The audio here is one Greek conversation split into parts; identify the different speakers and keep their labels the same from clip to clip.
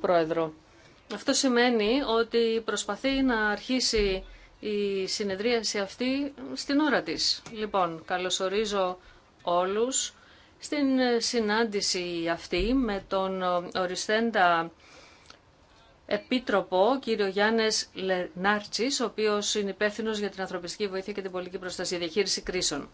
Speaker 1: Πρόεδρο. Αυτό σημαίνει ότι προσπαθεί να αρχίσει η συνεδρίαση αυτή στην ώρα της. Λοιπόν, καλωσορίζω όλους στην συνάντηση αυτή με τον οριστέντα Επίτροπο, κύριο Γιάννης Λενάρτσης, ο οποίος είναι υπεύθυνο για την ανθρωπιστική βοήθεια και την πολιτική προστασία διαχείριση κρίσεων.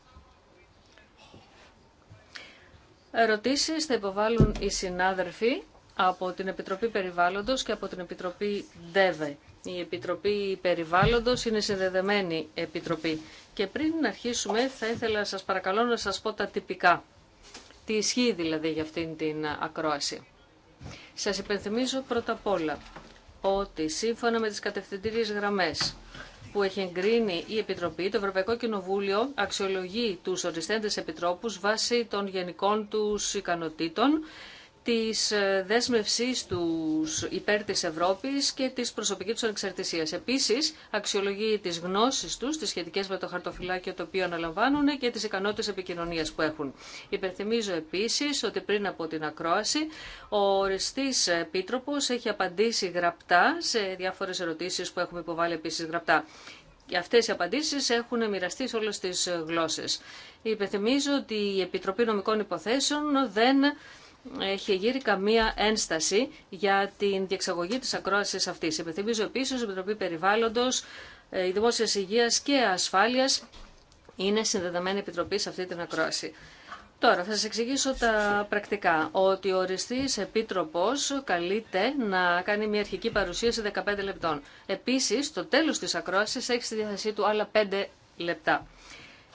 Speaker 1: Ερωτήσεις θα υποβάλουν οι συνάδελφοι από την Επιτροπή Περιβάλλοντος και από την Επιτροπή ΔΕΒΕ. Η Επιτροπή Περιβάλλοντος είναι συνδεδεμένη επιτροπή. Και πριν να αρχίσουμε θα ήθελα να σας παρακαλώ να σας πω τα τυπικά. Τι ισχύει δηλαδή για αυτήν την ακρόαση. Σας υπενθυμίζω πρώτα απ' όλα ότι σύμφωνα με τις κατευθυντήριες γραμμές που έχει εγκρίνει η Επιτροπή, το Ευρωπαϊκό Κοινοβούλιο αξιολογεί τους οριστέντες επιτρόπους βάσει των γενικών τους ικανοτήτων της ε, δέσμευσής τους υπέρ της Ευρώπης και της προσωπικής τους ανεξαρτησίας. Επίσης, αξιολογεί τις γνώσεις τους, τις σχετικές με το χαρτοφυλάκιο το οποίο αναλαμβάνουν και τις ικανότητες επικοινωνίας που έχουν. Υπερθυμίζω επίσης ότι πριν από την ακρόαση, ο οριστής επίτροπος έχει απαντήσει γραπτά σε διάφορες ερωτήσεις που έχουμε υποβάλει επίσης γραπτά. Και αυτέ οι απαντήσει έχουν μοιραστεί σε όλες τι γλώσσες. Υπενθυμίζω ότι η Επιτροπή Νομικών Υποθέσεων δεν έχει γύρει καμία ένσταση για την διεξαγωγή της ακρόασης αυτής. Επιθυμίζω επίσης, η Επιτροπή Περιβάλλοντος, ε, η Δημόσια υγεία και Ασφάλειας είναι συνδεδεμένη επιτροπή σε αυτή την ακρόαση. Τώρα θα σας εξηγήσω τα πρακτικά. Ότι ο οριστής επίτροπος καλείται να κάνει μια αρχική παρουσίαση 15 λεπτών. Επίσης, το τέλος της ακρόασης έχει στη διάθεσή του άλλα 5 λεπτά.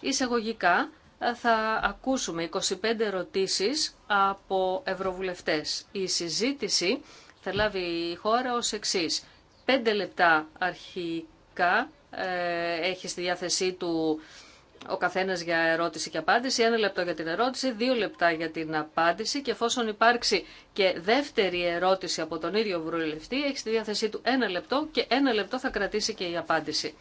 Speaker 1: Εισαγωγικά θα ακούσουμε 25 ερωτήσεις από ευρωβουλευτές. Η συζήτηση θα λάβει η χώρα ως εξής. 5 λεπτά αρχικά ε, έχει στη διάθεσή του ο καθένα για ερώτηση και απάντηση, ένα λεπτό για την ερώτηση, δύο λεπτά για την απάντηση και εφόσον υπάρξει και δεύτερη ερώτηση από τον ίδιο βουλευτή, έχει στη διάθεσή του ένα λεπτό και ένα λεπτό θα κρατήσει και η απάντηση.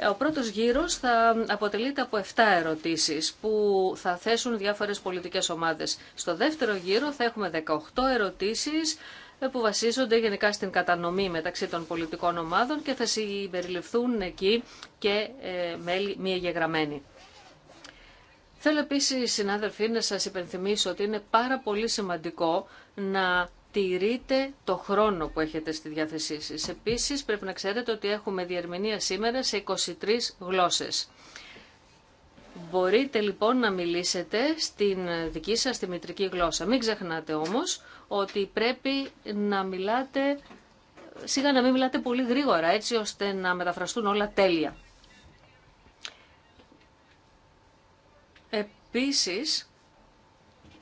Speaker 1: Ο πρώτος γύρος θα αποτελείται από 7 ερωτήσεις που θα θέσουν διάφορες πολιτικές ομάδες. Στο δεύτερο γύρο θα έχουμε 18 ερωτήσεις ε, που βασίζονται γενικά στην κατανομή μεταξύ των πολιτικών ομάδων και θα συμπεριληφθούν εκεί και ε, μέλη μη εγγεγραμμένοι. Θέλω επίσης, συνάδελφοι, να σας υπενθυμίσω ότι είναι πάρα πολύ σημαντικό να τηρείτε το χρόνο που έχετε στη διάθεσή σας. Επίσης πρέπει να ξέρετε ότι έχουμε διερμηνία σήμερα σε 23 γλώσσες. Μπορείτε λοιπόν να μιλήσετε στην δική σας τη μητρική γλώσσα. Μην ξεχνάτε όμως ότι πρέπει να μιλάτε, σίγα να μην μιλάτε πολύ γρήγορα έτσι ώστε να μεταφραστούν όλα τέλεια. Επίσης,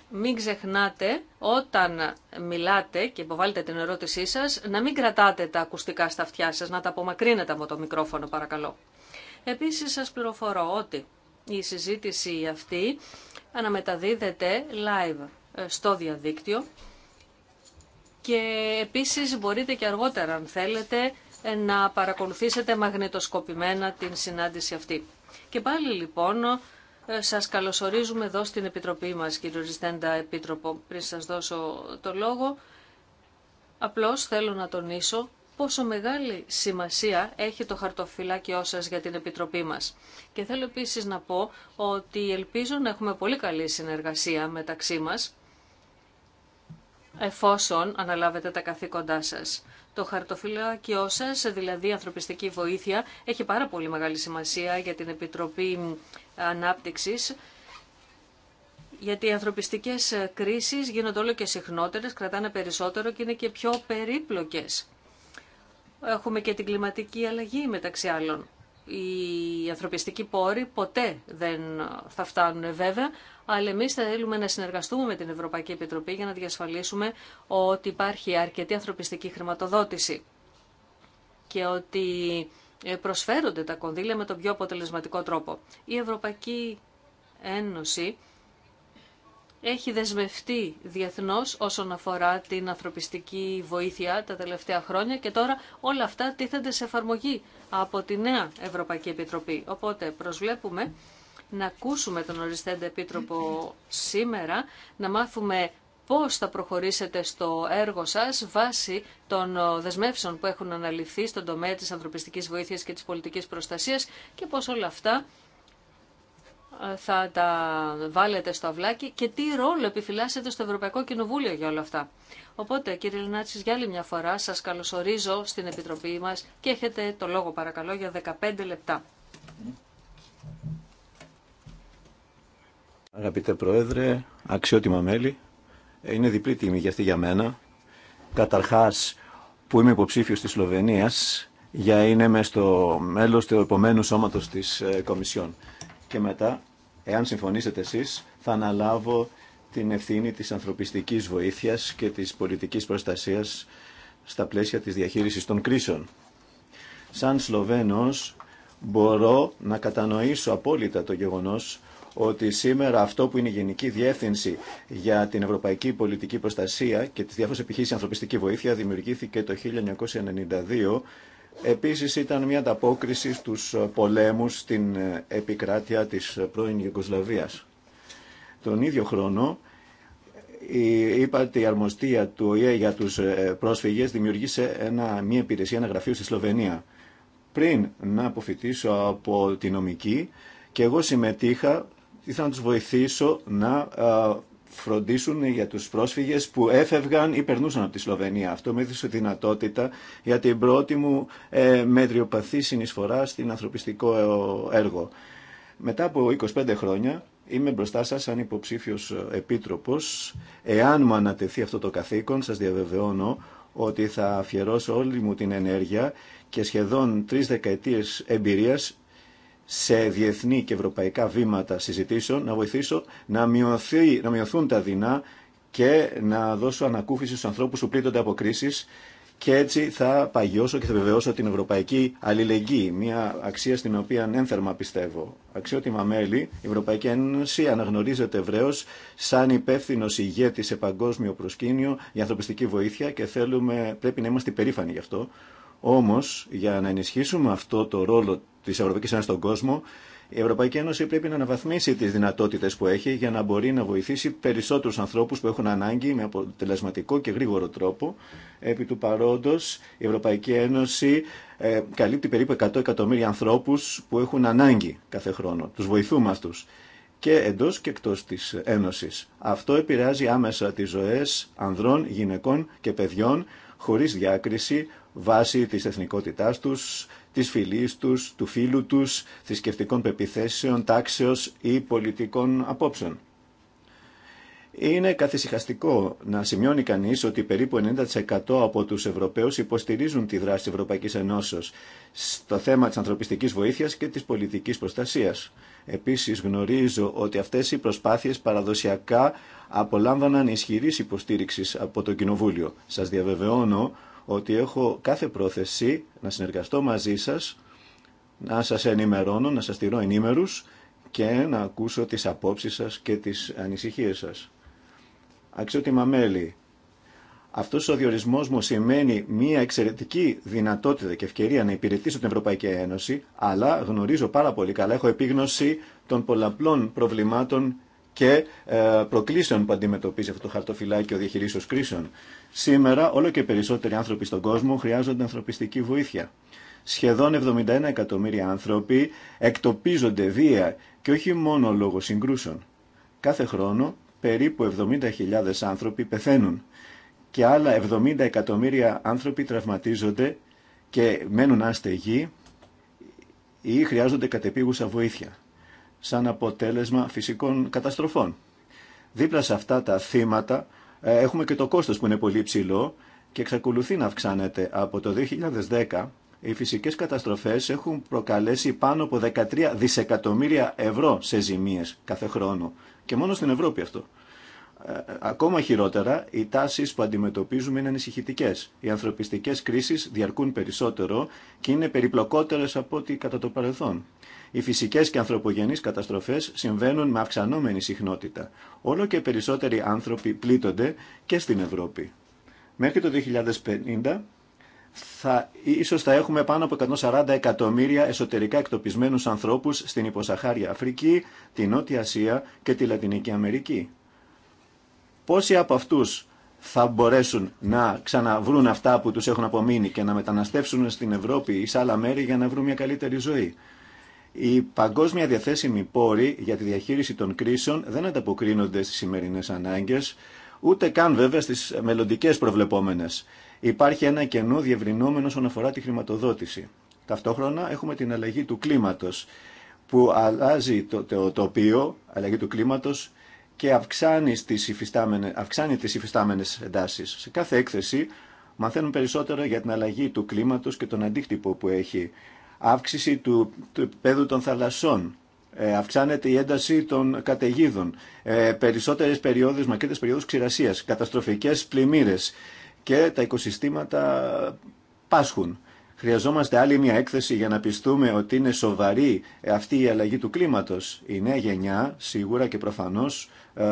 Speaker 1: μην ξεχνάτε όταν μιλάτε και υποβάλλετε την ερώτησή σας να μην κρατάτε τα ακουστικά στα αυτιά σας, να τα απομακρύνετε από το μικρόφωνο παρακαλώ. Επίσης σας πληροφορώ ότι η συζήτηση αυτή αναμεταδίδεται live ε, στο διαδίκτυο και επίσης μπορείτε και αργότερα αν θέλετε ε, να παρακολουθήσετε μαγνητοσκοπημένα την συνάντηση αυτή. Και πάλι λοιπόν ε, σας καλωσορίζουμε εδώ στην Επιτροπή μας, κύριο Ριστέντα Επίτροπο. Πριν σας δώσω το λόγο, απλώς θέλω να τονίσω πόσο μεγάλη σημασία έχει το χαρτοφυλάκιό σας για την Επιτροπή μας. Και θέλω επίσης να πω ότι ελπίζω να έχουμε πολύ καλή συνεργασία μεταξύ μας, εφόσον αναλάβετε τα καθήκοντά σας. Το χαρτοφυλάκιό σα, δηλαδή ανθρωπιστική βοήθεια, έχει πάρα πολύ μεγάλη σημασία για την Επιτροπή ανάπτυξη, γιατί οι ανθρωπιστικές κρίσεις γίνονται όλο και συχνότερες, κρατάνε περισσότερο και είναι και πιο περίπλοκες. Έχουμε και την κλιματική αλλαγή μεταξύ άλλων. Οι ανθρωπιστικοί πόροι ποτέ δεν θα φτάνουν βέβαια, αλλά εμείς θέλουμε να συνεργαστούμε με την Ευρωπαϊκή Επιτροπή για να διασφαλίσουμε ότι υπάρχει αρκετή ανθρωπιστική χρηματοδότηση και ότι ε, προσφέρονται τα κονδύλια με τον πιο αποτελεσματικό τρόπο. Η Ευρωπαϊκή Ένωση έχει δεσμευτεί διεθνώς όσον αφορά την ανθρωπιστική βοήθεια τα τελευταία χρόνια και τώρα όλα αυτά τίθενται σε εφαρμογή από τη νέα Ευρωπαϊκή Επιτροπή. Οπότε προσβλέπουμε να ακούσουμε τον οριστέντε επίτροπο σήμερα, να μάθουμε πώς θα προχωρήσετε στο έργο σας βάσει των δεσμεύσεων που έχουν αναλυθεί στον τομέα της ανθρωπιστικής βοήθειας και της πολιτικής προστασίας και πώς όλα αυτά ε, θα τα βάλετε στο αυλάκι και τι ρόλο επιφυλάσσετε στο Ευρωπαϊκό Κοινοβούλιο για όλα αυτά. Οπότε, κύριε Λινάτσης, για άλλη μια φορά σας καλωσορίζω στην Επιτροπή μας και έχετε το λόγο παρακαλώ για 15 λεπτά.
Speaker 2: Αγαπητέ Πρόεδρε, αξιότιμα μέλη, είναι διπλή τιμή για αυτή για μένα. Καταρχάς που είμαι υποψήφιος της Σλοβενίας για είναι με στο μέλος του επομένου σώματος της ε, Κομισιόν. Και μετά, εάν συμφωνήσετε εσείς, θα αναλάβω την ευθύνη της ανθρωπιστικής βοήθειας και της πολιτικής προστασίας στα πλαίσια της διαχείρισης των κρίσεων. Σαν Σλοβαίνος μπορώ να κατανοήσω απόλυτα το γεγονός ότι σήμερα αυτό που είναι η Γενική Διεύθυνση για την Ευρωπαϊκή Πολιτική Προστασία και τις διάφορες επιχείρησεις ανθρωπιστική βοήθεια δημιουργήθηκε το 1992 Επίσης ήταν μια ανταπόκριση στους πολέμους στην επικράτεια της πρώην Ιουγκοσλαβίας. Τον ίδιο χρόνο η αρμοστία του ΟΗΕ για τους ε, πρόσφυγες δημιουργήσε ένα, μια υπηρεσία, ένα γραφείο στη Σλοβενία. Πριν να αποφυτίσω από τη νομική και εγώ συμμετείχα ήθελα να τους βοηθήσω να φροντίσουν για τους πρόσφυγες που έφευγαν ή περνούσαν από τη Σλοβενία. Αυτό με έδωσε δυνατότητα για την πρώτη μου ε, μετριοπαθή συνεισφορά στην ανθρωπιστικό έργο. Μετά από 25 χρόνια είμαι μπροστά σας σαν υποψήφιος επίτροπος. Εάν μου ανατεθεί αυτό το καθήκον, σας διαβεβαιώνω ότι θα αφιερώσω όλη μου την ενέργεια και σχεδόν τρεις δεκαετίες εμπειρίας σε διεθνή και ευρωπαϊκά βήματα συζητήσεων να βοηθήσω να, μειωθεί, να μειωθούν τα δεινά και να δώσω ανακούφιση στους ανθρώπους που πλήττονται από κρίσεις και έτσι θα παγιώσω και θα βεβαιώσω την ευρωπαϊκή αλληλεγγύη, μια αξία στην οποία ένθερμα πιστεύω. Αξιότιμα μέλη, η Ευρωπαϊκή Ένωση αναγνωρίζεται ευρέω σαν υπεύθυνο ηγέτη σε παγκόσμιο προσκήνιο για ανθρωπιστική βοήθεια και θέλουμε, πρέπει να είμαστε υπερήφανοι γι' αυτό. Όμω, για να ενισχύσουμε αυτό το ρόλο τη Ευρωπαϊκή Ένωση στον κόσμο, η Ευρωπαϊκή Ένωση πρέπει να αναβαθμίσει τι δυνατότητε που έχει για να μπορεί να βοηθήσει περισσότερου ανθρώπου που έχουν ανάγκη με αποτελεσματικό και γρήγορο τρόπο. Επί του παρόντο, η Ευρωπαϊκή Ένωση ε, καλύπτει περίπου 100 εκατομμύρια ανθρώπου που έχουν ανάγκη κάθε χρόνο. Του βοηθούμε αυτού και εντό και εκτό τη Ένωση. Αυτό επηρεάζει άμεσα τι ζωέ ανδρών, γυναικών και παιδιών χωρί διάκριση βάσει τη εθνικότητά του. Τη φιλής του, του φίλου του, θρησκευτικών πεπιθέσεων, τάξεω ή πολιτικών απόψεων. Είναι καθησυχαστικό να σημειώνει κανείς ότι περίπου 90% από τους Ευρωπαίους υποστηρίζουν τη δράση της Ευρωπαϊκής Ενώσεως στο θέμα της ανθρωπιστικής βοήθειας και της πολιτικής προστασίας. Επίσης γνωρίζω ότι αυτές οι προσπάθειες παραδοσιακά απολάμβαναν ισχυρή υποστήριξη από το Κοινοβούλιο. Σας διαβεβαιώνω ότι έχω κάθε πρόθεση να συνεργαστώ μαζί σας, να σας ενημερώνω, να σας τηρώ ενήμερους και να ακούσω τις απόψεις σας και τις ανησυχίες σας. Αξιότιμα μέλη, αυτός ο διορισμός μου σημαίνει μια εξαιρετική δυνατότητα και ευκαιρία να υπηρετήσω την Ευρωπαϊκή Ένωση, αλλά γνωρίζω πάρα πολύ καλά, έχω επίγνωση των πολλαπλών προβλημάτων και ε, προκλήσεων που αντιμετωπίζει αυτό το χαρτοφυλάκιο διαχειρίσεω κρίσεων. Σήμερα, όλο και περισσότεροι άνθρωποι στον κόσμο χρειάζονται ανθρωπιστική βοήθεια. Σχεδόν 71 εκατομμύρια άνθρωποι εκτοπίζονται βία και όχι μόνο λόγω συγκρούσεων. Κάθε χρόνο, περίπου 70.000 άνθρωποι πεθαίνουν και άλλα 70 εκατομμύρια άνθρωποι τραυματίζονται και μένουν άστεγοι ή χρειάζονται κατεπίγουσα βοήθεια σαν αποτέλεσμα φυσικών καταστροφών. Δίπλα σε αυτά τα θύματα ε, έχουμε και το κόστος που είναι πολύ ψηλό και εξακολουθεί να αυξάνεται. Από το 2010 οι φυσικές καταστροφές έχουν προκαλέσει πάνω από 13 δισεκατομμύρια ευρώ σε ζημίες κάθε χρόνο και μόνο στην Ευρώπη αυτό. Ε, ακόμα χειρότερα, οι τάσεις που αντιμετωπίζουμε είναι ανησυχητικέ. Οι ανθρωπιστικές κρίσεις διαρκούν περισσότερο και είναι περιπλοκότερες από ό,τι κατά το παρελθόν. Οι φυσικέ και ανθρωπογενεί καταστροφέ συμβαίνουν με αυξανόμενη συχνότητα. Όλο και περισσότεροι άνθρωποι πλήττονται και στην Ευρώπη. Μέχρι το 2050 θα, ίσως θα έχουμε πάνω από 140 εκατομμύρια εσωτερικά εκτοπισμένους ανθρώπους στην υποσαχάρια Αφρική, την Νότια Ασία και τη Λατινική Αμερική. Πόσοι από αυτούς θα μπορέσουν να ξαναβρούν αυτά που τους έχουν απομείνει και να μεταναστεύσουν στην Ευρώπη ή σε άλλα μέρη για να βρουν μια καλύτερη ζωή. Οι παγκόσμια διαθέσιμοι πόροι για τη διαχείριση των κρίσεων δεν ανταποκρίνονται στις σημερινές ανάγκες, ούτε καν βέβαια στις μελλοντικέ προβλεπόμενες. Υπάρχει ένα κενό διευρυνόμενο όσον αφορά τη χρηματοδότηση. Ταυτόχρονα έχουμε την αλλαγή του κλίματος που αλλάζει το, τοπίο, αλλαγή του κλίματος και αυξάνει τις, υφιστάμενες, αυξάνει τις υφιστάμενες εντάσεις. Σε κάθε έκθεση μαθαίνουν περισσότερο για την αλλαγή του κλίματος και τον αντίκτυπο που έχει αύξηση του, του των θαλασσών, ε, αυξάνεται η ένταση των καταιγίδων, ε, περισσότερες περιόδους, μακρύτερες περιόδους ξηρασίας, καταστροφικές πλημμύρες και τα οικοσυστήματα πάσχουν. Χρειαζόμαστε άλλη μια έκθεση για να πιστούμε ότι είναι σοβαρή αυτή η αλλαγή του κλίματος. Η νέα γενιά σίγουρα και προφανώς ε,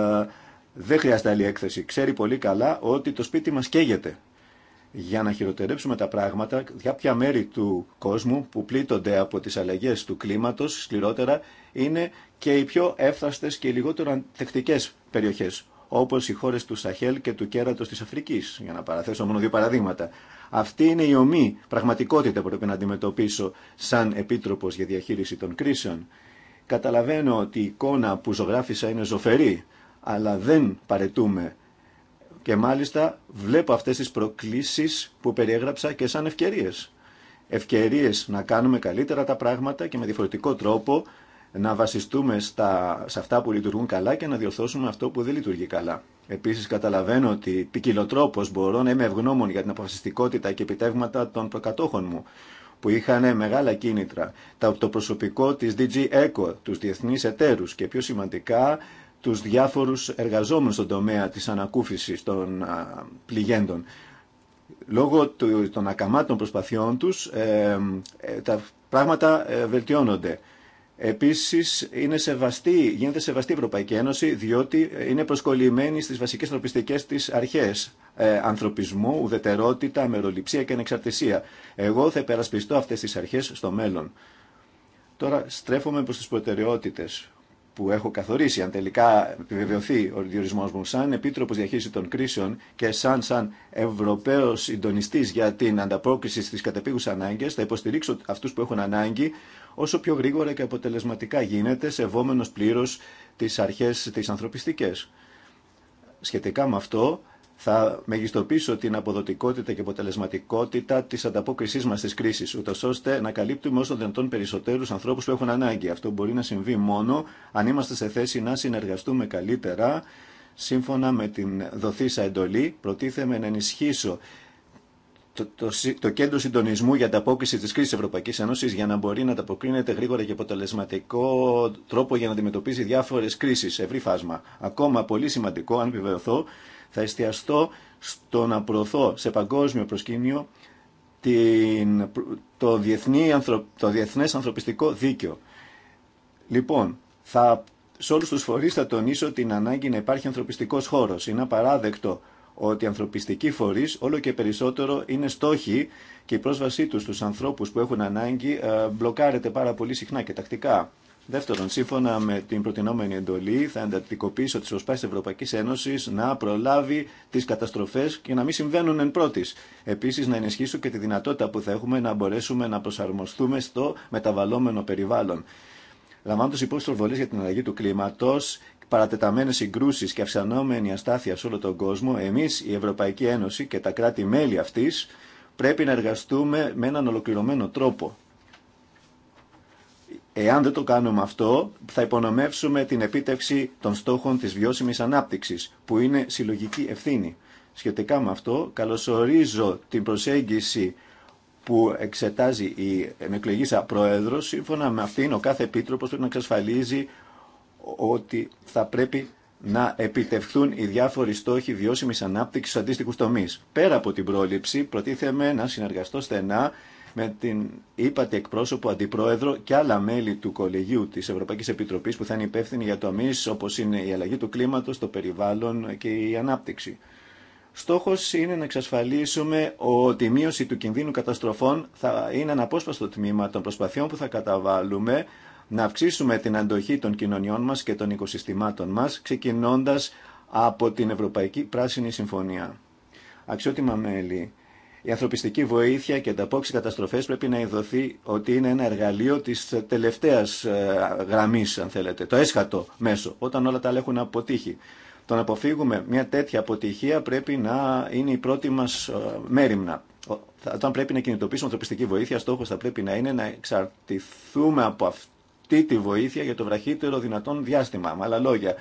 Speaker 2: δεν χρειάζεται άλλη έκθεση. Ξέρει πολύ καλά ότι το σπίτι μας καίγεται για να χειροτερέψουμε τα πράγματα, ποια μέρη του κόσμου που πλήττονται από τις αλλαγές του κλίματος σκληρότερα είναι και οι πιο έφταστες και οι λιγότερο ανθεκτικές περιοχές, όπως οι χώρες του Σαχέλ και του κέρατος της Αφρικής, για να παραθέσω μόνο δύο παραδείγματα. Αυτή είναι η ομή πραγματικότητα που πρέπει να αντιμετωπίσω σαν Επίτροπος για Διαχείριση των Κρίσεων. Καταλαβαίνω ότι η εικόνα που ζωγράφισα είναι ζωφερή, αλλά δεν παρετούμε και μάλιστα βλέπω αυτές τις προκλήσεις που περιέγραψα και σαν ευκαιρίες. Ευκαιρίες να κάνουμε καλύτερα τα πράγματα και με διαφορετικό τρόπο να βασιστούμε στα, σε αυτά που λειτουργούν καλά και να διορθώσουμε αυτό που δεν λειτουργεί καλά. Επίσης καταλαβαίνω ότι ποικιλοτρόπως μπορώ να είμαι ευγνώμων για την αποφασιστικότητα και επιτεύγματα των προκατόχων μου που είχαν μεγάλα κίνητρα, το προσωπικό της DG ECO, τους διεθνείς εταίρους και πιο σημαντικά τους διάφορους εργαζόμενους στον τομέα της ανακούφισης των πληγέντων. Λόγω των ακαμάτων προσπαθειών τους ε, ε, τα πράγματα ε, βελτιώνονται. Επίσης είναι σεβαστή, γίνεται σεβαστή η Ευρωπαϊκή Ένωση διότι είναι προσκολλημένη στις βασικές ανθρωπιστικές της αρχές. Ανθρωπισμού, ουδετερότητα, μεροληψία και ανεξαρτησία. Εγώ θα υπερασπιστώ αυτές τις αρχές στο μέλλον. Τώρα στρέφομαι προς τις προτεραιότητες που έχω καθορίσει, αν τελικά επιβεβαιωθεί ο διορισμό μου σαν Επίτροπο Διαχείριση των Κρίσεων και σαν, σαν Ευρωπαίο Συντονιστή για την ανταπόκριση στι κατεπήγουσε ανάγκε, θα υποστηρίξω αυτού που έχουν ανάγκη όσο πιο γρήγορα και αποτελεσματικά γίνεται, σεβόμενο πλήρω τι αρχέ τι ανθρωπιστικέ. Σχετικά με αυτό, θα μεγιστοποιήσω την αποδοτικότητα και αποτελεσματικότητα τη ανταπόκρισή μα στι κρίσει, ούτω ώστε να καλύπτουμε όσο δυνατόν περισσότερου ανθρώπου που έχουν ανάγκη. Αυτό μπορεί να συμβεί μόνο αν είμαστε σε θέση να συνεργαστούμε καλύτερα σύμφωνα με την δοθήσα εντολή. Προτίθεμαι να ενισχύσω το, το, κέντρο συντονισμού για ανταπόκριση τη κρίση Ευρωπαϊκή Ένωση για να μπορεί να ανταποκρίνεται γρήγορα και αποτελεσματικό τρόπο για να αντιμετωπίσει διάφορε κρίσει, ευρύ φάσμα. Ακόμα πολύ σημαντικό, αν επιβεβαιωθώ, θα εστιαστώ στο να προωθώ σε παγκόσμιο προσκήνιο την, το, διεθνή, το διεθνές ανθρωπιστικό δίκαιο. Λοιπόν, θα, σε όλους τους φορείς θα τονίσω την ανάγκη να υπάρχει ανθρωπιστικός χώρος. Είναι απαράδεκτο ότι οι ανθρωπιστικοί φορείς όλο και περισσότερο είναι στόχοι και η πρόσβασή τους στους ανθρώπους που έχουν ανάγκη ε, μπλοκάρεται πάρα πολύ συχνά και τακτικά. Δεύτερον, σύμφωνα με την προτινόμενη εντολή, θα εντατικοποιήσω τι προσπάθειε τη Ευρωπαϊκή Ένωση να προλάβει τι καταστροφέ και να μην συμβαίνουν εν πρώτη. Επίση, να ενισχύσω και τη δυνατότητα που θα έχουμε να μπορέσουμε να προσαρμοστούμε στο μεταβαλλόμενο περιβάλλον. Λαμβάνοντα υπόψη προβολέ για την αλλαγή του κλίματο, παρατεταμένε συγκρούσει και αυξανόμενη αστάθεια σε όλο τον κόσμο, εμεί, η Ευρωπαϊκή Ένωση και τα κράτη-μέλη αυτή, πρέπει να εργαστούμε με έναν ολοκληρωμένο τρόπο Εάν δεν το κάνουμε αυτό, θα υπονομεύσουμε την επίτευξη των στόχων της βιώσιμης ανάπτυξης, που είναι συλλογική ευθύνη. Σχετικά με αυτό, καλωσορίζω την προσέγγιση που εξετάζει η ενεκλεγήσα πρόεδρος. Σύμφωνα με αυτήν, ο κάθε επίτροπος πρέπει να εξασφαλίζει ότι θα πρέπει να επιτευχθούν οι διάφοροι στόχοι βιώσιμης ανάπτυξης στους αντίστοιχους τομείς. Πέρα από την πρόληψη, προτίθεμαι να συνεργαστώ στενά με την είπατε εκπρόσωπο, αντιπρόεδρο και άλλα μέλη του κολεγίου της Ευρωπαϊκής Επιτροπής που θα είναι υπεύθυνοι για τομείς όπως είναι η αλλαγή του κλίματος, το περιβάλλον και η ανάπτυξη. Στόχος είναι να εξασφαλίσουμε ότι η μείωση του κινδύνου καταστροφών θα είναι ένα απόσπαστο τμήμα των προσπαθειών που θα καταβάλουμε να αυξήσουμε την αντοχή των κοινωνιών μας και των οικοσυστημάτων μας, ξεκινώντας από την Ευρωπαϊκή Πράσινη Συμφωνία. Αξιότιμα μέλη, η ανθρωπιστική βοήθεια και ανταπόκριση καταστροφέ πρέπει να ειδωθεί ότι είναι ένα εργαλείο τη τελευταία ε, γραμμή, αν θέλετε, το έσχατο μέσο, όταν όλα τα άλλα έχουν αποτύχει. Το να αποφύγουμε μια τέτοια αποτυχία πρέπει να είναι η πρώτη μας ε, μέρημνα. Όταν πρέπει να κινητοποιήσουμε ανθρωπιστική βοήθεια, στόχος θα πρέπει να είναι να εξαρτηθούμε από αυτή τη βοήθεια για το βραχύτερο δυνατόν διάστημα. Με άλλα λόγια,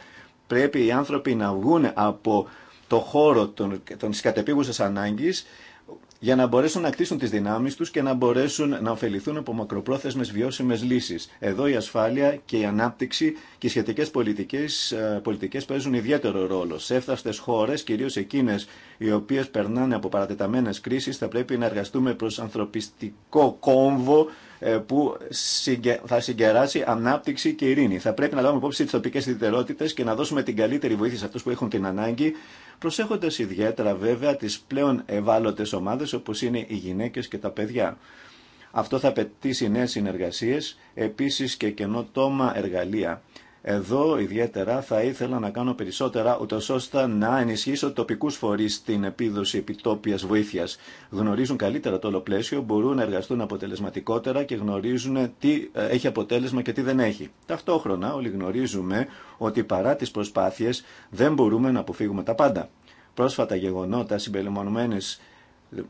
Speaker 2: πρέπει οι άνθρωποι να βγουν από το χώρο των, των για να μπορέσουν να κτίσουν τις δυνάμεις τους και να μπορέσουν να ωφεληθούν από μακροπρόθεσμες βιώσιμες λύσεις. Εδώ η ασφάλεια και η ανάπτυξη και οι σχετικές πολιτικές, ε, παίζουν ιδιαίτερο ρόλο. Σε έφταστες χώρες, κυρίως εκείνες οι οποίες περνάνε από παρατεταμένες κρίσεις, θα πρέπει να εργαστούμε προς ανθρωπιστικό κόμβο ε, που θα συγκεράσει ανάπτυξη και ειρήνη. Θα πρέπει να λάβουμε υπόψη τι τοπικέ ιδιαιτερότητε και να δώσουμε την καλύτερη βοήθεια σε αυτού που έχουν την ανάγκη, προσέχοντα ιδιαίτερα βέβαια τις πλέον ευάλωτε ομάδες όπως είναι οι γυναίκες και τα παιδιά. Αυτό θα απαιτήσει νέε συνεργασίες, επίσης και καινοτόμα εργαλεία εδώ ιδιαίτερα θα ήθελα να κάνω περισσότερα ούτω ώστε να ενισχύσω τοπικού φορεί στην επίδοση επιτόπια βοήθεια, Γνωρίζουν καλύτερα το όλο πλαίσιο, μπορούν να εργαστούν αποτελεσματικότερα και γνωρίζουν τι ε, έχει αποτέλεσμα και τι δεν έχει. Ταυτόχρονα όλοι γνωρίζουμε ότι παρά τι προσπάθειε δεν μπορούμε να αποφύγουμε τα πάντα. Πρόσφατα γεγονότα συμπεριλαμβανομένε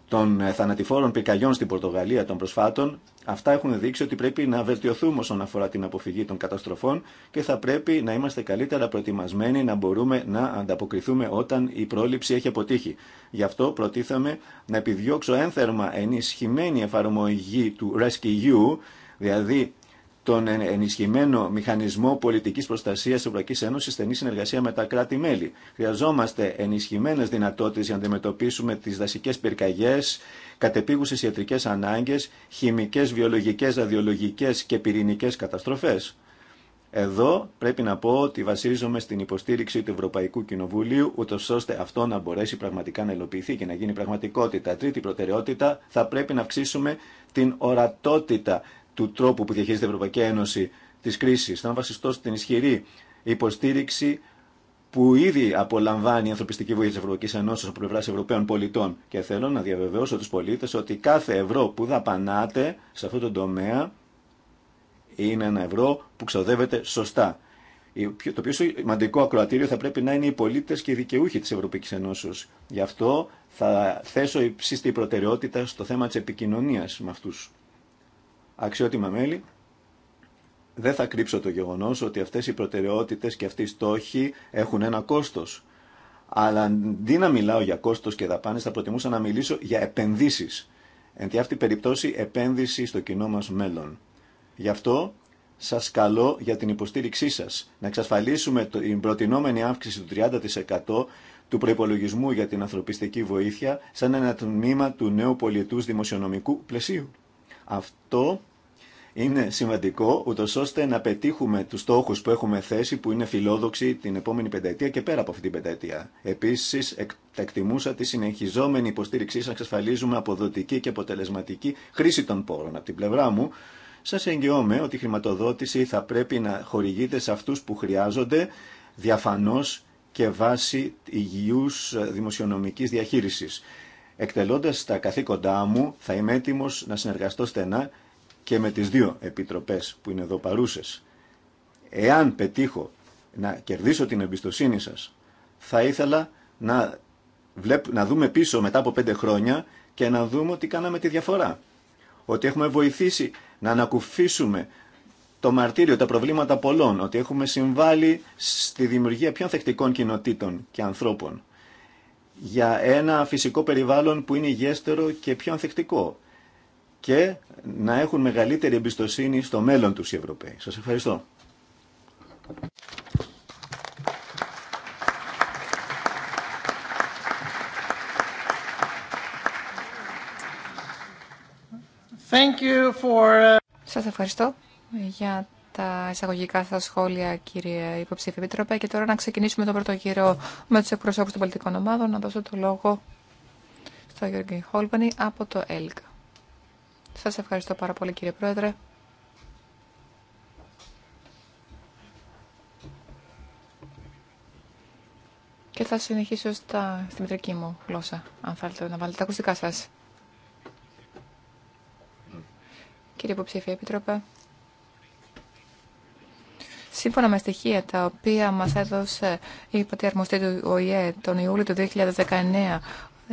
Speaker 2: των ε, θανατηφόρων πυρκαγιών στην Πορτογαλία των προσφάτων Αυτά έχουν δείξει ότι πρέπει να βελτιωθούμε όσον αφορά την αποφυγή των καταστροφών και θα πρέπει να είμαστε καλύτερα προετοιμασμένοι να μπορούμε να ανταποκριθούμε όταν η πρόληψη έχει αποτύχει. Γι' αυτό προτίθαμε να επιδιώξω ένθερμα ενισχυμένη εφαρμογή του Rescue, δηλαδή τον ενισχυμένο μηχανισμό πολιτική προστασία τη Ευρωπαϊκή Ένωση, στενή συνεργασία με τα κράτη-μέλη. Χρειαζόμαστε ενισχυμένε δυνατότητε για να αντιμετωπίσουμε τι δασικέ πυρκαγιέ, κατεπίγουσες ιατρικέ ανάγκες, χημικές, βιολογικές, ραδιολογικές και πυρηνικές καταστροφές. Εδώ πρέπει να πω ότι βασίζομαι στην υποστήριξη του Ευρωπαϊκού Κοινοβουλίου, ούτω ώστε αυτό να μπορέσει πραγματικά να υλοποιηθεί και να γίνει πραγματικότητα. Τρίτη προτεραιότητα, θα πρέπει να αυξήσουμε την ορατότητα του τρόπου που διαχειρίζεται η Ευρωπαϊκή Ένωση τη κρίση. Θα βασιστώ στην ισχυρή υποστήριξη που ήδη απολαμβάνει η ανθρωπιστική βοήθεια τη Ευρωπαϊκή Ενώση από πλευρά Ευρωπαίων πολιτών. Και θέλω να διαβεβαιώσω του πολίτε ότι κάθε ευρώ που δαπανάτε σε αυτό το τομέα είναι ένα ευρώ που ξοδεύεται σωστά. Το πιο σημαντικό ακροατήριο θα πρέπει να είναι οι πολίτε και οι δικαιούχοι τη Ευρωπαϊκή Ενώσεω. Γι' αυτό θα θέσω υψίστη προτεραιότητα στο θέμα τη επικοινωνία με αυτού. Αξιότιμα μέλη, δεν θα κρύψω το γεγονός ότι αυτές οι προτεραιότητες και αυτοί οι στόχοι έχουν ένα κόστος. Αλλά αντί να μιλάω για κόστος και δαπάνες, θα προτιμούσα να μιλήσω για επενδύσεις. Εν τη αυτή περιπτώσει, επένδυση στο κοινό μας μέλλον. Γι' αυτό σας καλώ για την υποστήριξή σας. Να εξασφαλίσουμε την προτινόμενη αύξηση του 30% του προϋπολογισμού για την ανθρωπιστική βοήθεια σαν ένα τμήμα του νέου πολιτού δημοσιονομικού πλαισίου. Αυτό είναι σημαντικό ούτω ώστε να πετύχουμε του στόχου που έχουμε θέσει που είναι φιλόδοξοι την επόμενη πενταετία και πέρα από αυτή την πενταετία. Επίση, εκτιμούσα τη συνεχιζόμενη υποστήριξή σα, εξασφαλίζουμε αποδοτική και αποτελεσματική χρήση των πόρων. Από την πλευρά μου, σα εγγυώμαι ότι η χρηματοδότηση θα πρέπει να χορηγείται σε αυτού που χρειάζονται διαφανώ και βάσει υγιού ε, δημοσιονομική διαχείριση. Εκτελώντα τα καθήκοντά μου, θα είμαι έτοιμο να συνεργαστώ στενά και με τις δύο επιτροπές που είναι εδώ παρούσες. Εάν πετύχω να κερδίσω την εμπιστοσύνη σας, θα ήθελα να, να δούμε πίσω μετά από πέντε χρόνια και να δούμε ότι κάναμε τη διαφορά. Ότι έχουμε βοηθήσει να ανακουφίσουμε το μαρτύριο, τα προβλήματα πολλών, ότι έχουμε συμβάλει στη δημιουργία πιο ανθεκτικών κοινοτήτων και ανθρώπων για ένα φυσικό περιβάλλον που είναι υγιέστερο και πιο ανθεκτικό και να έχουν μεγαλύτερη εμπιστοσύνη στο μέλλον τους οι Ευρωπαίοι. Σας ευχαριστώ.
Speaker 3: Thank you for... Uh, σας ευχαριστώ για τα εισαγωγικά σας σχόλια, κύριε υποψήφιο Επιτροπέ. Και τώρα να ξεκινήσουμε τον πρώτο γύρο με τους εκπροσώπους των πολιτικών ομάδων. Να δώσω το λόγο στο Γιώργη Χόλβανη από το ΕΛΚΑ. Σας ευχαριστώ πάρα πολύ κύριε Πρόεδρε. Και θα συνεχίσω στα, στη μητρική μου γλώσσα, αν θέλετε να βάλετε τα ακουστικά σας. Κύριε Υποψήφια Επίτροπε, σύμφωνα με στοιχεία τα οποία μας έδωσε η Πατή του ΟΗΕ τον Ιούλιο του 2019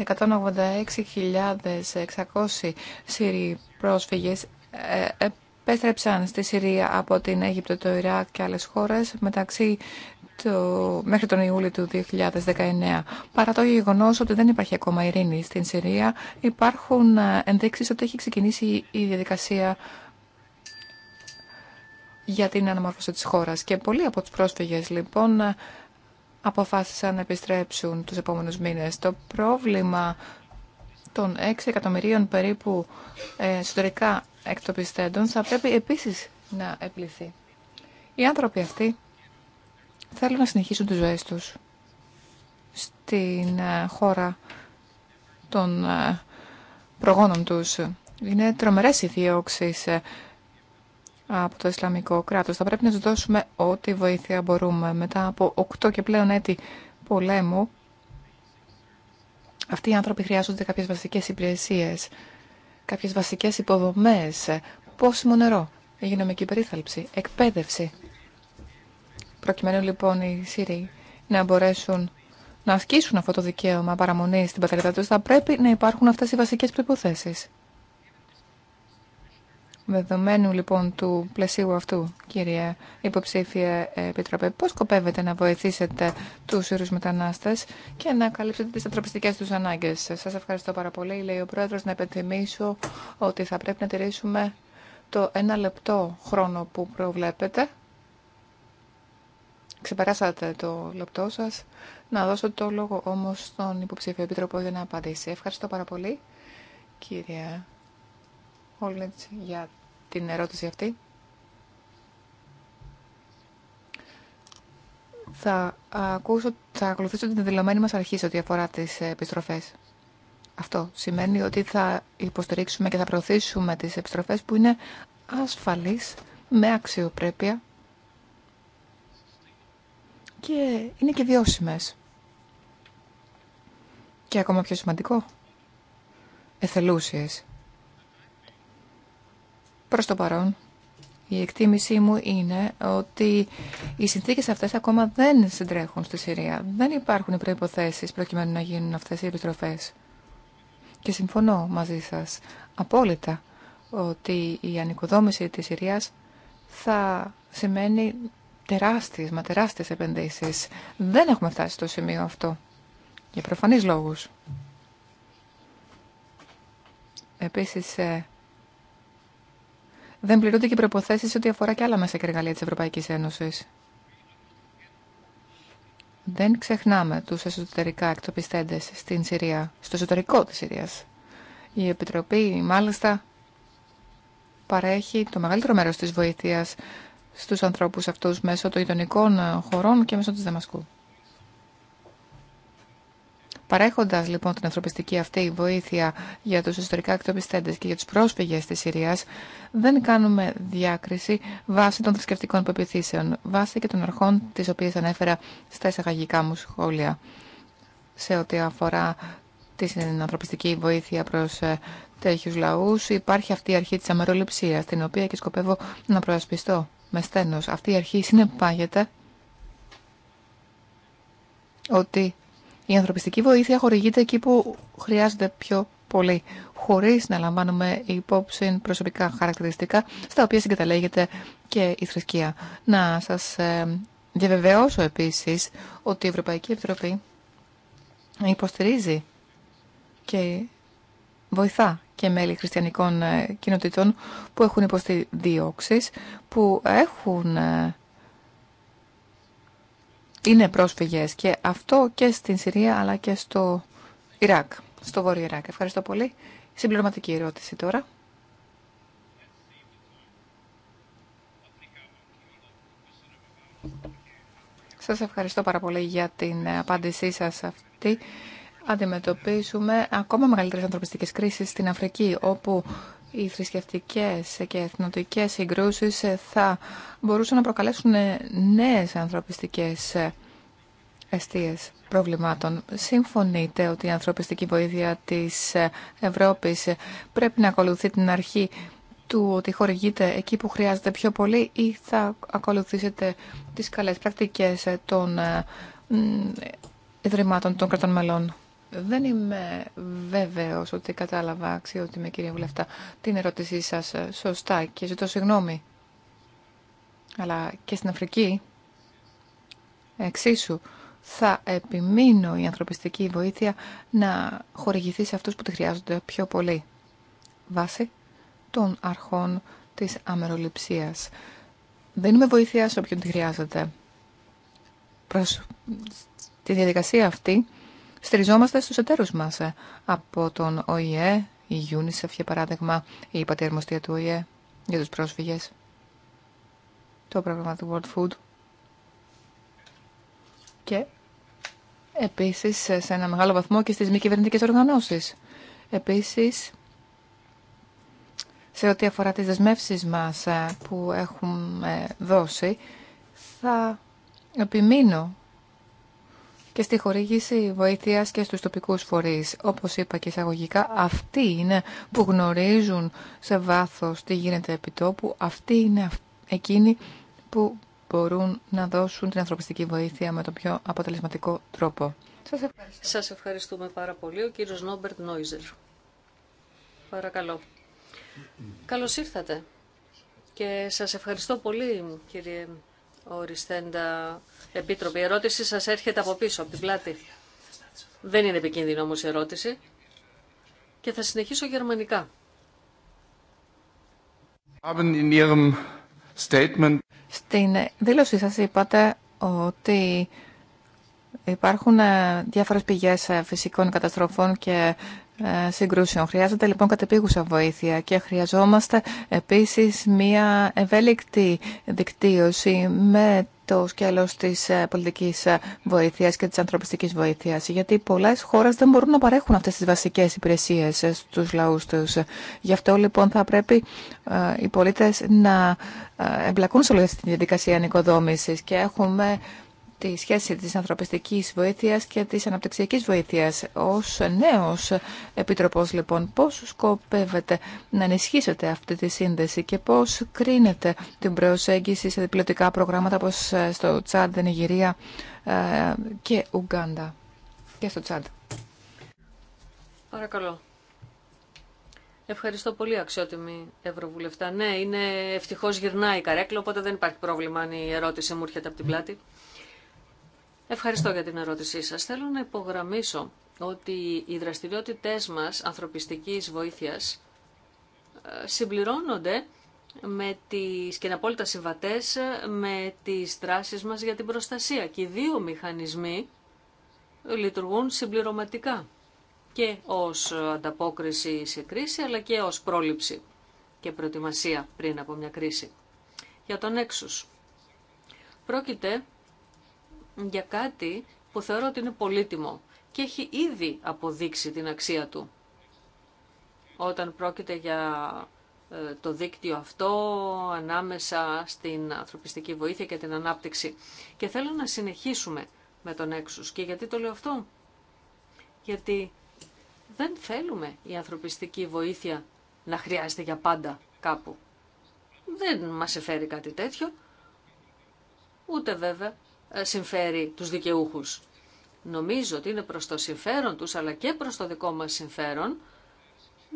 Speaker 3: 186.600 Σύριοι πρόσφυγες ε, επέστρεψαν στη Συρία από την Αίγυπτο, το Ιράκ και άλλες χώρες μεταξύ το... μέχρι τον Ιούλιο του 2019. Παρά το γεγονό ότι δεν υπάρχει ακόμα ειρήνη στην Συρία, υπάρχουν ε, ενδείξεις ότι έχει ξεκινήσει η διαδικασία για την αναμόρφωση της χώρας. Και πολλοί από τους πρόσφυγες λοιπόν αποφάσισαν να επιστρέψουν τους επόμενους μήνες. Το πρόβλημα των 6 εκατομμυρίων περίπου ε, εσωτερικά εκτοπιστέντων θα πρέπει επίσης να επληθεί. Οι άνθρωποι αυτοί θέλουν να συνεχίσουν τις ζωές τους στην ε, χώρα των ε, προγόνων τους. Είναι τρομερές οι διώξεις από το Ισλαμικό κράτος. Θα πρέπει να τους δώσουμε ό,τι βοήθεια μπορούμε. Μετά από 8 και πλέον έτη πολέμου, αυτοί οι άνθρωποι χρειάζονται κάποιες βασικές υπηρεσίες, κάποιες βασικές υποδομές, πόσιμο νερό, υγειονομική περίθαλψη, εκπαίδευση. Προκειμένου λοιπόν οι Σύριοι να μπορέσουν να ασκήσουν αυτό το δικαίωμα παραμονή στην πατρίδα του, θα πρέπει να υπάρχουν αυτέ οι βασικέ προποθέσει. Δεδομένου λοιπόν του πλαισίου αυτού, κύριε υποψήφια Επιτροπέ, πώς σκοπεύετε να βοηθήσετε τους ήρους μετανάστες και να καλύψετε τις ανθρωπιστικές τους ανάγκες. Σας ευχαριστώ πάρα πολύ. Λέει ο Πρόεδρος να επενθυμίσω ότι θα πρέπει να τηρήσουμε το ένα λεπτό χρόνο που προβλέπετε. Ξεπεράσατε το λεπτό σας. Να δώσω το λόγο όμως στον υποψήφιο Επιτροπό για να απαντήσει. Ευχαριστώ πάρα πολύ, κύριε για την ερώτηση αυτή. Θα, ακούσω, θα ακολουθήσω την δηλωμένη μας αρχή σε ό,τι αφορά τις επιστροφές. Αυτό σημαίνει ότι θα υποστηρίξουμε και θα προωθήσουμε τις επιστροφές που είναι ασφαλείς, με αξιοπρέπεια και είναι και βιώσιμες. Και ακόμα πιο σημαντικό, εθελούσιες. Προς το παρόν, η εκτίμησή μου είναι ότι οι συνθήκες αυτές ακόμα δεν συντρέχουν στη Συρία. Δεν υπάρχουν οι προϋποθέσεις προκειμένου να γίνουν αυτές οι επιστροφές. Και συμφωνώ μαζί σας απόλυτα ότι η ανοικοδόμηση της Συρίας θα σημαίνει τεράστιες, μα τεράστιες επενδύσεις. Δεν έχουμε φτάσει στο σημείο αυτό. Για προφανείς λόγους. Επίσης, ε, δεν πληρούνται και προποθέσει ό,τι αφορά και άλλα μέσα και εργαλεία τη Ευρωπαϊκή Ένωση. Δεν ξεχνάμε τους εσωτερικά εκτοπιστέντε στην Συρία, στο εσωτερικό της Συρία. Η Επιτροπή, μάλιστα, παρέχει το μεγαλύτερο μέρος της βοήθειας στους ανθρώπους αυτούς μέσω των γειτονικών χωρών και μέσω τη Δαμασκού. Παρέχοντα λοιπόν την ανθρωπιστική αυτή βοήθεια για του ιστορικά εκτοπιστέντε και για τους πρόσφυγες τη Συρίας, δεν κάνουμε διάκριση βάσει των θρησκευτικών πεπιθήσεων, βάσει και των αρχών τι οποίε ανέφερα στα εισαγωγικά μου σχόλια σε ό,τι αφορά την ανθρωπιστική βοήθεια προ ε, τέτοιου λαού, Υπάρχει αυτή η αρχή τη αμεροληψία, την οποία και σκοπεύω να προασπιστώ με στένος. Αυτή η αρχή συνεπάγεται ότι η ανθρωπιστική βοήθεια χορηγείται εκεί που χρειάζεται πιο πολύ, χωρί να λαμβάνουμε υπόψη προσωπικά χαρακτηριστικά, στα οποία συγκαταλέγεται και η θρησκεία. Να σας ε, διαβεβαιώσω επίσης ότι η Ευρωπαϊκή Επιτροπή υποστηρίζει και βοηθά και μέλη χριστιανικών ε, κοινοτήτων που έχουν υποστεί διώξεις, που έχουν ε, είναι πρόσφυγες και αυτό και στην Συρία αλλά και στο Ιράκ, στο Βόρειο Ιράκ. Ευχαριστώ πολύ. Συμπληρωματική ερώτηση τώρα. Σας ευχαριστώ πάρα πολύ για την απάντησή σας αυτή. Αντιμετωπίσουμε ακόμα μεγαλύτερες ανθρωπιστικές κρίσεις στην Αφρική, όπου οι θρησκευτικέ και εθνοτικέ συγκρούσει ε, θα μπορούσαν να προκαλέσουν ε, νέε ανθρωπιστικέ ε, αιστείε προβλημάτων. Συμφωνείτε ότι η ανθρωπιστική βοήθεια της Ευρώπη πρέπει να ακολουθεί την αρχή του ότι χορηγείται εκεί που χρειάζεται πιο πολύ ή θα ακολουθήσετε τις καλές πρακτικές των ιδρυμάτων των κρατών μελών. Δεν είμαι βέβαιος ότι κατάλαβα αξιότιμη κυρία Βουλευτά την ερώτησή σας ε, σωστά και ζητώ συγγνώμη. Αλλά και στην Αφρική εξίσου θα επιμείνω η ανθρωπιστική βοήθεια να χορηγηθεί σε αυτούς που τη χρειάζονται πιο πολύ βάσει των αρχών της αμεροληψίας. Δίνουμε βοήθεια σε όποιον τη χρειάζεται. Προς τη διαδικασία αυτή στηριζόμαστε στους εταίρους μας από τον ΟΗΕ, η UNICEF για παράδειγμα, η πατερμοστία του ΟΗΕ για τους πρόσφυγες, το πρόγραμμα του World Food και επίσης σε ένα μεγάλο βαθμό και στις μη κυβερνητικές οργανώσεις. Επίσης, σε ό,τι αφορά τις δεσμεύσεις μας ε, που έχουμε δώσει, θα επιμείνω και στη χορήγηση βοήθειας και στου τοπικού φορείς. Όπως είπα και εισαγωγικά, αυτοί είναι που γνωρίζουν σε βάθος τι γίνεται επί τόπου, αυτοί είναι εκείνοι που μπορούν να δώσουν την ανθρωπιστική βοήθεια με τον πιο αποτελεσματικό τρόπο.
Speaker 1: Σας ευχαριστούμε πάρα πολύ. Ο κύριο Νόμπερτ Νόιζερ. Παρακαλώ. Καλώς ήρθατε. Και σας ευχαριστώ πολύ κύριε οριστέντα επίτροπη. Η ερώτηση σας έρχεται από πίσω, από την πλάτη. Δεν είναι επικίνδυνο όμως η ερώτηση. Και θα συνεχίσω γερμανικά.
Speaker 3: Στην δήλωσή σας είπατε ότι υπάρχουν ε, διάφορες πηγές ε, φυσικών καταστροφών και ε, συγκρούσεων. Χρειάζεται λοιπόν κατεπίγουσα βοήθεια και χρειαζόμαστε επίσης μια ευέλικτη δικτύωση με το σκέλος της ε, πολιτικής ε, βοήθειας και της ανθρωπιστικής βοήθειας. Γιατί πολλές χώρες δεν μπορούν να παρέχουν αυτές τις βασικές υπηρεσίες στους λαούς τους. Γι' αυτό λοιπόν θα πρέπει οι πολίτες να εμπλακούν σε όλη αυτή τη διαδικασία και έχουμε τη σχέση της ανθρωπιστικής βοήθειας και της αναπτυξιακής βοήθειας. Ως νέος επιτροπός λοιπόν πώς σκοπεύετε να ενισχύσετε αυτή τη σύνδεση και πώς κρίνετε την προσέγγιση σε διπλωτικά προγράμματα όπως ε, στο Τσάντ, Νιγηρία ε, και Ουγκάντα και στο Τσάντ.
Speaker 1: Παρακαλώ. Ευχαριστώ πολύ αξιότιμη Ευρωβουλευτά. Ναι, είναι ευτυχώ γυρνάει η καρέκλα, οπότε δεν υπάρχει πρόβλημα αν η ερώτηση μου έρχεται από την πλάτη. Ευχαριστώ για την ερώτησή σας. Θέλω να υπογραμμίσω ότι οι δραστηριότητές μας ανθρωπιστικής βοήθειας ε, συμπληρώνονται με τις, και είναι απόλυτα συμβατές ε, με τις δράσεις μας για την προστασία. Και οι δύο μηχανισμοί λειτουργούν συμπληρωματικά και ως ανταπόκριση σε κρίση αλλά και ως πρόληψη και προετοιμασία πριν από μια κρίση. Για τον έξους. Πρόκειται για κάτι που θεωρώ ότι είναι πολύτιμο και έχει ήδη αποδείξει την αξία του. Όταν πρόκειται για ε, το δίκτυο αυτό ανάμεσα στην ανθρωπιστική βοήθεια και την ανάπτυξη. Και θέλω να συνεχίσουμε με τον έξους. Και γιατί το λέω αυτό. Γιατί δεν θέλουμε η ανθρωπιστική βοήθεια να χρειάζεται για πάντα κάπου. Δεν μας εφέρει κάτι τέτοιο. Ούτε βέβαια συμφέρει τους δικαιούχους. Νομίζω ότι είναι προς το συμφέρον τους, αλλά και προς το δικό μας συμφέρον,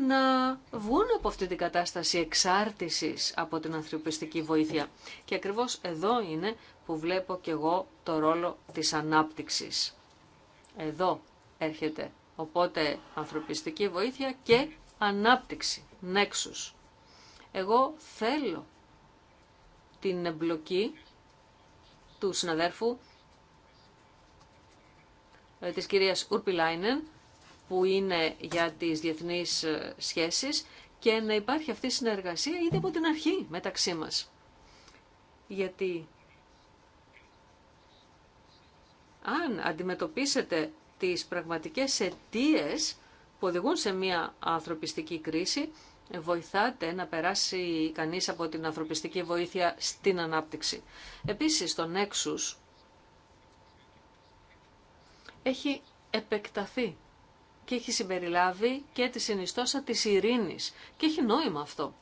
Speaker 1: να βγουν από αυτή την κατάσταση εξάρτησης από την ανθρωπιστική βοήθεια. Και ακριβώς εδώ είναι που βλέπω και εγώ το ρόλο της ανάπτυξης. Εδώ έρχεται. Οπότε ανθρωπιστική βοήθεια και ανάπτυξη, νέξους. Εγώ θέλω την εμπλοκή του συναδέρφου ε, της κυρίας Ουρπιλάινεν που είναι για τις διεθνείς ε, σχέσεις και να υπάρχει αυτή η συνεργασία ήδη από την αρχή μεταξύ μας. Γιατί αν αντιμετωπίσετε τις πραγματικές αιτίες που οδηγούν σε μια ανθρωπιστική κρίση, βοηθάτε να περάσει κανείς από την ανθρωπιστική βοήθεια στην ανάπτυξη. Επίσης, το Nexus έχει επεκταθεί και έχει συμπεριλάβει και τη συνιστόσα της ειρήνης και έχει νόημα αυτό.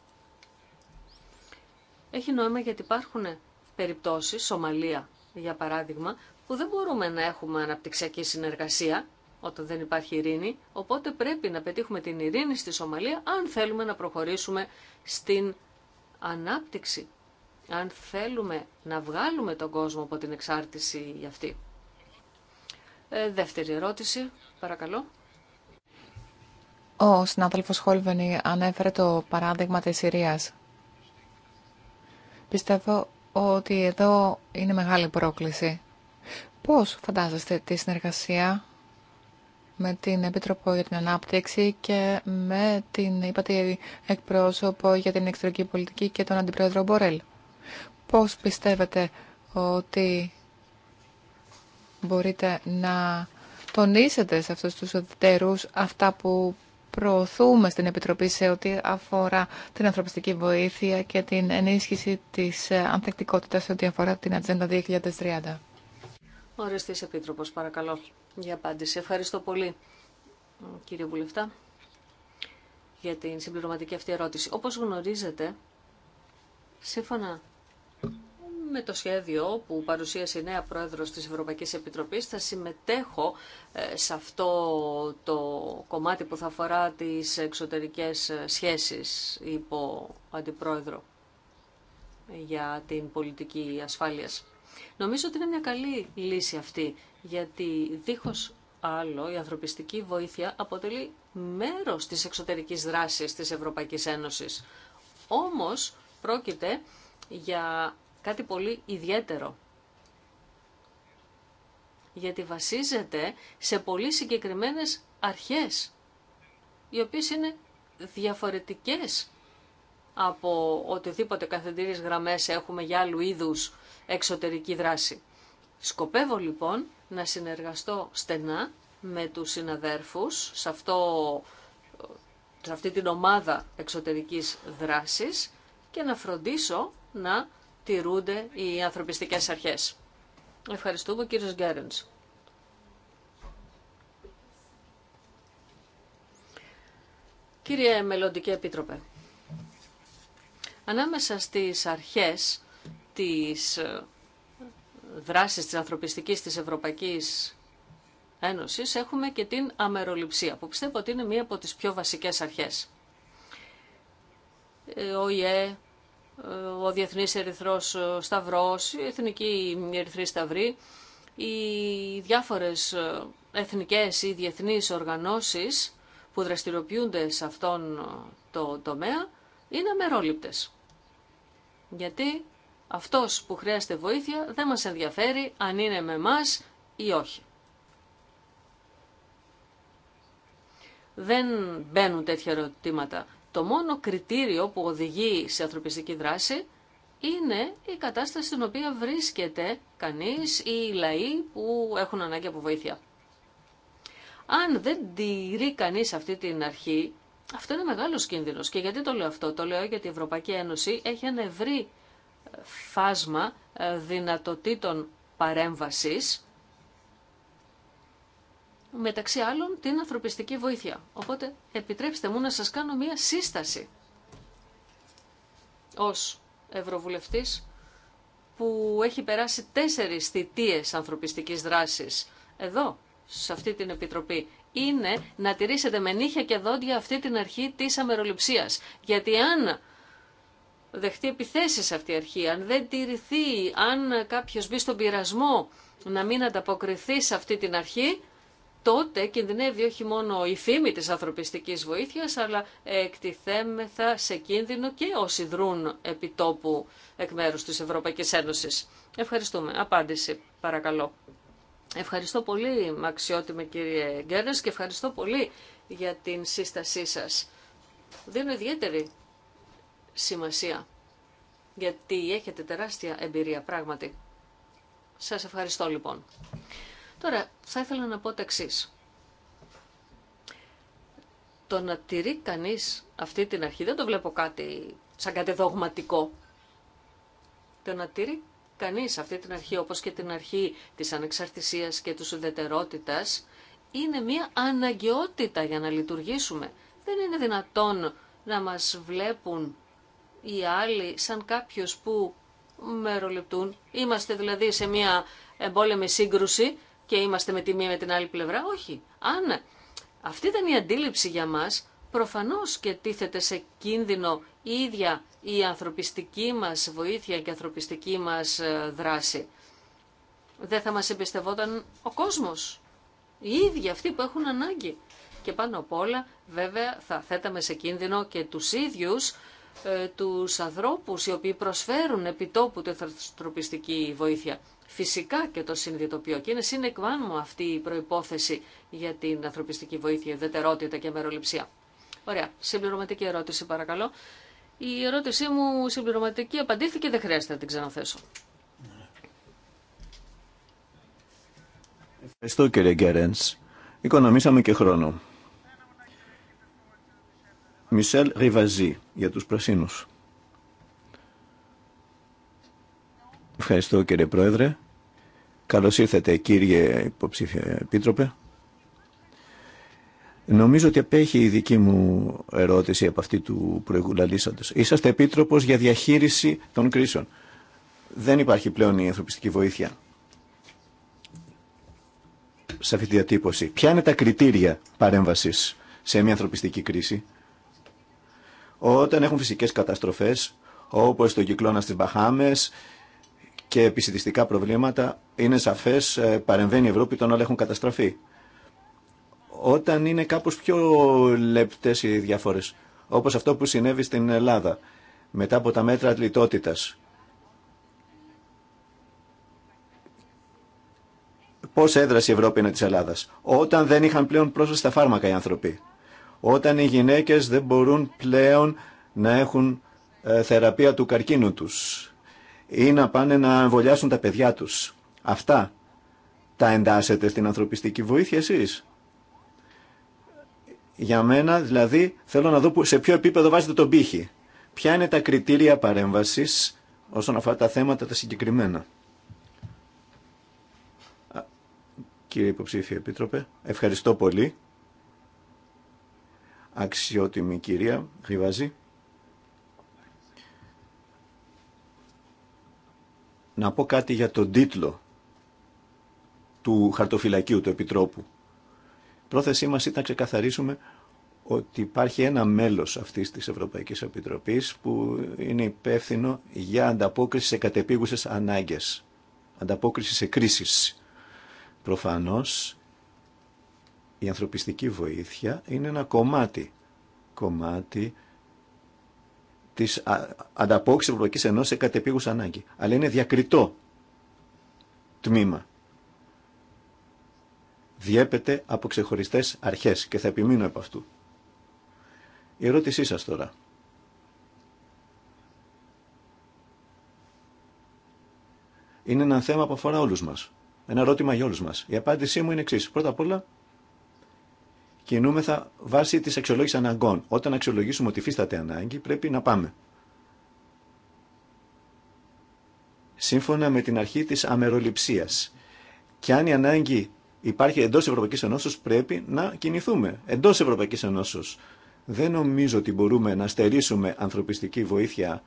Speaker 1: Έχει νόημα γιατί υπάρχουν περιπτώσεις, Σομαλία για παράδειγμα, που δεν μπορούμε να έχουμε αναπτυξιακή συνεργασία όταν δεν υπάρχει ειρήνη. Οπότε πρέπει να πετύχουμε την ειρήνη στη Σομαλία αν θέλουμε να προχωρήσουμε στην ανάπτυξη. Αν θέλουμε να βγάλουμε τον κόσμο από την εξάρτηση για αυτή. Ε, δεύτερη ερώτηση, παρακαλώ.
Speaker 3: Ο συνάδελφος Χόλβενι ανέφερε το παράδειγμα της Συρίας. Πιστεύω ότι εδώ είναι μεγάλη πρόκληση. Πώς φαντάζεστε τη συνεργασία με την Επίτροπο για την Ανάπτυξη και με την είπατε εκπρόσωπο για την εξωτερική πολιτική και τον Αντιπρόεδρο Μπορέλ. Πώς πιστεύετε ότι μπορείτε να τονίσετε σε αυτούς τους οδητερούς αυτά που προωθούμε στην Επιτροπή σε ό,τι αφορά την ανθρωπιστική βοήθεια και την ενίσχυση της ανθεκτικότητας σε ό,τι αφορά την Ατζέντα 2030.
Speaker 1: Οριστή Επίτροπος, παρακαλώ για απάντηση. Ευχαριστώ πολύ, κύριε Βουλευτά, για την συμπληρωματική αυτή ερώτηση. Όπως γνωρίζετε, σύμφωνα με το σχέδιο που παρουσίασε η νέα πρόεδρος της Ευρωπαϊκής Επιτροπής θα συμμετέχω ε, σε αυτό το κομμάτι που θα αφορά τις εξωτερικές σχέσεις υπό αντιπρόεδρο για την πολιτική ασφάλειας. Νομίζω ότι είναι μια καλή λύση αυτή, γιατί δίχως άλλο η ανθρωπιστική βοήθεια αποτελεί μέρος της εξωτερικής δράσης της Ευρωπαϊκής Ένωσης. Όμως πρόκειται για κάτι πολύ ιδιαίτερο. Γιατί βασίζεται σε πολύ συγκεκριμένες αρχές, οι οποίες είναι διαφορετικές από οτιδήποτε καθεντήριες γραμμές έχουμε για άλλου είδους εξωτερική δράση. Σκοπεύω λοιπόν να συνεργαστώ στενά με τους συναδέρφους σε, αυτό, αυτή την ομάδα εξωτερικής δράσης και να φροντίσω να τηρούνται οι ανθρωπιστικές αρχές. Ευχαριστούμε κύριος Γκέρενς. Κύριε Μελλοντική Επίτροπε, ανάμεσα στις αρχές τις ε, δράσεις της ανθρωπιστικής της Ευρωπαϊκής Ένωσης έχουμε και την αμεροληψία, που πιστεύω ότι είναι μία από τις πιο βασικές αρχές. Ε, ο ΙΕ, ε, ο Διεθνής Ερυθρός Σταυρός, η Εθνική Ερυθρή Σταυρή, οι διάφορες εθνικές ή διεθνείς οργανώσεις που δραστηριοποιούνται σε αυτόν το τομέα είναι αμερόληπτες. Γιατί αυτός που χρειάζεται βοήθεια δεν μας ενδιαφέρει αν είναι με μας ή όχι. Δεν μπαίνουν τέτοια ερωτήματα. Το μόνο κριτήριο που οδηγεί σε ανθρωπιστική δράση είναι η κατάσταση στην οποία βρίσκεται κανείς ή οι λαοί που έχουν ανάγκη από βοήθεια. Αν δεν τηρεί κανείς αυτή την αρχή, αυτό είναι μεγάλος κίνδυνος. Και γιατί το λέω αυτό, το λέω γιατί η Ευρωπαϊκή Ένωση έχει ένα ευρύ φάσμα ε, δυνατοτήτων παρέμβασης, μεταξύ άλλων την ανθρωπιστική βοήθεια. Οπότε επιτρέψτε μου να σας κάνω μία σύσταση ως Ευρωβουλευτής που έχει περάσει τέσσερις θητείες ανθρωπιστικής δράσης εδώ, σε αυτή την Επιτροπή, είναι να τηρήσετε με νύχια και δόντια αυτή την αρχή της αμεροληψίας. Γιατί αν δεχτεί επιθέσεις αυτή η αρχή, αν δεν τηρηθεί, αν κάποιος μπει στον πειρασμό να μην ανταποκριθεί σε αυτή την αρχή, τότε κινδυνεύει όχι μόνο η φήμη της ανθρωπιστικής βοήθειας, αλλά εκτιθέμεθα σε κίνδυνο και όσοι δρούν επιτόπου εκ μέρους της Ευρωπαϊκής Ένωσης. Ευχαριστούμε. Απάντηση, παρακαλώ. Ευχαριστώ πολύ, αξιότιμε κύριε Γκέρνες, και ευχαριστώ πολύ για την σύστασή σας. Δίνω ιδιαίτερη σημασία, γιατί έχετε τεράστια εμπειρία πράγματι. Σας ευχαριστώ λοιπόν. Τώρα, θα ήθελα να πω τα εξή: Το να τηρεί κανείς αυτή την αρχή, δεν το βλέπω κάτι σαν κάτι δογματικό. Το να τηρεί κανείς αυτή την αρχή, όπως και την αρχή της ανεξαρτησίας και της ουδετερότητας, είναι μια αναγκαιότητα για να λειτουργήσουμε. Δεν είναι δυνατόν να μας βλέπουν οι άλλοι σαν κάποιος που μεροληπτούν. Είμαστε δηλαδή σε μια εμπόλεμη σύγκρουση και είμαστε με τη μία με την άλλη πλευρά. Όχι. Αν αυτή ήταν η αντίληψη για μας, προφανώς και τίθεται σε κίνδυνο η ίδια η ανθρωπιστική μας βοήθεια και η ανθρωπιστική μας ε, δράση. Δεν θα μας εμπιστευόταν ο κόσμος. Οι ίδιοι αυτοί που έχουν ανάγκη. Και πάνω απ' όλα βέβαια θα θέταμε σε κίνδυνο και τους ίδιους ε, τους ανθρώπους οι οποίοι προσφέρουν επιτόπου την ανθρωπιστική βοήθεια. Φυσικά και το συνειδητοποιώ και είναι συνεκβάν μου αυτή η προϋπόθεση για την ανθρωπιστική βοήθεια, ιδιαιτερότητα και μεροληψία. Ωραία. Συμπληρωματική ερώτηση παρακαλώ. Η ερώτησή μου συμπληρωματική απαντήθηκε, δεν χρειάζεται να την ξαναθέσω.
Speaker 2: Ευχαριστώ κύριε Γκέρενς. Οικονομήσαμε και χρόνο. Μισελ Ριβαζή για τους Πρασίνους. Ευχαριστώ κύριε Πρόεδρε. Καλώς ήρθατε κύριε υποψήφια επίτροπε. Νομίζω ότι απέχει η δική μου ερώτηση από αυτή του προηγουλαλήσαντος. Είσαστε επίτροπος για διαχείριση των κρίσεων. Δεν υπάρχει πλέον η ανθρωπιστική βοήθεια σε αυτή τη διατύπωση. Ποια είναι τα κριτήρια παρέμβασης σε μια ανθρωπιστική κρίση. Όταν έχουν φυσικές καταστροφές, όπως το κυκλώνα στις Μπαχάμες και επισητιστικά προβλήματα, είναι σαφές, ε, παρεμβαίνει η Ευρώπη όταν όλα έχουν καταστραφεί. Όταν είναι κάπως πιο λεπτές οι διαφορές, όπως αυτό που συνέβη στην Ελλάδα, μετά από τα μέτρα λιτότητας, Πώς έδρασε η Ευρώπη να της Ελλάδα, όταν δεν είχαν πλέον πρόσβαση στα φάρμακα οι άνθρωποι όταν οι γυναίκες δεν μπορούν πλέον να έχουν ε, θεραπεία του καρκίνου τους ή να πάνε να εμβολιάσουν τα παιδιά τους. Αυτά τα εντάσσετε στην ανθρωπιστική βοήθεια εσείς. Για μένα δηλαδή θέλω να δω σε ποιο επίπεδο βάζετε τον πύχη. Ποια είναι τα κριτήρια παρέμβασης όσον αφορά τα θέματα τα συγκεκριμένα. Κύριε Υποψήφιε Επίτροπε, ευχαριστώ πολύ αξιότιμη κυρία Χρυβαζή Να πω κάτι για τον τίτλο του χαρτοφυλακίου του Επιτρόπου. πρόθεσή μας ήταν να ξεκαθαρίσουμε ότι υπάρχει ένα μέλος αυτής της Ευρωπαϊκής Επιτροπής που είναι υπεύθυνο για ανταπόκριση σε κατεπίγουσες ανάγκες, ανταπόκριση σε κρίσεις. Προφανώς η ανθρωπιστική βοήθεια είναι ένα κομμάτι, κομμάτι της ανταπόκρισης της Ευρωπαϊκής Ενώσης σε κατεπίγους ανάγκη. Αλλά είναι διακριτό τμήμα. Διέπεται από ξεχωριστές αρχές και θα επιμείνω από αυτού. Η ερώτησή σας τώρα. Είναι ένα θέμα που αφορά όλους μας. Ένα ερώτημα για όλους μας. Η απάντησή μου είναι εξή. Πρώτα απ' όλα κινούμεθα βάσει της αξιολόγησης αναγκών. Όταν αξιολογήσουμε ότι φύσταται ανάγκη πρέπει να πάμε. Σύμφωνα με την αρχή της αμεροληψίας. Και αν η ανάγκη υπάρχει εντός Ευρωπαϊκής Ενώσεως πρέπει να κινηθούμε. Εντός Ευρωπαϊκής Ενώσεω. Δεν νομίζω ότι μπορούμε να στερήσουμε ανθρωπιστική βοήθεια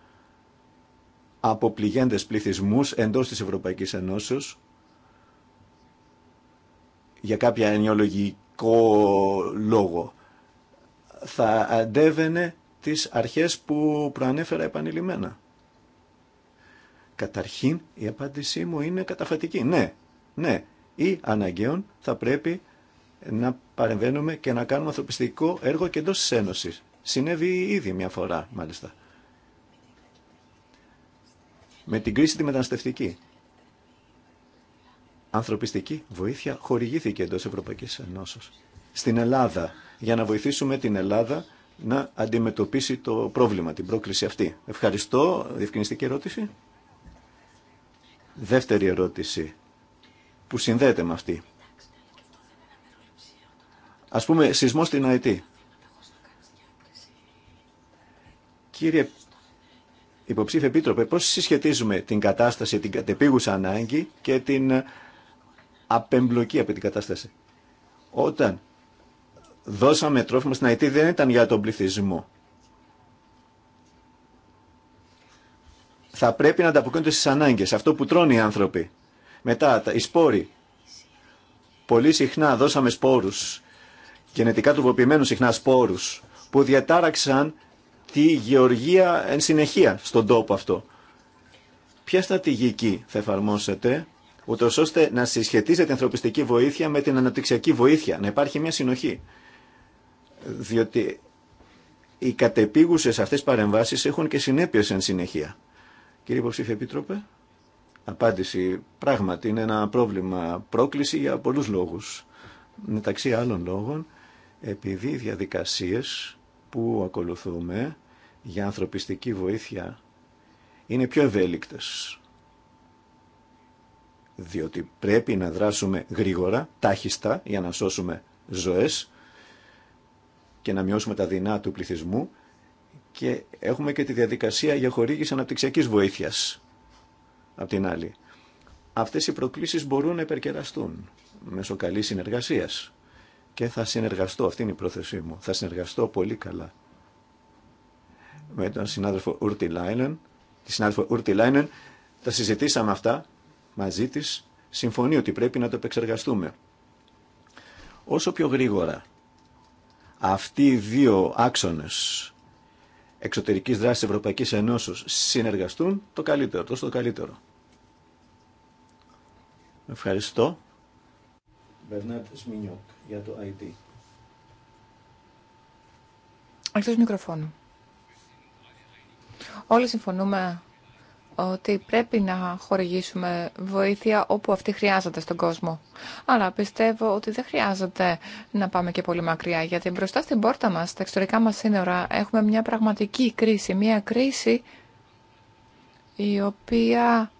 Speaker 2: από πληγέντες πληθυσμούς εντός της Ευρωπαϊκής Ενώσεως για κάποια ενιολογική λόγο. Θα αντέβαινε τις αρχές που προανέφερα επανειλημμένα. Καταρχήν η απάντησή μου είναι καταφατική. Ναι, ναι. Ή αναγκαίων θα πρέπει να παρεμβαίνουμε και να κάνουμε ανθρωπιστικό έργο και εντός της Ένωσης. Συνέβη ήδη μια φορά μάλιστα. Με την κρίση τη μεταναστευτική Ανθρωπιστική βοήθεια χορηγήθηκε εντό Ευρωπαϊκή Ενώσεω. Στην Ελλάδα, για να βοηθήσουμε την Ελλάδα να αντιμετωπίσει το πρόβλημα, την πρόκληση αυτή. Ευχαριστώ. Διευκρινιστική ερώτηση. Δεύτερη ερώτηση που συνδέεται με αυτή. Ας πούμε σεισμό στην ΑΕΤ. Κύριε υποψήφιε επίτροπε, πώς συσχετίζουμε την κατάσταση, την κατεπίγουσα ανάγκη και την Απεμπλοκή από την κατάσταση. Όταν δώσαμε τρόφιμα στην Αιτή δεν ήταν για τον πληθυσμό. Θα πρέπει να ανταποκρίνονται στις ανάγκες, αυτό που τρώνε οι άνθρωποι. Μετά, οι σπόροι. Πολύ συχνά δώσαμε σπόρους, γενετικά τροποποιημένους συχνά σπόρους, που διατάραξαν τη γεωργία εν συνεχεία στον τόπο αυτό. Ποια στρατηγική θα εφαρμόσετε ούτω ώστε να συσχετίζεται η ανθρωπιστική βοήθεια με την αναπτυξιακή βοήθεια, να υπάρχει μια συνοχή. Διότι οι κατεπίγουσες αυτές παρεμβάσεις έχουν και συνέπειε εν συνεχεία. Κύριε Υποψήφιε Επίτροπε, απάντηση πράγματι είναι ένα πρόβλημα πρόκληση για πολλού λόγους. Μεταξύ άλλων λόγων, επειδή οι διαδικασίε που ακολουθούμε για ανθρωπιστική βοήθεια είναι πιο ευέλικτες διότι πρέπει να δράσουμε γρήγορα, τάχιστα, για να σώσουμε ζωές και να μειώσουμε τα δεινά του πληθυσμού και έχουμε και τη διαδικασία για χορήγηση αναπτυξιακής βοήθειας, απ' την άλλη. Αυτές οι προκλήσεις μπορούν να υπερκεραστούν μέσω καλής συνεργασίας και θα συνεργαστώ, αυτή είναι η πρόθεσή μου, θα συνεργαστώ πολύ καλά με τον συνάδελφο Ούρτι Λάινεν, τη συνάδελφο Ούρτι Λάινεν, τα συζητήσαμε αυτά μαζί της συμφωνεί ότι πρέπει να το επεξεργαστούμε. Όσο πιο γρήγορα αυτοί οι δύο άξονες εξωτερικής δράσης Ευρωπαϊκής Ενώσεως συνεργαστούν, το καλύτερο, τόσο το καλύτερο. Ευχαριστώ. Μπερνάρτ Σμινιόκ για το IT.
Speaker 3: Όλοι συμφωνούμε ότι πρέπει να χορηγήσουμε βοήθεια όπου αυτή χρειάζεται στον κόσμο. Αλλά πιστεύω ότι δεν χρειάζεται να πάμε και πολύ μακριά, γιατί μπροστά στην πόρτα μας, στα εξωτερικά μας σύνορα, έχουμε μια πραγματική κρίση, μια κρίση η οποία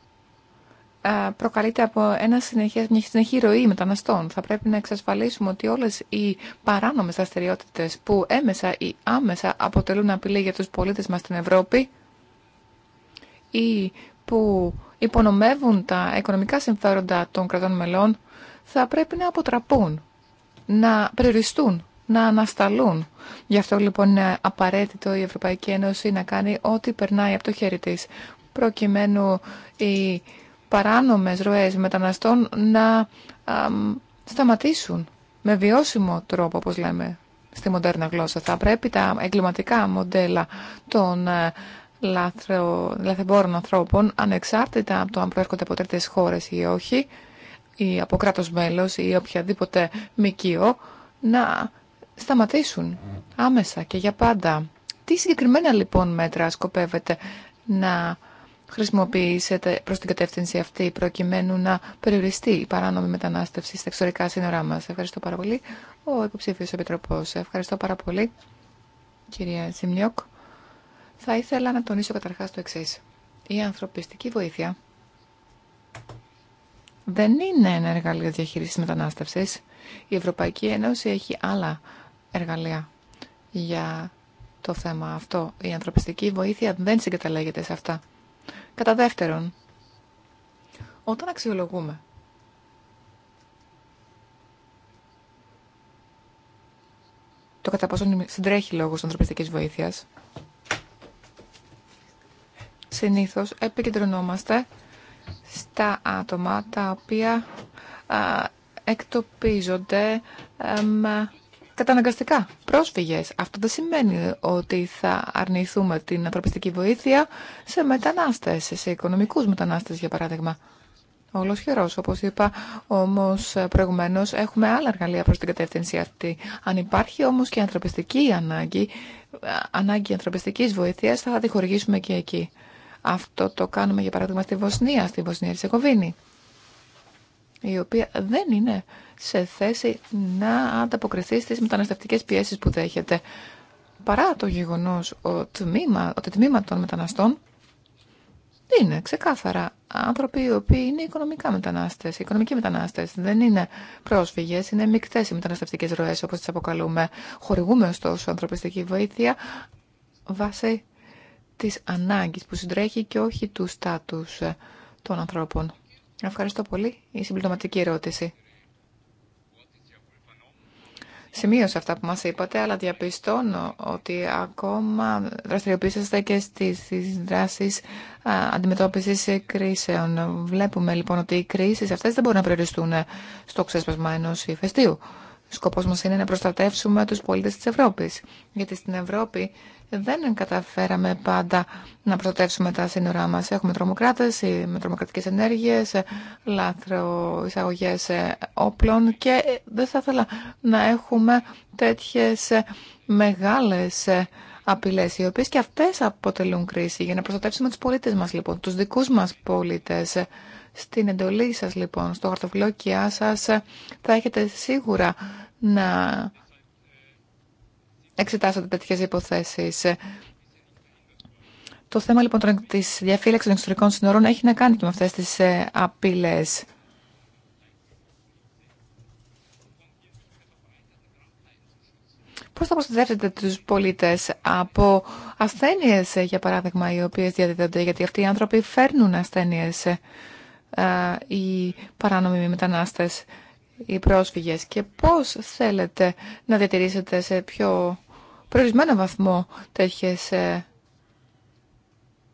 Speaker 3: ε, προκαλείται από ένα συνεχές, μια συνεχή ροή μεταναστών. Θα πρέπει να εξασφαλίσουμε ότι όλες οι παράνομες δραστηριότητε που έμεσα ή άμεσα αποτελούν απειλή για τους πολίτες μας στην Ευρώπη, ή που υπονομεύουν τα οικονομικά συμφέροντα των κρατών μελών θα πρέπει να αποτραπούν, να περιοριστούν, να ανασταλούν. Γι' αυτό λοιπόν είναι απαραίτητο η Ευρωπαϊκή Ένωση να κάνει ό,τι περνάει από το χέρι της προκειμένου οι παράνομες ροές μεταναστών να σταματήσουν με βιώσιμο τρόπο, όπως λέμε στη μοντέρνα γλώσσα. Θα πρέπει τα εγκληματικά μοντέλα των ε, λάθρο, λαθεμπόρων ανθρώπων, ανεξάρτητα από το αν προέρχονται από τρίτες χώρες ή όχι, ή από κράτος μέλος ή οποιαδήποτε μικείο, να σταματήσουν άμεσα και για πάντα. Τι συγκεκριμένα λοιπόν μέτρα σκοπεύετε να χρησιμοποιήσετε προς την κατεύθυνση αυτή προκειμένου να περιοριστεί η παράνομη μετανάστευση στα εξωτερικά σύνορά μας. Ευχαριστώ πάρα πολύ. Ο υποψήφιος επιτροπός. Ευχαριστώ πάρα πολύ. Κυρία Ζημνιόκ. Θα ήθελα να τονίσω καταρχάς το εξής. Η ανθρωπιστική βοήθεια δεν είναι ένα εργαλείο διαχείρισης μετανάστευσης. Η Ευρωπαϊκή Ένωση έχει άλλα εργαλεία για το θέμα αυτό. Η ανθρωπιστική βοήθεια δεν συγκαταλέγεται σε αυτά. Κατά δεύτερον, όταν αξιολογούμε το κατά πόσο συντρέχει λόγος ανθρωπιστικής βοήθειας, συνήθως επικεντρωνόμαστε στα άτομα τα οποία εκτοπίζονται α, καταναγκαστικά πρόσφυγες. Αυτό δεν σημαίνει ότι θα αρνηθούμε την ανθρωπιστική βοήθεια σε μετανάστες, σε οικονομικούς μετανάστες για παράδειγμα. Όλος χερός, όπως είπα, όμως προηγουμένως έχουμε άλλα εργαλεία προς την κατεύθυνση αυτή. Αν υπάρχει όμως και ανθρωπιστική ανάγκη, ανάγκη ανθρωπιστικής βοήθειας, θα τη χορηγήσουμε και εκεί. Αυτό το κάνουμε για παράδειγμα στη Βοσνία, στη Βοσνία Ρισεκοβίνη, η οποία δεν είναι σε θέση να ανταποκριθεί στις μεταναστευτικές πιέσεις που δέχεται. Παρά το γεγονός ότι τμήμα, ότι τμήμα των μεταναστών είναι ξεκάθαρα άνθρωποι οι οποίοι είναι οικονομικά μετανάστε, οικονομικοί μετανάστε. Δεν είναι πρόσφυγε, είναι μεικτέ οι μεταναστευτικέ ροέ όπω τι αποκαλούμε. Χορηγούμε ωστόσο ανθρωπιστική βοήθεια βάσει της ανάγκης που συντρέχει και όχι του στάτους ε, των ανθρώπων. Ευχαριστώ πολύ. Η συμπληρωματική ερώτηση. Σημείωσα αυτά που μας είπατε, αλλά διαπιστώνω ότι ακόμα δραστηριοποιήσαστε και στις, δράσεις αντιμετώπισης κρίσεων. Βλέπουμε λοιπόν ότι οι κρίσεις αυτές δεν μπορούν να περιοριστούν στο ξέσπασμα ενός ηφαιστείου. Σκοπός μας είναι να προστατεύσουμε τους πολίτες της Ευρώπης. Γιατί στην Ευρώπη δεν καταφέραμε πάντα να προστατεύσουμε τα σύνορά μα. Έχουμε τρομοκράτε με τρομοκρατικές ενέργειες, λάθρο εισαγωγέ ε, όπλων και ε, δεν θα ήθελα να έχουμε τέτοιες ε, μεγάλες απειλέ, οι οποίε και αυτέ αποτελούν κρίση για να προστατεύσουμε του πολίτε μα λοιπόν, του δικού μα πολίτε. Στην εντολή σας λοιπόν, στο χαρτοφυλόκιά σας, θα έχετε σίγουρα να εξετάσετε τέτοιες υποθέσεις. Το θέμα λοιπόν της διαφύλαξης των εξωτερικών συνορών έχει να κάνει και με αυτές τις ε, απειλές. Πώς θα προστατεύσετε τους πολίτες από ασθένειες, ε, για παράδειγμα, οι οποίες διαδίδονται, γιατί αυτοί οι άνθρωποι φέρνουν ασθένειες ε, οι παράνομοι μετανάστες, οι πρόσφυγες και πώς θέλετε να διατηρήσετε σε πιο προορισμένο βαθμό τέτοιες ε,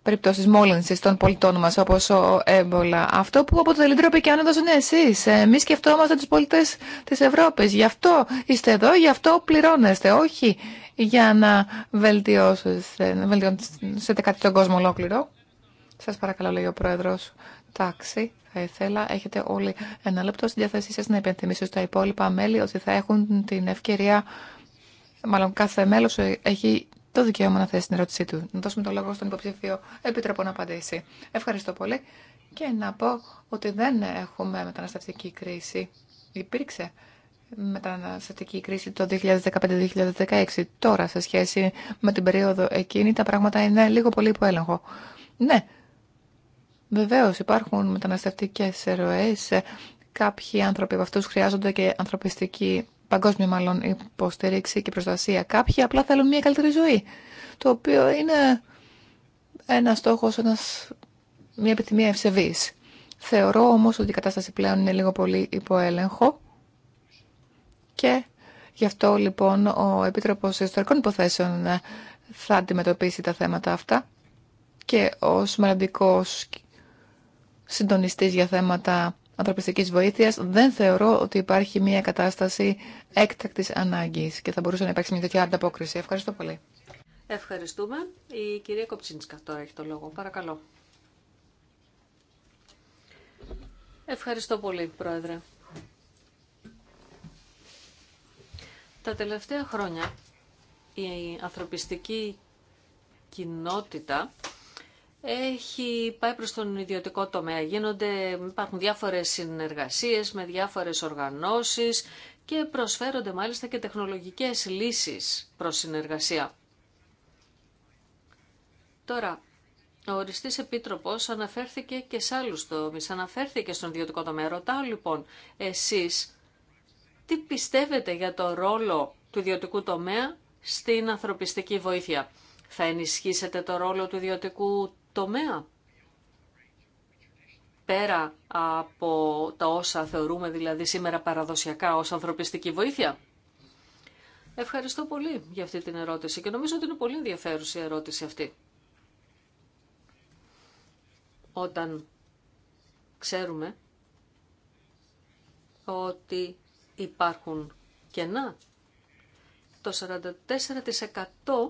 Speaker 3: περιπτώσεις μόλυνσης των πολιτών μας όπως ο έμπολα. Αυτό που από το και αν είναι εσείς. Ε, εμείς σκεφτόμαστε τους πολίτες της Ευρώπης. Γι' αυτό είστε εδώ, γι' αυτό πληρώνεστε. Όχι για να βελτιώσετε, να βελτιώσετε κάτι τον κόσμο ολόκληρο. Σας παρακαλώ λέει ο Πρόεδρος Εντάξει, Θα ήθελα, έχετε όλοι ένα λεπτό στη διάθεσή σας να υπενθυμίσω στα υπόλοιπα μέλη ότι θα έχουν την ευκαιρία, μάλλον κάθε μέλο έχει το δικαίωμα να θέσει την ερώτησή του. Να δώσουμε το λόγο στον υποψήφιο επίτροπο να απαντήσει. Ευχαριστώ πολύ και να πω ότι δεν έχουμε μεταναστευτική κρίση. Υπήρξε μεταναστευτική κρίση το 2015-2016. Τώρα, σε σχέση με την περίοδο εκείνη, τα πράγματα είναι λίγο πολύ έλεγχο. Ναι, Βεβαίως υπάρχουν μεταναστευτικές ροές, κάποιοι άνθρωποι από αυτούς χρειάζονται και ανθρωπιστική παγκόσμια μάλλον υποστήριξη και προστασία. Κάποιοι απλά θέλουν μια καλύτερη ζωή, το οποίο είναι ένα στόχος, ένας, μια επιθυμία ευσεβής. Θεωρώ όμως ότι η κατάσταση πλέον είναι λίγο πολύ υποέλεγχο και γι' αυτό λοιπόν ο Επίτροπος Ιστορικών Υποθέσεων θα αντιμετωπίσει τα θέματα αυτά και ως μελλοντικό συντονιστής για θέματα ανθρωπιστικής βοήθειας, δεν θεωρώ ότι υπάρχει μια κατάσταση έκτακτης ανάγκης και θα μπορούσε να υπάρξει μια τέτοια ανταπόκριση. Ευχαριστώ πολύ.
Speaker 1: Ευχαριστούμε. Η κυρία Κοψίνσκα τώρα έχει το λόγο. Παρακαλώ. Ευχαριστώ πολύ, Πρόεδρε. Τα τελευταία χρόνια η ανθρωπιστική κοινότητα έχει πάει προς τον ιδιωτικό τομέα. Γίνονται, υπάρχουν διάφορες συνεργασίες με διάφορες οργανώσεις και προσφέρονται μάλιστα και τεχνολογικές λύσεις προς συνεργασία. Τώρα, ο οριστής επίτροπος αναφέρθηκε και σε άλλους τομείς, αναφέρθηκε στον ιδιωτικό τομέα. Ρωτάω λοιπόν εσείς τι πιστεύετε για το ρόλο του ιδιωτικού τομέα στην ανθρωπιστική βοήθεια. Θα ενισχύσετε το ρόλο του ιδιωτικού τομέα. Πέρα από τα όσα θεωρούμε δηλαδή σήμερα παραδοσιακά ως ανθρωπιστική βοήθεια. Ευχαριστώ πολύ για αυτή την ερώτηση και νομίζω ότι είναι πολύ ενδιαφέρουσα η ερώτηση αυτή. Όταν ξέρουμε ότι υπάρχουν κενά, το 44%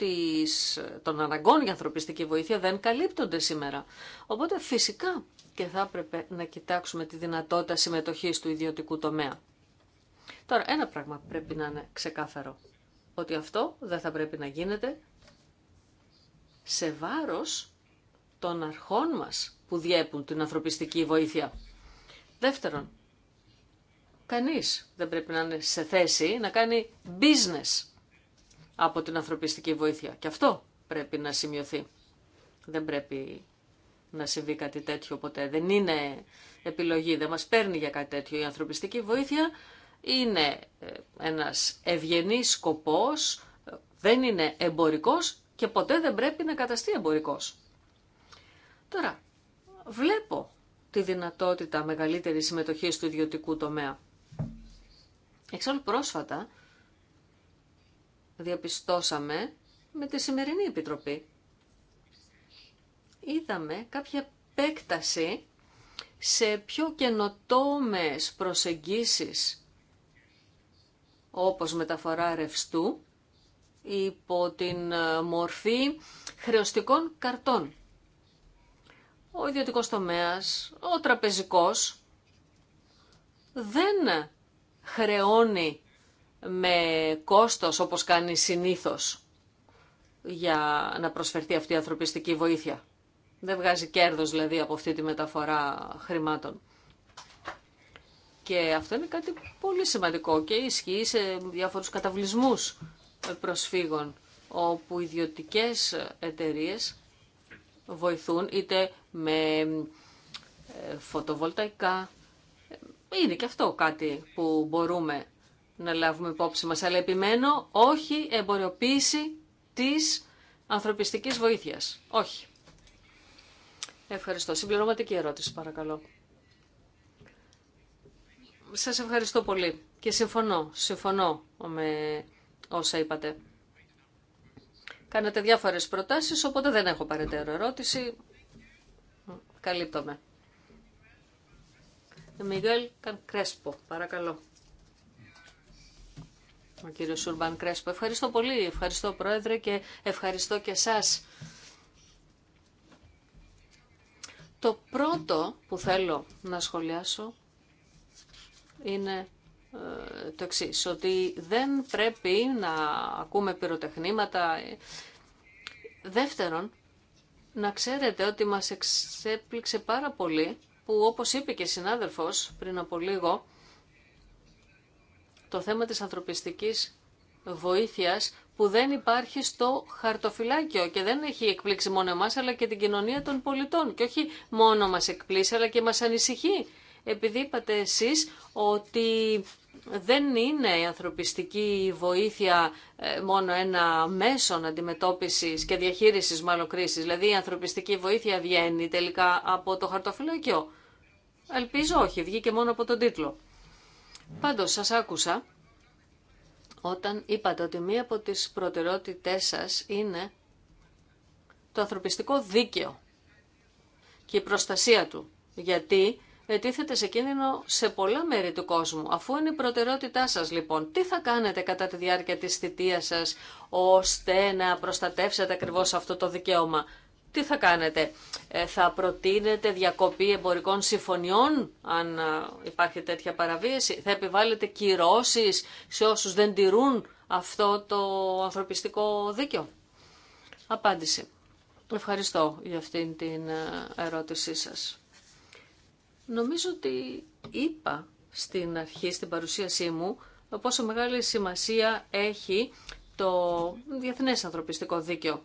Speaker 1: της, των αναγκών για ανθρωπιστική βοήθεια δεν καλύπτονται σήμερα. Οπότε φυσικά και θα έπρεπε να κοιτάξουμε τη δυνατότητα συμμετοχής του ιδιωτικού τομέα. Τώρα, ένα πράγμα πρέπει να είναι ξεκάθαρο. Ότι αυτό δεν θα πρέπει να γίνεται σε βάρος των αρχών μας που διέπουν την ανθρωπιστική βοήθεια. Δεύτερον, κανείς δεν πρέπει να είναι σε θέση να κάνει business από την ανθρωπιστική βοήθεια. Και αυτό πρέπει να σημειωθεί. Δεν πρέπει να συμβεί κάτι τέτοιο ποτέ. Δεν είναι επιλογή, δεν μας παίρνει για κάτι τέτοιο. Η ανθρωπιστική βοήθεια είναι ε, ένας ευγενής σκοπός, ε, δεν είναι εμπορικός και ποτέ δεν πρέπει να καταστεί εμπορικός. Τώρα, βλέπω τη δυνατότητα μεγαλύτερης συμμετοχής του ιδιωτικού τομέα. Εξάλλου πρόσφατα διαπιστώσαμε με τη σημερινή Επιτροπή. Είδαμε κάποια επέκταση σε πιο καινοτόμες προσεγγίσεις όπως μεταφορά ρευστού υπό την ε, μορφή χρεωστικών καρτών. Ο ιδιωτικός τομέας, ο τραπεζικός δεν χρεώνει με κόστος όπως κάνει συνήθως για να προσφερθεί αυτή η ανθρωπιστική βοήθεια. Δεν βγάζει κέρδος δηλαδή από αυτή τη μεταφορά χρημάτων. Και αυτό είναι κάτι πολύ σημαντικό και ισχύει σε διάφορους καταβλισμούς προσφύγων όπου ιδιωτικές εταιρείες βοηθούν είτε με ε, φωτοβολταϊκά. Είναι και αυτό κάτι που μπορούμε να λάβουμε υπόψη μας. Αλλά επιμένω, όχι εμποριοποίηση της ανθρωπιστικής βοήθειας. Όχι. Ευχαριστώ. Συμπληρωματική ερώτηση, παρακαλώ. Σας ευχαριστώ πολύ και συμφωνώ, συμφωνώ με όσα είπατε. Κάνατε διάφορες προτάσεις, οπότε δεν έχω παρετέρω ερώτηση. Καλύπτομαι. Μιγέλ Κανκρέσπο, παρακαλώ. Ο κύριο Σουρμπάν Κρέσπο. Ευχαριστώ πολύ. Ευχαριστώ, Πρόεδρε, και ευχαριστώ και εσά. Το πρώτο που θέλω να σχολιάσω είναι ε, το εξή, ότι δεν πρέπει να ακούμε πυροτεχνήματα. Δεύτερον, να ξέρετε ότι μας εξέπληξε πάρα πολύ που όπως είπε και συνάδελφος πριν από λίγο, το θέμα της ανθρωπιστικής βοήθειας που δεν υπάρχει στο χαρτοφυλάκιο και δεν έχει εκπλήξει μόνο εμάς αλλά και την κοινωνία των πολιτών και όχι μόνο μας εκπλήσει αλλά και μας ανησυχεί επειδή είπατε εσείς ότι δεν είναι η ανθρωπιστική βοήθεια ε, μόνο ένα μέσο αντιμετώπισης και διαχείρισης μάλλον κρίσης. Δηλαδή η ανθρωπιστική βοήθεια βγαίνει τελικά από το χαρτοφυλάκιο. Ελπίζω όχι, βγήκε μόνο από τον τίτλο. Πάντως σας άκουσα όταν είπατε ότι μία από τις προτεραιότητές σας είναι το ανθρωπιστικό δίκαιο και η προστασία του. Γιατί ετίθεται σε κίνδυνο σε πολλά μέρη του κόσμου. Αφού είναι η προτεραιότητά σας λοιπόν, τι θα κάνετε κατά τη διάρκεια της θητείας σας ώστε να προστατεύσετε ακριβώς αυτό το δικαίωμα τι θα κάνετε. Ε, θα προτείνετε διακοπή εμπορικών συμφωνιών, αν ε, υπάρχει τέτοια παραβίαση. Θα επιβάλλετε κυρώσεις σε όσους δεν τηρούν αυτό το ανθρωπιστικό δίκαιο. Απάντηση. Ευχαριστώ για αυτήν την ε, ερώτησή σας. Νομίζω ότι είπα στην αρχή, στην παρουσίασή μου, πόσο μεγάλη σημασία έχει το διεθνές ανθρωπιστικό δίκαιο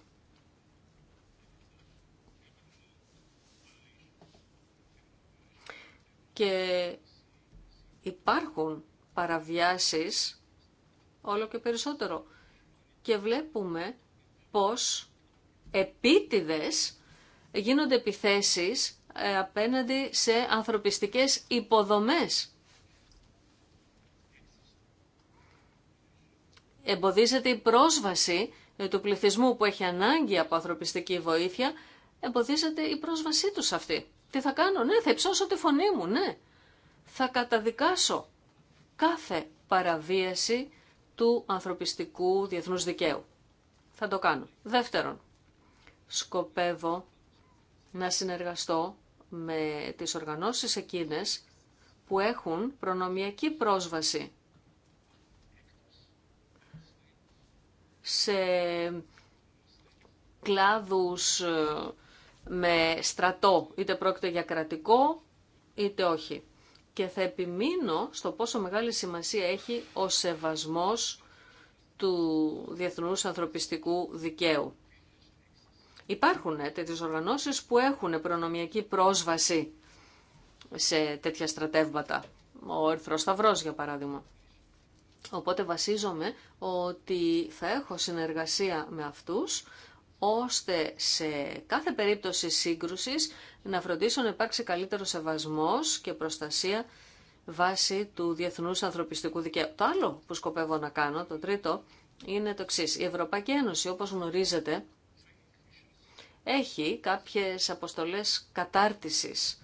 Speaker 1: και υπάρχουν παραβιάσεις όλο και περισσότερο. Και βλέπουμε πως επίτηδες γίνονται επιθέσεις ε, απέναντι σε ανθρωπιστικές υποδομές. Εμποδίζεται η πρόσβαση ε, του πληθυσμού που έχει ανάγκη από ανθρωπιστική βοήθεια, εμποδίζεται η πρόσβασή τους αυτή. Τι θα κάνω, ναι, θα υψώσω τη φωνή μου, ναι. Θα καταδικάσω κάθε παραβίαση του ανθρωπιστικού διεθνούς δικαίου. Θα το κάνω. Δεύτερον, σκοπεύω να συνεργαστώ με τις οργανώσεις εκείνες που έχουν προνομιακή πρόσβαση σε κλάδους ε, με στρατό, είτε πρόκειται για κρατικό είτε όχι. Και θα επιμείνω στο πόσο μεγάλη σημασία έχει ο σεβασμός του διεθνούς ανθρωπιστικού δικαίου. Υπάρχουν ε, τέτοιες οργανώσεις που έχουν προνομιακή πρόσβαση σε τέτοια στρατεύματα. Ο Ερθρός Σταυρός, για παράδειγμα. Οπότε βασίζομαι ότι θα έχω συνεργασία με αυτούς, ώστε σε κάθε περίπτωση σύγκρουσης να φροντίσουν να υπάρξει καλύτερο σεβασμός και προστασία βάσει του διεθνούς ανθρωπιστικού δικαίου. Το άλλο που σκοπεύω να κάνω, το τρίτο, είναι το εξή. Η Ευρωπαϊκή Ένωση, όπως γνωρίζετε, έχει κάποιες αποστολές κατάρτισης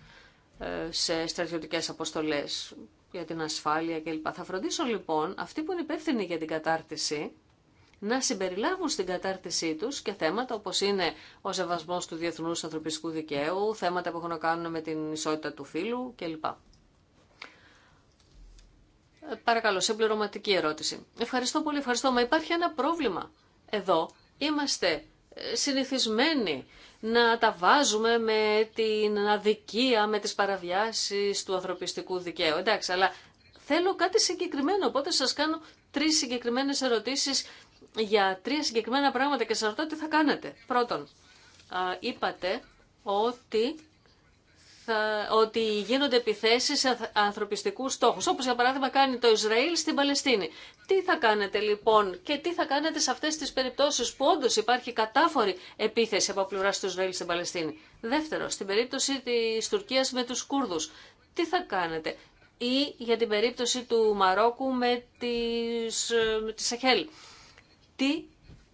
Speaker 1: ε, σε στρατιωτικές αποστολές για την ασφάλεια κλπ. Θα φροντίσω λοιπόν αυτοί που είναι υπεύθυνοι για την κατάρτιση να συμπεριλάβουν στην κατάρτισή τους και θέματα όπως είναι ο σεβασμός του διεθνούς ανθρωπιστικού δικαίου, θέματα που έχουν να κάνουν με την ισότητα του φύλου κλπ. Ε, παρακαλώ, πληρωματική ερώτηση. Ευχαριστώ πολύ, ευχαριστώ. Μα υπάρχει ένα πρόβλημα. Εδώ είμαστε ε, συνηθισμένοι να τα βάζουμε με την αδικία, με τις παραβιάσεις του ανθρωπιστικού δικαίου. Εντάξει, αλλά θέλω κάτι συγκεκριμένο, οπότε σας κάνω τρεις συγκεκριμένες ερωτήσεις για τρία συγκεκριμένα πράγματα και σας ρωτώ τι θα κάνετε. Πρώτον, είπατε ότι, ότι γίνονται επιθέσεις σε ανθρωπιστικούς στόχους, όπως για παράδειγμα κάνει το Ισραήλ στην Παλαιστίνη. Τι θα κάνετε λοιπόν και τι θα κάνετε σε αυτές τις περιπτώσεις που όντω υπάρχει κατάφορη επίθεση από πλευρά του Ισραήλ στην Παλαιστίνη. Δεύτερο, στην περίπτωση της Τουρκίας με τους Κούρδους. Τι θα κάνετε ή για την περίπτωση του Μαρόκου με, τις, ε, με τη Σαχέλ τι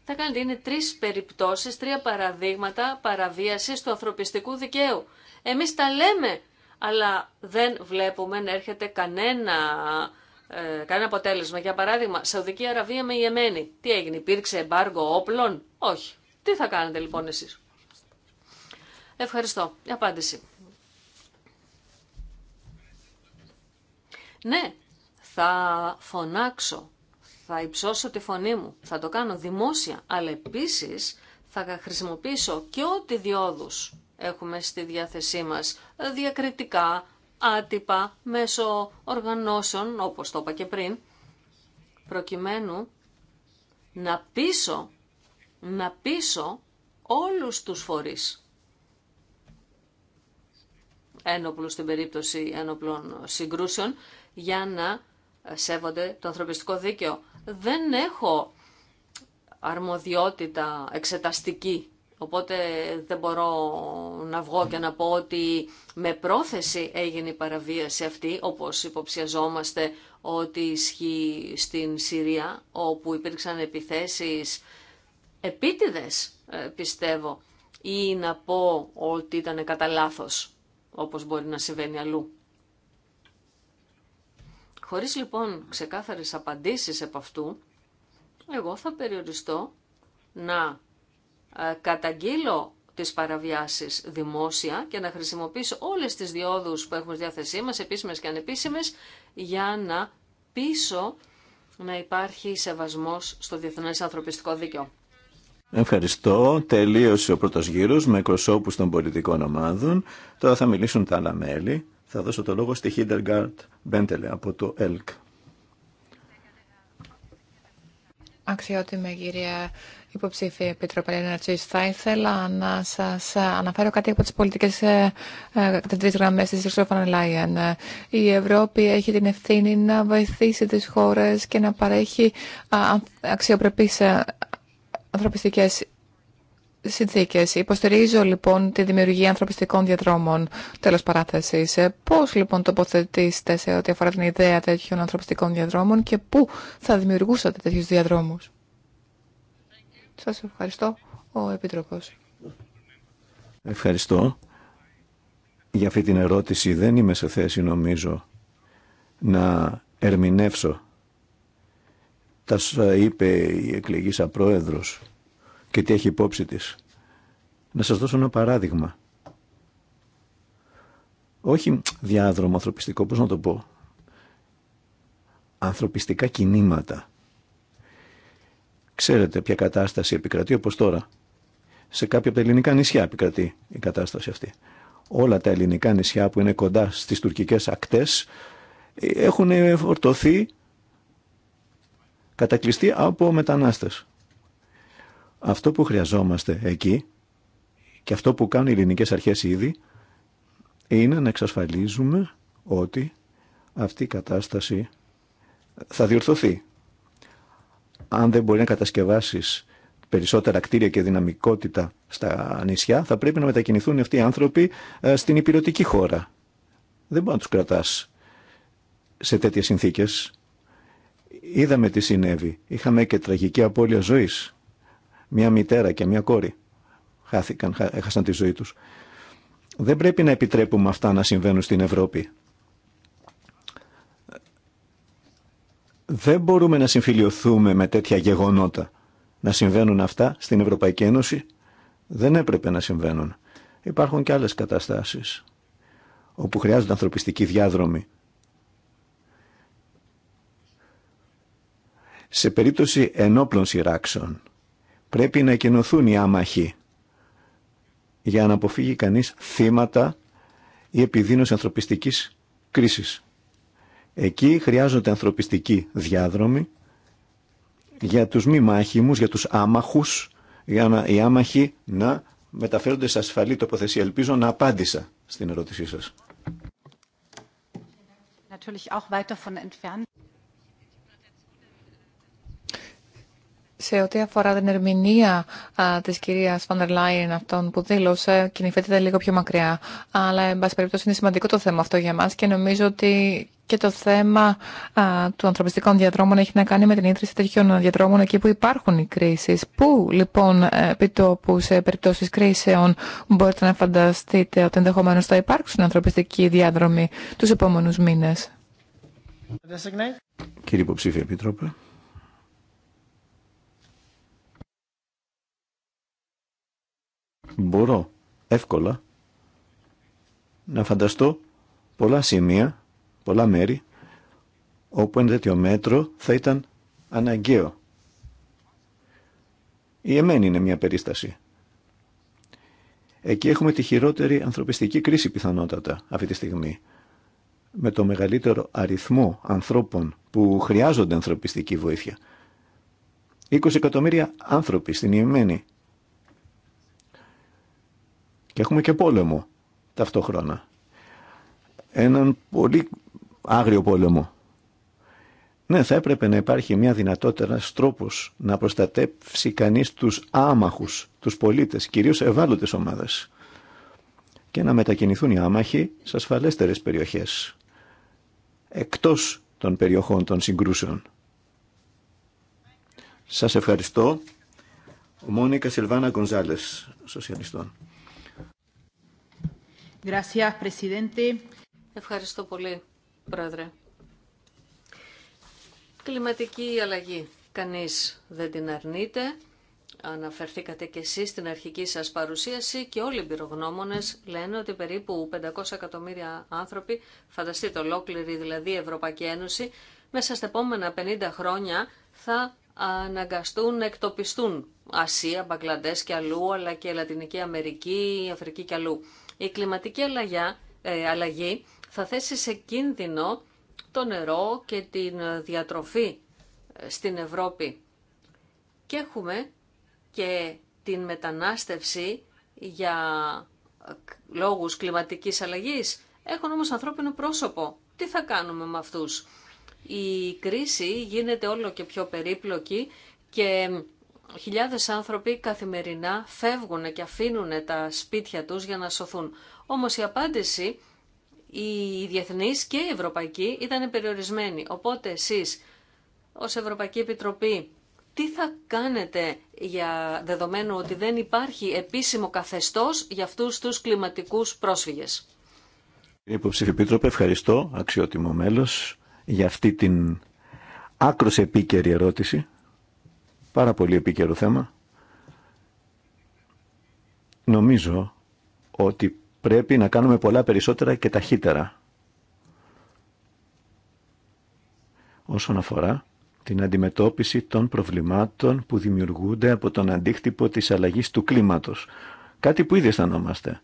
Speaker 1: θα κάνετε. Είναι τρεις περιπτώσεις, τρία παραδείγματα παραβίαση του ανθρωπιστικού δικαίου. Εμείς τα λέμε, αλλά δεν βλέπουμε να έρχεται κανένα, ε, κανένα αποτέλεσμα. Για παράδειγμα, Σαουδική Αραβία με Ιεμένη. Τι έγινε, υπήρξε εμπάργο όπλων. Όχι. Τι θα κάνετε λοιπόν εσείς. Ευχαριστώ. Η απάντηση. Ναι, θα φωνάξω θα υψώσω τη φωνή μου, θα το κάνω δημόσια, αλλά επίσης θα χρησιμοποιήσω και ό,τι διόδους έχουμε στη διάθεσή μας, διακριτικά, άτυπα, μέσω οργανώσεων, όπως το είπα και πριν, προκειμένου να πείσω, να πείσω όλους τους φορείς. Ένοπλους στην περίπτωση ένοπλων συγκρούσεων για να σέβονται το ανθρωπιστικό δίκαιο δεν έχω αρμοδιότητα εξεταστική. Οπότε δεν μπορώ να βγω και να πω ότι με πρόθεση έγινε η παραβίαση αυτή, όπως υποψιαζόμαστε ότι ισχύει στην Συρία, όπου υπήρξαν επιθέσεις επίτηδες, ε, πιστεύω, ή να πω ότι ήταν κατά λάθο, όπως μπορεί να συμβαίνει αλλού. Χωρίς λοιπόν ξεκάθαρες απαντήσεις από αυτού, εγώ θα περιοριστώ να ε, καταγγείλω τις παραβιάσεις δημόσια και να χρησιμοποιήσω όλες τις διόδους που έχουμε στη διάθεσή μας, επίσημες και ανεπίσημες, για να πείσω να υπάρχει σεβασμός στο διεθνές ανθρωπιστικό δίκαιο.
Speaker 2: Ευχαριστώ. Τελείωσε ο πρώτος γύρος με εκπροσώπους των πολιτικών ομάδων. Τώρα θα μιλήσουν τα άλλα μέλη. Θα δώσω το λόγο στη Χίντεργαρτ Μπέντελε από το ΕΛΚ.
Speaker 3: Αξιότιμη κυρία υποψήφια Επίτροπε Ενέργεια, θα ήθελα να σας αναφέρω κάτι από τις πολιτικές ε, ε, τρει γραμμές της Ρωσόφαν Λάιεν. Η Ευρώπη έχει την ευθύνη να βοηθήσει τις χώρες και να παρέχει αξιοπρεπείς ε, ανθρωπιστικές συνθήκες. Υποστηρίζω λοιπόν τη δημιουργία ανθρωπιστικών διαδρόμων, τέλο παράθεση. Ε, Πώ λοιπόν τοποθετήσετε σε ό,τι αφορά την ιδέα τέτοιων ανθρωπιστικών διαδρόμων και πού θα δημιουργούσατε τετοιου διαδρομου σα ευχαριστώ, ο επιτροπο
Speaker 2: Ευχαριστώ για αυτή την ερώτηση. Δεν είμαι σε θέση νομίζω να ερμηνεύσω. Τα είπε η εκλεγής πρόεδρος και τι έχει υπόψη της. Να σας δώσω ένα παράδειγμα. Όχι διάδρομο ανθρωπιστικό, πώς να το πω. Ανθρωπιστικά κινήματα. Ξέρετε ποια κατάσταση επικρατεί όπως τώρα. Σε κάποια από τα ελληνικά νησιά επικρατεί η κατάσταση αυτή. Όλα τα ελληνικά νησιά που είναι κοντά στις τουρκικές ακτές ε, έχουν φορτωθεί, κατακλειστεί από μετανάστες. Αυτό που χρειαζόμαστε εκεί και αυτό που κάνουν οι ελληνικές αρχές ήδη είναι να εξασφαλίζουμε ότι αυτή η κατάσταση θα διορθωθεί. Αν δεν μπορεί να κατασκευάσεις περισσότερα κτίρια και δυναμικότητα στα νησιά, θα πρέπει να μετακινηθούν αυτοί οι άνθρωποι ε, στην υπηρετική χώρα. Δεν μπορεί να τους κρατάς σε τέτοιες συνθήκες. Είδαμε τι συνέβη. Είχαμε και τραγική απώλεια ζωής. Μια μητέρα και μια κόρη χάθηκαν, έχασαν τη ζωή τους. Δεν πρέπει να επιτρέπουμε αυτά να συμβαίνουν στην Ευρώπη. Δεν μπορούμε να συμφιλειωθούμε με τέτοια γεγονότα. Να συμβαίνουν αυτά στην Ευρωπαϊκή Ένωση δεν έπρεπε να συμβαίνουν. Υπάρχουν και άλλες καταστάσεις όπου χρειάζονται ανθρωπιστική διάδρομη. Σε περίπτωση ενόπλων σειράξεων Πρέπει να εκενωθούν οι άμαχοι για να αποφύγει κανείς θύματα ή επιδείνωση ανθρωπιστικής κρίσης. Εκεί χρειάζονται ανθρωπιστικοί διάδρομοι για τους μη μάχημους, για τους άμαχους, για να οι άμαχοι να μεταφέρονται σε ασφαλή τοποθεσία. Ελπίζω να απάντησα στην ερώτησή σας.
Speaker 3: σε ό,τι αφορά την ερμηνεία α, της κυρίας Φαντερ Λάιν αυτών που δήλωσε, κινηθείτε λίγο πιο μακριά. Αλλά, εν πάση περιπτώσει, είναι σημαντικό το θέμα αυτό για μας και νομίζω ότι και το θέμα α, του ανθρωπιστικών διαδρόμων έχει να κάνει με την ίδρυση τέτοιων διαδρόμων εκεί που υπάρχουν οι κρίσεις. Πού, λοιπόν, επί που σε περιπτώσεις κρίσεων μπορείτε να φανταστείτε ότι ενδεχομένω θα υπάρξουν ανθρωπιστικοί διάδρομοι τους επόμενου μήνε.
Speaker 2: Κύριε Υποψήφια Επίτροπε. μπορώ εύκολα να φανταστώ πολλά σημεία, πολλά μέρη, όπου ένα τέτοιο μέτρο θα ήταν αναγκαίο. Η εμένη είναι μια περίσταση. Εκεί έχουμε τη χειρότερη ανθρωπιστική κρίση πιθανότατα αυτή τη στιγμή. Με το μεγαλύτερο αριθμό ανθρώπων που χρειάζονται ανθρωπιστική βοήθεια. 20 εκατομμύρια άνθρωποι στην Ιεμένη και έχουμε και πόλεμο ταυτόχρονα. Έναν πολύ άγριο πόλεμο. Ναι, θα έπρεπε να υπάρχει μια δυνατότητα, ένα τρόπο να προστατεύσει κανεί του άμαχου, του πολίτε, κυρίω ευάλωτε ομάδε. Και να μετακινηθούν οι άμαχοι σε ασφαλέστερε περιοχέ. Εκτό των περιοχών των συγκρούσεων. Σας ευχαριστώ. Μόνικα Σιλβάνα Γκονζάλες, Σοσιαλιστών.
Speaker 1: Ευχαριστώ πολύ, Πρόεδρε. Κλιματική αλλαγή. Κανείς δεν την αρνείται. Αναφερθήκατε και εσείς στην αρχική σας παρουσίαση και όλοι οι εμπειρογνώμονες λένε ότι περίπου 500 εκατομμύρια άνθρωποι, φανταστείτε ολόκληρη δηλαδή η Ευρωπαϊκή Ένωση, μέσα στα επόμενα 50 χρόνια θα αναγκαστούν να εκτοπιστούν Ασία, Μπαγκλαντές και αλλού, αλλά και Λατινική Αμερική, Αφρική και αλλού. Η κλιματική ε, αλλαγή θα θέσει σε κίνδυνο το νερό και την διατροφή ε, στην Ευρώπη. Και έχουμε και την μετανάστευση για ε, λόγους κλιματικής αλλαγής. Έχουν όμως ανθρώπινο πρόσωπο. Τι θα κάνουμε με αυτούς. Η κρίση γίνεται όλο και πιο περίπλοκη και Χιλιάδες άνθρωποι καθημερινά φεύγουν και αφήνουν τα σπίτια τους για να σωθούν. Όμως η απάντηση, η διεθνής και η ευρωπαϊκή, ήταν περιορισμένη. Οπότε εσείς, ως Ευρωπαϊκή Επιτροπή, τι θα κάνετε για δεδομένου ότι δεν υπάρχει επίσημο καθεστώς για αυτούς τους κλιματικούς πρόσφυγες.
Speaker 2: Κύριε Υποψήφη Επίτροπε, ευχαριστώ, αξιότιμο μέλος, για αυτή την άκρος επίκαιρη ερώτηση. Πάρα πολύ επίκαιρο θέμα. Νομίζω ότι πρέπει να κάνουμε πολλά περισσότερα και ταχύτερα. Όσον αφορά την αντιμετώπιση των προβλημάτων που δημιουργούνται από τον αντίκτυπο της αλλαγής του κλίματος. Κάτι που ήδη αισθανόμαστε.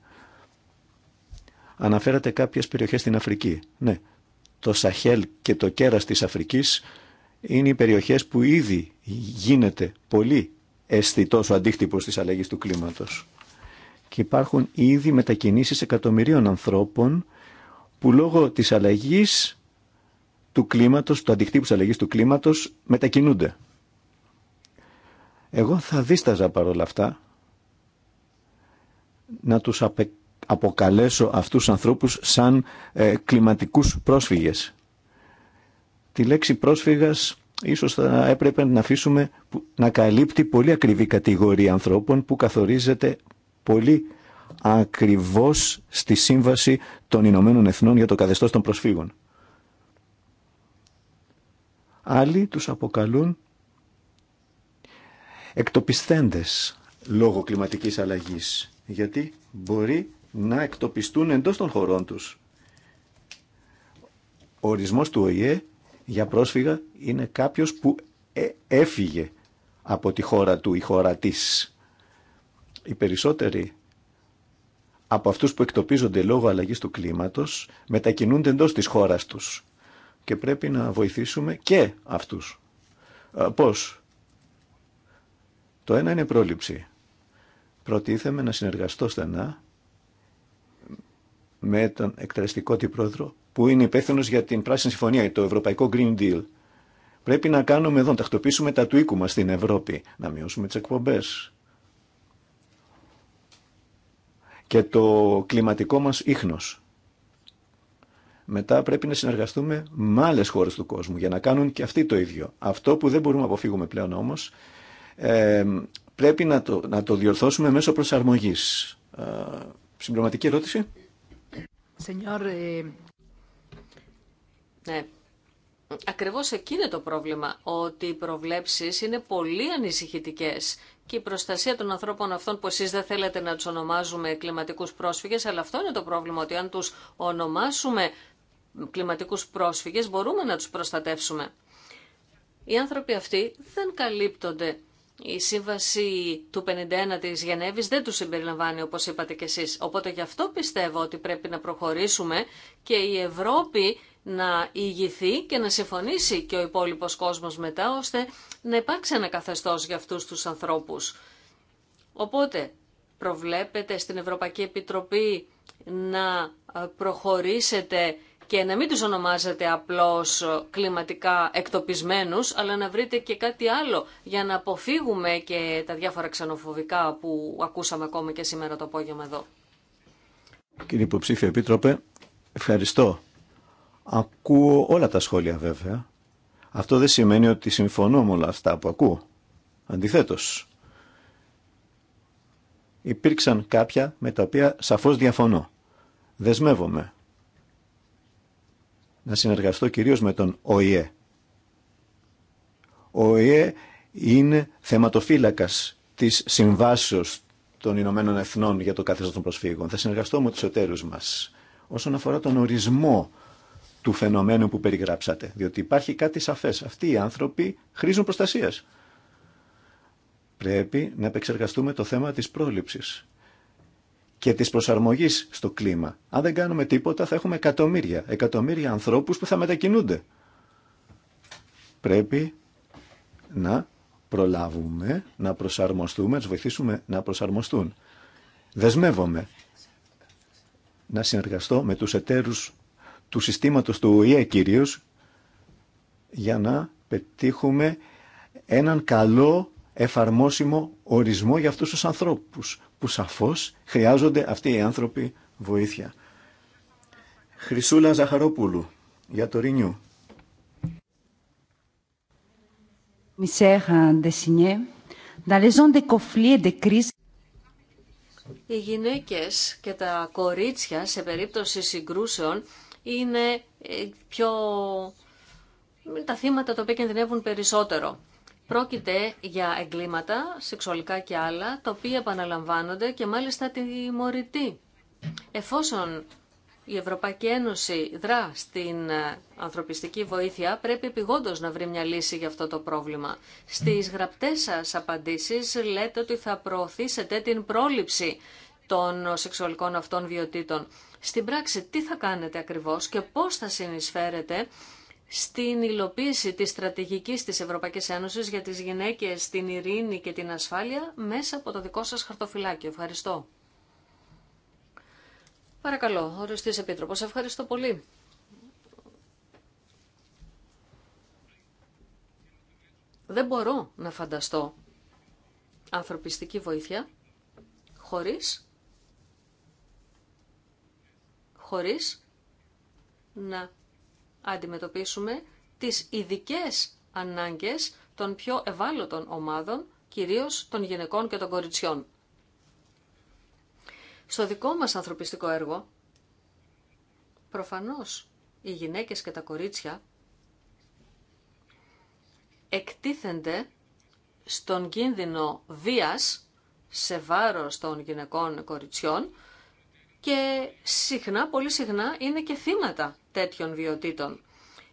Speaker 2: Αναφέρατε κάποιες περιοχές στην Αφρική. Ναι, το Σαχέλ και το κέρας της Αφρικής είναι οι περιοχές που ήδη γίνεται πολύ αισθητό ο αντίκτυπο της αλλαγής του κλίματος. Και υπάρχουν ήδη μετακινήσεις εκατομμυρίων ανθρώπων που λόγω της αλλαγής του κλίματος, του αντικτύπου της αλλαγής του κλίματος μετακινούνται. Εγώ θα δίσταζα παρόλα αυτά να τους αποκαλέσω αυτούς τους ανθρώπους σαν ε, κλιματικούς πρόσφυγες. Τη λέξη πρόσφυγας ίσως θα έπρεπε να αφήσουμε να καλύπτει πολύ ακριβή κατηγορία ανθρώπων που καθορίζεται πολύ ακριβώς στη Σύμβαση των Ηνωμένων Εθνών για το καθεστώς των προσφύγων. Άλλοι τους αποκαλούν εκτοπισθέντες λόγω κλιματικής αλλαγής, γιατί μπορεί να εκτοπιστούν εντός των χωρών τους. Ο ορισμός του ΟΗΕ για πρόσφυγα είναι κάποιος που ε, έφυγε από τη χώρα του ή χώρα της. Οι περισσότεροι από αυτούς που εκτοπίζονται λόγω αλλαγής του κλίματος μετακινούνται εντός της χώρας τους και πρέπει να βοηθήσουμε και αυτούς. Ε, πώς? Το ένα είναι πρόληψη. Προτίθεμαι να συνεργαστώ στενά με τον εκτελεστικό την που είναι υπεύθυνο για την Πράσινη Συμφωνία, το Ευρωπαϊκό Green Deal. Πρέπει να κάνουμε εδώ, να τακτοποιήσουμε τα του οίκου μα στην Ευρώπη, να μειώσουμε τι εκπομπέ. Και το κλιματικό μας ίχνος. Μετά πρέπει να συνεργαστούμε με άλλε χώρε του κόσμου για να κάνουν και αυτοί το ίδιο. Αυτό που δεν μπορούμε να αποφύγουμε πλέον όμω, ε, πρέπει να το, να το διορθώσουμε μέσω προσαρμογής. Ε, συμπληρωματική ερώτηση.
Speaker 1: Ε, ναι. Ακριβώς εκεί είναι το πρόβλημα, ότι οι προβλέψεις είναι πολύ ανησυχητικές και η προστασία των ανθρώπων αυτών που εσείς δεν θέλετε να τους ονομάζουμε κλιματικούς πρόσφυγες, αλλά αυτό είναι το πρόβλημα, ότι αν τους ονομάσουμε κλιματικούς πρόσφυγες μπορούμε να τους προστατεύσουμε. Οι άνθρωποι αυτοί δεν καλύπτονται. Η σύμβαση του 51 της Γενέβης δεν τους συμπεριλαμβάνει όπως είπατε και εσείς. Οπότε γι' αυτό πιστεύω ότι πρέπει να προχωρήσουμε και η Ευρώπη να ηγηθεί και να συμφωνήσει και ο υπόλοιπος κόσμος μετά, ώστε να υπάρξει ένα καθεστώς για αυτούς τους ανθρώπους. Οπότε, προβλέπετε στην Ευρωπαϊκή Επιτροπή να προχωρήσετε και να μην τους ονομάζετε απλώς κλιματικά εκτοπισμένους, αλλά να βρείτε και κάτι άλλο για να αποφύγουμε και τα διάφορα ξενοφοβικά που ακούσαμε ακόμα και σήμερα το απόγευμα εδώ.
Speaker 2: Κύριε Υποψήφια Επίτροπε, ευχαριστώ Ακούω όλα τα σχόλια βέβαια. Αυτό δεν σημαίνει ότι συμφωνώ με όλα αυτά που ακούω. Αντιθέτως, υπήρξαν κάποια με τα οποία σαφώς διαφωνώ. Δεσμεύομαι να συνεργαστώ κυρίως με τον ΟΗΕ. Ο ΟΗΕ είναι θεματοφύλακας της συμβάσεως των Ηνωμένων Εθνών για το καθεστώς των προσφύγων. Θα συνεργαστώ με τους εταίρους μας. Όσον αφορά τον ορισμό του φαινομένου που περιγράψατε. Διότι υπάρχει κάτι σαφέ. Αυτοί οι άνθρωποι χρήζουν προστασία. Πρέπει να επεξεργαστούμε το θέμα της πρόληψης και της προσαρμογής στο κλίμα. Αν δεν κάνουμε τίποτα θα έχουμε εκατομμύρια, εκατομμύρια ανθρώπους που θα μετακινούνται. Πρέπει να προλάβουμε, να προσαρμοστούμε, να βοηθήσουμε να προσαρμοστούν. Δεσμεύομαι να συνεργαστώ με τους εταίρους του συστήματος του ΟΗΕ κυρίως για να πετύχουμε έναν καλό εφαρμόσιμο ορισμό για αυτούς τους ανθρώπους που σαφώς χρειάζονται αυτοί οι άνθρωποι βοήθεια. Χρυσούλα Ζαχαρόπουλου για το Ρινιού.
Speaker 1: Οι γυναίκες και τα κορίτσια σε περίπτωση συγκρούσεων είναι ε, πιο... τα θύματα τα οποία κινδυνεύουν περισσότερο. Πρόκειται για εγκλήματα, σεξουαλικά και άλλα, τα οποία επαναλαμβάνονται και μάλιστα τη μορυτή. Εφόσον η Ευρωπαϊκή Ένωση δρά στην ε, ανθρωπιστική βοήθεια, πρέπει επιγόντως να βρει μια λύση για αυτό το πρόβλημα. Στις γραπτές σας απαντήσεις λέτε ότι θα προωθήσετε την πρόληψη των σεξουαλικών αυτών βιωτήτων. Στην πράξη τι θα κάνετε ακριβώς και πώς θα συνεισφέρετε στην υλοποίηση της στρατηγικής της Ευρωπαϊκής Ένωσης για τις γυναίκες, την ειρήνη και την ασφάλεια μέσα από το δικό σας χαρτοφυλάκιο. Ευχαριστώ. Παρακαλώ, οριστής Επίτροπος. Ευχαριστώ πολύ. Δεν μπορώ να φανταστώ ανθρωπιστική βοήθεια χωρίς χωρίς να αντιμετωπίσουμε τις ειδικέ ανάγκες των πιο ευάλωτων ομάδων, κυρίως των γυναικών και των κοριτσιών. Στο δικό μας ανθρωπιστικό έργο, προφανώς οι γυναίκες και τα κορίτσια εκτίθενται στον κίνδυνο βίας σε βάρος των γυναικών κοριτσιών και συχνά, πολύ συχνά είναι και θύματα τέτοιων βιωτήτων.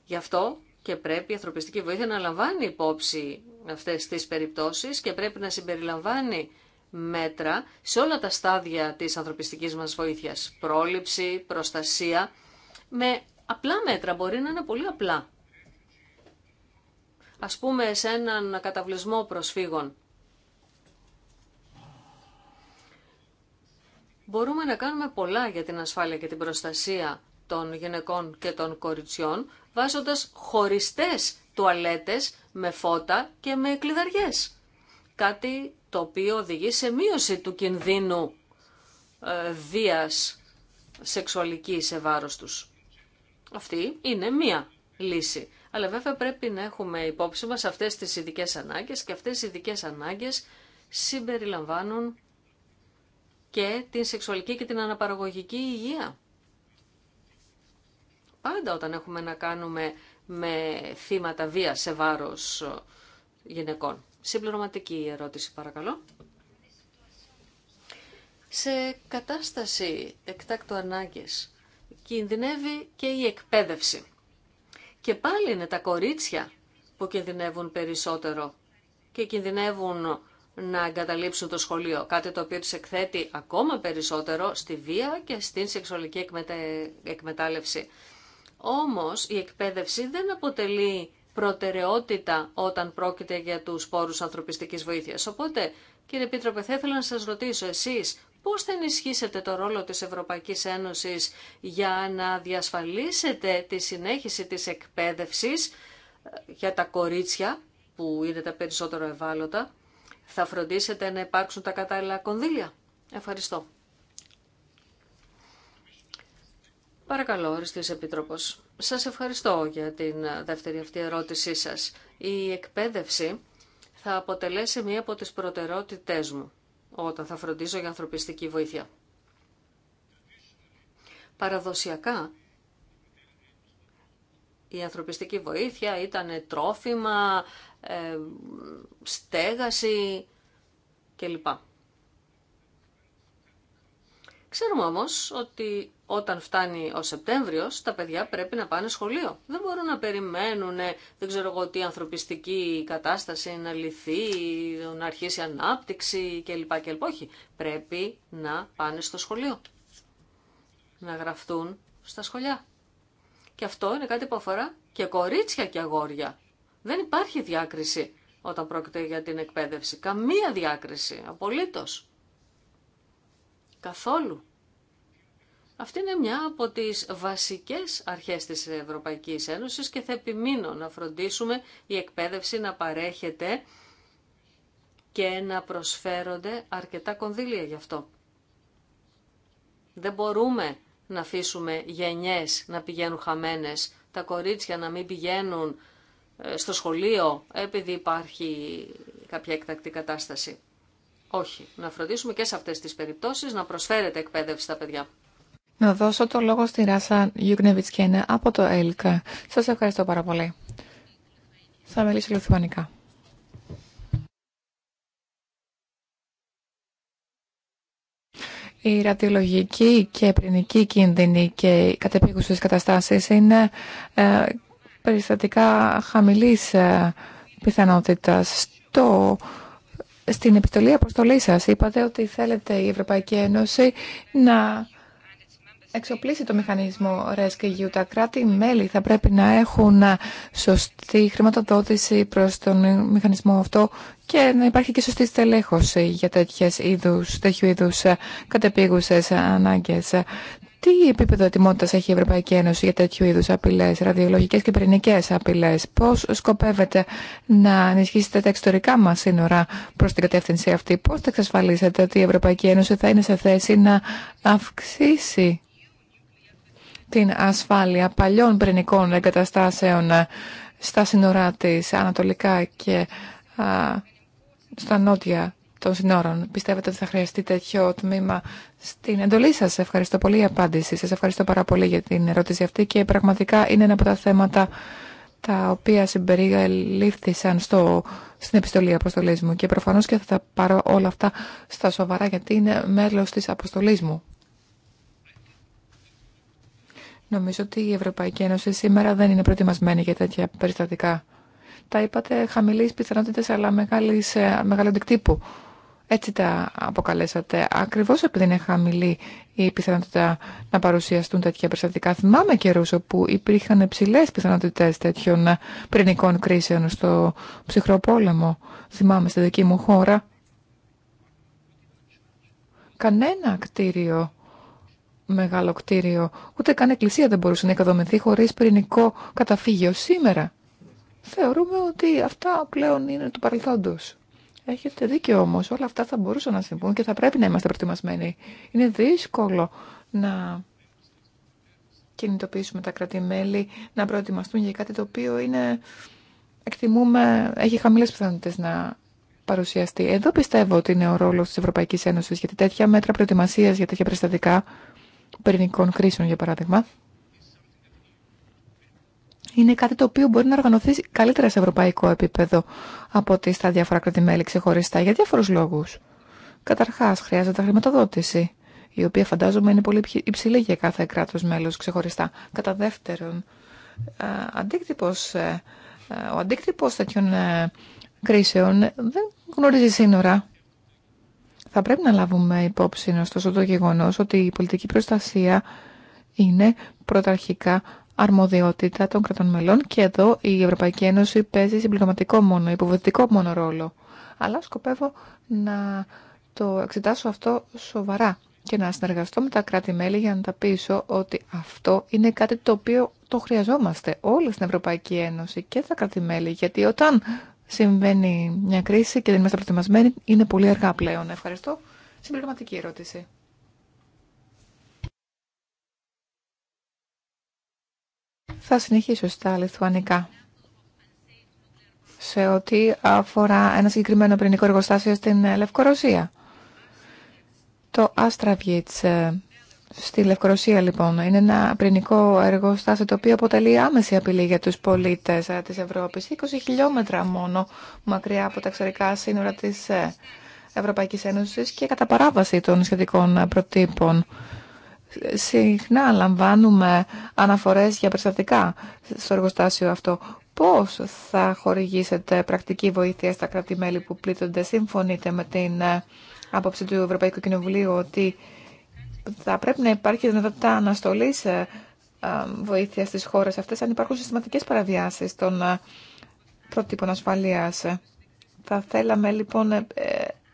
Speaker 1: Γι' αυτό και πρέπει η ανθρωπιστική βοήθεια να λαμβάνει υπόψη αυτές τις περιπτώσεις και πρέπει να συμπεριλαμβάνει μέτρα σε όλα τα στάδια της ανθρωπιστικής μας βοήθειας. Πρόληψη, προστασία, με απλά μέτρα μπορεί να είναι πολύ απλά. Ας πούμε σε έναν καταβλισμό προσφύγων μπορούμε να κάνουμε πολλά για την ασφάλεια και την προστασία των γυναικών και των κοριτσιών, βάζοντας χωριστές τουαλέτες με φώτα και με κλειδαριές. Κάτι το οποίο οδηγεί σε μείωση του κινδύνου ε, βίας σεξουαλική σε βάρος τους. Αυτή είναι μία λύση. Αλλά βέβαια πρέπει να έχουμε υπόψη μας αυτές τις ειδικές ανάγκες και αυτές οι ειδικές ανάγκες συμπεριλαμβάνουν και την σεξουαλική και την αναπαραγωγική υγεία. Πάντα όταν έχουμε να κάνουμε με θύματα βία σε βάρος ε, γυναικών. Συμπληρωματική ερώτηση παρακαλώ. Σε κατάσταση εκτάκτου ανάγκης κινδυνεύει και η εκπαίδευση. Και πάλι είναι τα κορίτσια που κινδυνεύουν περισσότερο και κινδυνεύουν να εγκαταλείψουν το σχολείο, κάτι το οποίο τους εκθέτει ακόμα περισσότερο στη βία και στην σεξουαλική εκμετάλλευση. Όμως η εκπαίδευση δεν αποτελεί προτεραιότητα όταν πρόκειται για τους πόρους ανθρωπιστικής βοήθειας. Οπότε, κύριε Επίτροπε, θα ήθελα να σας ρωτήσω εσείς πώς θα ενισχύσετε το ρόλο της Ευρωπαϊκής Ένωσης για να διασφαλίσετε τη συνέχιση της εκπαίδευσης ε, για τα κορίτσια που είναι τα περισσότερο ευάλωτα θα φροντίσετε να υπάρξουν τα κατάλληλα κονδύλια. Ευχαριστώ. Παρακαλώ, οριστής Επίτροπος. Σας ευχαριστώ για την δεύτερη αυτή ερώτησή σας. Η εκπαίδευση θα αποτελέσει μία από τις προτεραιότητές μου όταν θα φροντίζω για ανθρωπιστική βοήθεια. Παραδοσιακά, η ανθρωπιστική βοήθεια ήταν τρόφιμα, ε, στέγαση κλπ. Ξέρουμε όμως ότι όταν φτάνει ο Σεπτέμβριος τα παιδιά πρέπει να πάνε σχολείο. Δεν μπορούν να περιμένουν, ε, δεν ξέρω εγώ τι ανθρωπιστική κατάσταση να λυθεί, να αρχίσει ανάπτυξη κλπ. κλπ. Όχι, πρέπει να πάνε στο σχολείο, να γραφτούν στα σχολιά. Και αυτό είναι κάτι που αφορά και κορίτσια και αγόρια. Δεν υπάρχει διάκριση όταν πρόκειται για την εκπαίδευση. Καμία διάκριση, απολύτως. Καθόλου. Αυτή είναι μια από τις βασικές αρχές της Ευρωπαϊκής Ένωσης και θα επιμείνω να φροντίσουμε η εκπαίδευση να παρέχεται και να προσφέρονται αρκετά κονδύλια γι' αυτό. Δεν μπορούμε να αφήσουμε γενιές να πηγαίνουν χαμένες, τα κορίτσια να μην πηγαίνουν ε, στο σχολείο επειδή υπάρχει κάποια εκτακτή κατάσταση. Όχι. Να φροντίσουμε και σε αυτές τις περιπτώσεις να προσφέρετε εκπαίδευση στα παιδιά.
Speaker 3: Να δώσω το λόγο στη Ράσα Γιουγνεβιτσκένε από το ΕΛΚΑ. Σας ευχαριστώ πάρα πολύ. Θα μιλήσω λιθουανικά. Η ρατιολογική και πρινική κίνδυνη και οι κατεπίγουσες καταστάσεις είναι ε, περιστατικά χαμηλής ε, πιθανότητας. Στο, στην επιστολή αποστολή σας είπατε ότι θέλετε η Ευρωπαϊκή Ένωση να εξοπλίσει το μηχανισμό Rescue. Τα κράτη-μέλη θα πρέπει να έχουν σωστή χρηματοδότηση προς τον μηχανισμό αυτό και να υπάρχει και σωστή στελέχωση για τέτοιες είδους, τέτοιου είδους κατεπίγουσες ανάγκες. Τι επίπεδο ετοιμότητα έχει η Ευρωπαϊκή Ένωση για τέτοιου είδου απειλέ, ραδιολογικέ και πυρηνικέ απειλέ, Πώ σκοπεύετε να ενισχύσετε τα εξωτερικά μα σύνορα προ την κατεύθυνση αυτή, Πώ θα εξασφαλίσετε ότι η Ευρωπαϊκή Ένωση θα είναι σε θέση να αυξήσει την ασφάλεια παλιών πυρηνικών εγκαταστάσεων ε, στα σύνορά τη ανατολικά και στα νότια των συνόρων. Πιστεύετε ότι θα χρειαστεί τέτοιο τμήμα στην εντολή σας. Ευχαριστώ πολύ η απάντηση. Σας ευχαριστώ πάρα πολύ για την ερώτηση αυτή και πραγματικά είναι ένα από τα θέματα τα οποία συμπεριλήφθησαν στο, στην επιστολή αποστολή μου και προφανώς και θα τα πάρω όλα αυτά στα σοβαρά γιατί είναι μέλος της αποστολή μου. Νομίζω ότι η Ευρωπαϊκή Ένωση σήμερα δεν είναι προετοιμασμένη για τέτοια περιστατικά. Τα είπατε χαμηλής πιθανότητας αλλά μεγάλης, μεγάλο αντικτύπου. Έτσι τα αποκαλέσατε. Ακριβώ επειδή είναι χαμηλή η πιθανότητα να παρουσιαστούν τέτοια περιστατικά. Θυμάμαι καιρού όπου υπήρχαν ψηλέ πιθανότητε τέτοιων ε, πυρηνικών κρίσεων στο ψυχρό πόλεμο. Θυμάμαι στη δική μου χώρα. Κανένα κτίριο, μεγάλο κτίριο, ούτε καν εκκλησία δεν μπορούσε να οικοδομηθεί χωρί πυρηνικό καταφύγιο. Σήμερα θεωρούμε ότι αυτά πλέον είναι του παρελθόντος. Έχετε δίκιο όμως, όλα αυτά θα μπορούσαν να συμβούν και θα πρέπει να είμαστε προετοιμασμένοι. Είναι δύσκολο να κινητοποιήσουμε τα κρατημέλη να προετοιμαστούν για κάτι το οποίο είναι, εκτιμούμε, έχει χαμηλές πιθανότητες να παρουσιαστεί. Εδώ πιστεύω ότι είναι ο ρόλος της Ευρωπαϊκής Ένωσης, γιατί τέτοια μέτρα προετοιμασία για τέτοια περιστατικά πυρηνικών κρίσεων, για παράδειγμα, είναι κάτι το οποίο μπορεί να οργανωθεί καλύτερα σε ευρωπαϊκό επίπεδο από ότι στα διάφορα κρατημέλη ξεχωριστά για πρέπει να λάβουμε υπόψη ενώ χρειάζεται χρηματοδότηση, η οποία φαντάζομαι είναι πολύ υψηλή για κάθε κρατο μελο ξεχωριστά. Κατά δεύτερον, ε, αντίκτυπος, ε, ε, ο αντικτυπο τέτοιων κρίσεων δεν γνωρίζει σύνορα. Θα πρέπει να λάβουμε υπόψη, ωστόσο, το γεγονο ότι η πολιτική προστασία είναι πρωταρχικά αρμοδιότητα των κρατών μελών και εδώ η Ευρωπαϊκή Ένωση παίζει συμπληρωματικό μόνο, υποβοητικό μόνο ρόλο. Αλλά σκοπεύω να το εξετάσω αυτό σοβαρά και να συνεργαστώ με τα κράτη-μέλη για να τα πείσω ότι αυτό είναι κάτι το οποίο το χρειαζόμαστε όλοι στην Ευρωπαϊκή Ένωση και τα κράτη-μέλη, γιατί όταν συμβαίνει μια κρίση και δεν είμαστε προετοιμασμένοι, είναι πολύ αργά πλέον. Ευχαριστώ. Συμπληρωματική ερώτηση. Θα συνεχίσω στα λιθουανικά. Σε ό,τι αφορά ένα συγκεκριμένο πυρηνικό εργοστάσιο στην Λευκορωσία. Το Αστραβιτς ε, στη Λευκορωσία λοιπόν είναι ένα πυρηνικό εργοστάσιο το οποίο αποτελεί άμεση απειλή για τους πολίτες ε, της Ευρώπης. 20 χιλιόμετρα μόνο μακριά από τα εξωτερικά σύνορα της ε, Ευρωπαϊκής Ένωσης και κατά παράβαση των σχετικών προτύπων συχνά λαμβάνουμε αναφορές για περιστατικά στο εργοστάσιο αυτό. Πώς θα χορηγήσετε πρακτική βοήθεια στα κράτη-μέλη που πλήττονται. Συμφωνείτε με την ε, άποψη του Ευρωπαϊκού Κοινοβουλίου ότι θα πρέπει να υπάρχει δυνατότητα αναστολή ε, ε, βοήθεια στις χώρες αυτές αν υπάρχουν συστηματικές παραβιάσεις των πρότυπων ασφαλείας. Θα θέλαμε λοιπόν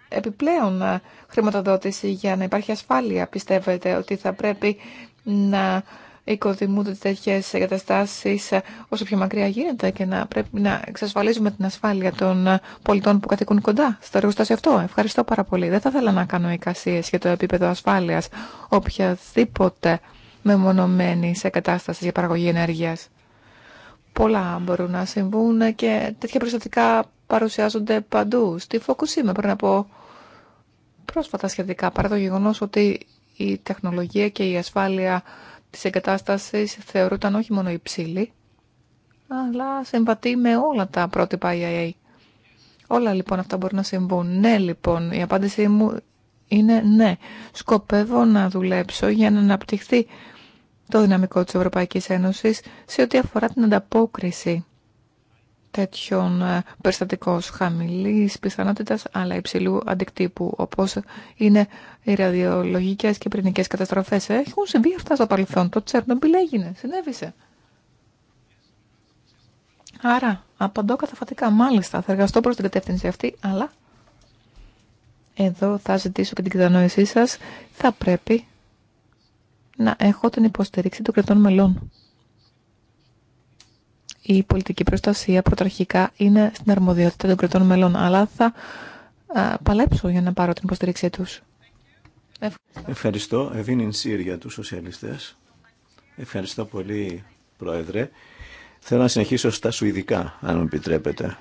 Speaker 3: επιπλέον ε, χρηματοδότηση για να υπάρχει ασφάλεια. Πιστεύετε ότι θα πρέπει να οικοδημούνται τέτοιε εγκαταστάσει ε, όσο πιο μακριά γίνεται και να πρέπει να εξασφαλίζουμε την ασφάλεια των ε, πολιτών που κατοικούν κοντά στο εργοστάσιο αυτό. Ευχαριστώ πάρα πολύ. Δεν θα ήθελα να κάνω εικασίε για το επίπεδο ασφάλεια οποιαδήποτε μεμονωμένη σε κατάσταση για παραγωγή ενέργεια. Πολλά μπορούν να συμβούν και τέτοια προστατικά παρουσιάζονται παντού. Στη Φοκουσίμα πριν από πρόσφατα σχετικά, παρά το γεγονός ότι η τεχνολογία και η ασφάλεια της εγκατάστασης θεωρούνταν όχι μόνο υψηλή, αλλά συμβατεί με όλα τα πρότυπα IAA. Όλα λοιπόν αυτά μπορούν να συμβούν. Ναι λοιπόν, η απάντησή μου είναι ναι. Σκοπεύω να δουλέψω για να αναπτυχθεί το δυναμικό της Ευρωπαϊκής Ένωσης σε ό,τι αφορά την ανταπόκριση τέτοιων ε, περιστατικών χαμηλής πιθανότητας αλλά υψηλού αντικτύπου όπως είναι οι ραδιολογικές και πυρηνικές καταστροφές. Έχουν συμβεί αυτά στο παρελθόν. Το Τσέρνομπιλ έγινε, συνέβησε. Άρα, απαντώ καταφατικά. Μάλιστα, θα εργαστώ προς την κατεύθυνση αυτή, αλλά εδώ θα ζητήσω και την κατανόησή σας. Θα πρέπει να έχω την υποστηρίξη των κρατών μελών η πολιτική προστασία πρωταρχικά είναι στην αρμοδιότητα των κρατών μελών, αλλά θα παλέψω για να πάρω την υποστήριξή τους.
Speaker 2: Ευχαριστώ. Ευήν Ευήνιν Σύρ για τους σοσιαλιστές. Ευχαριστώ πολύ, Πρόεδρε. Θέλω να συνεχίσω στα Σουηδικά, αν μου επιτρέπετε.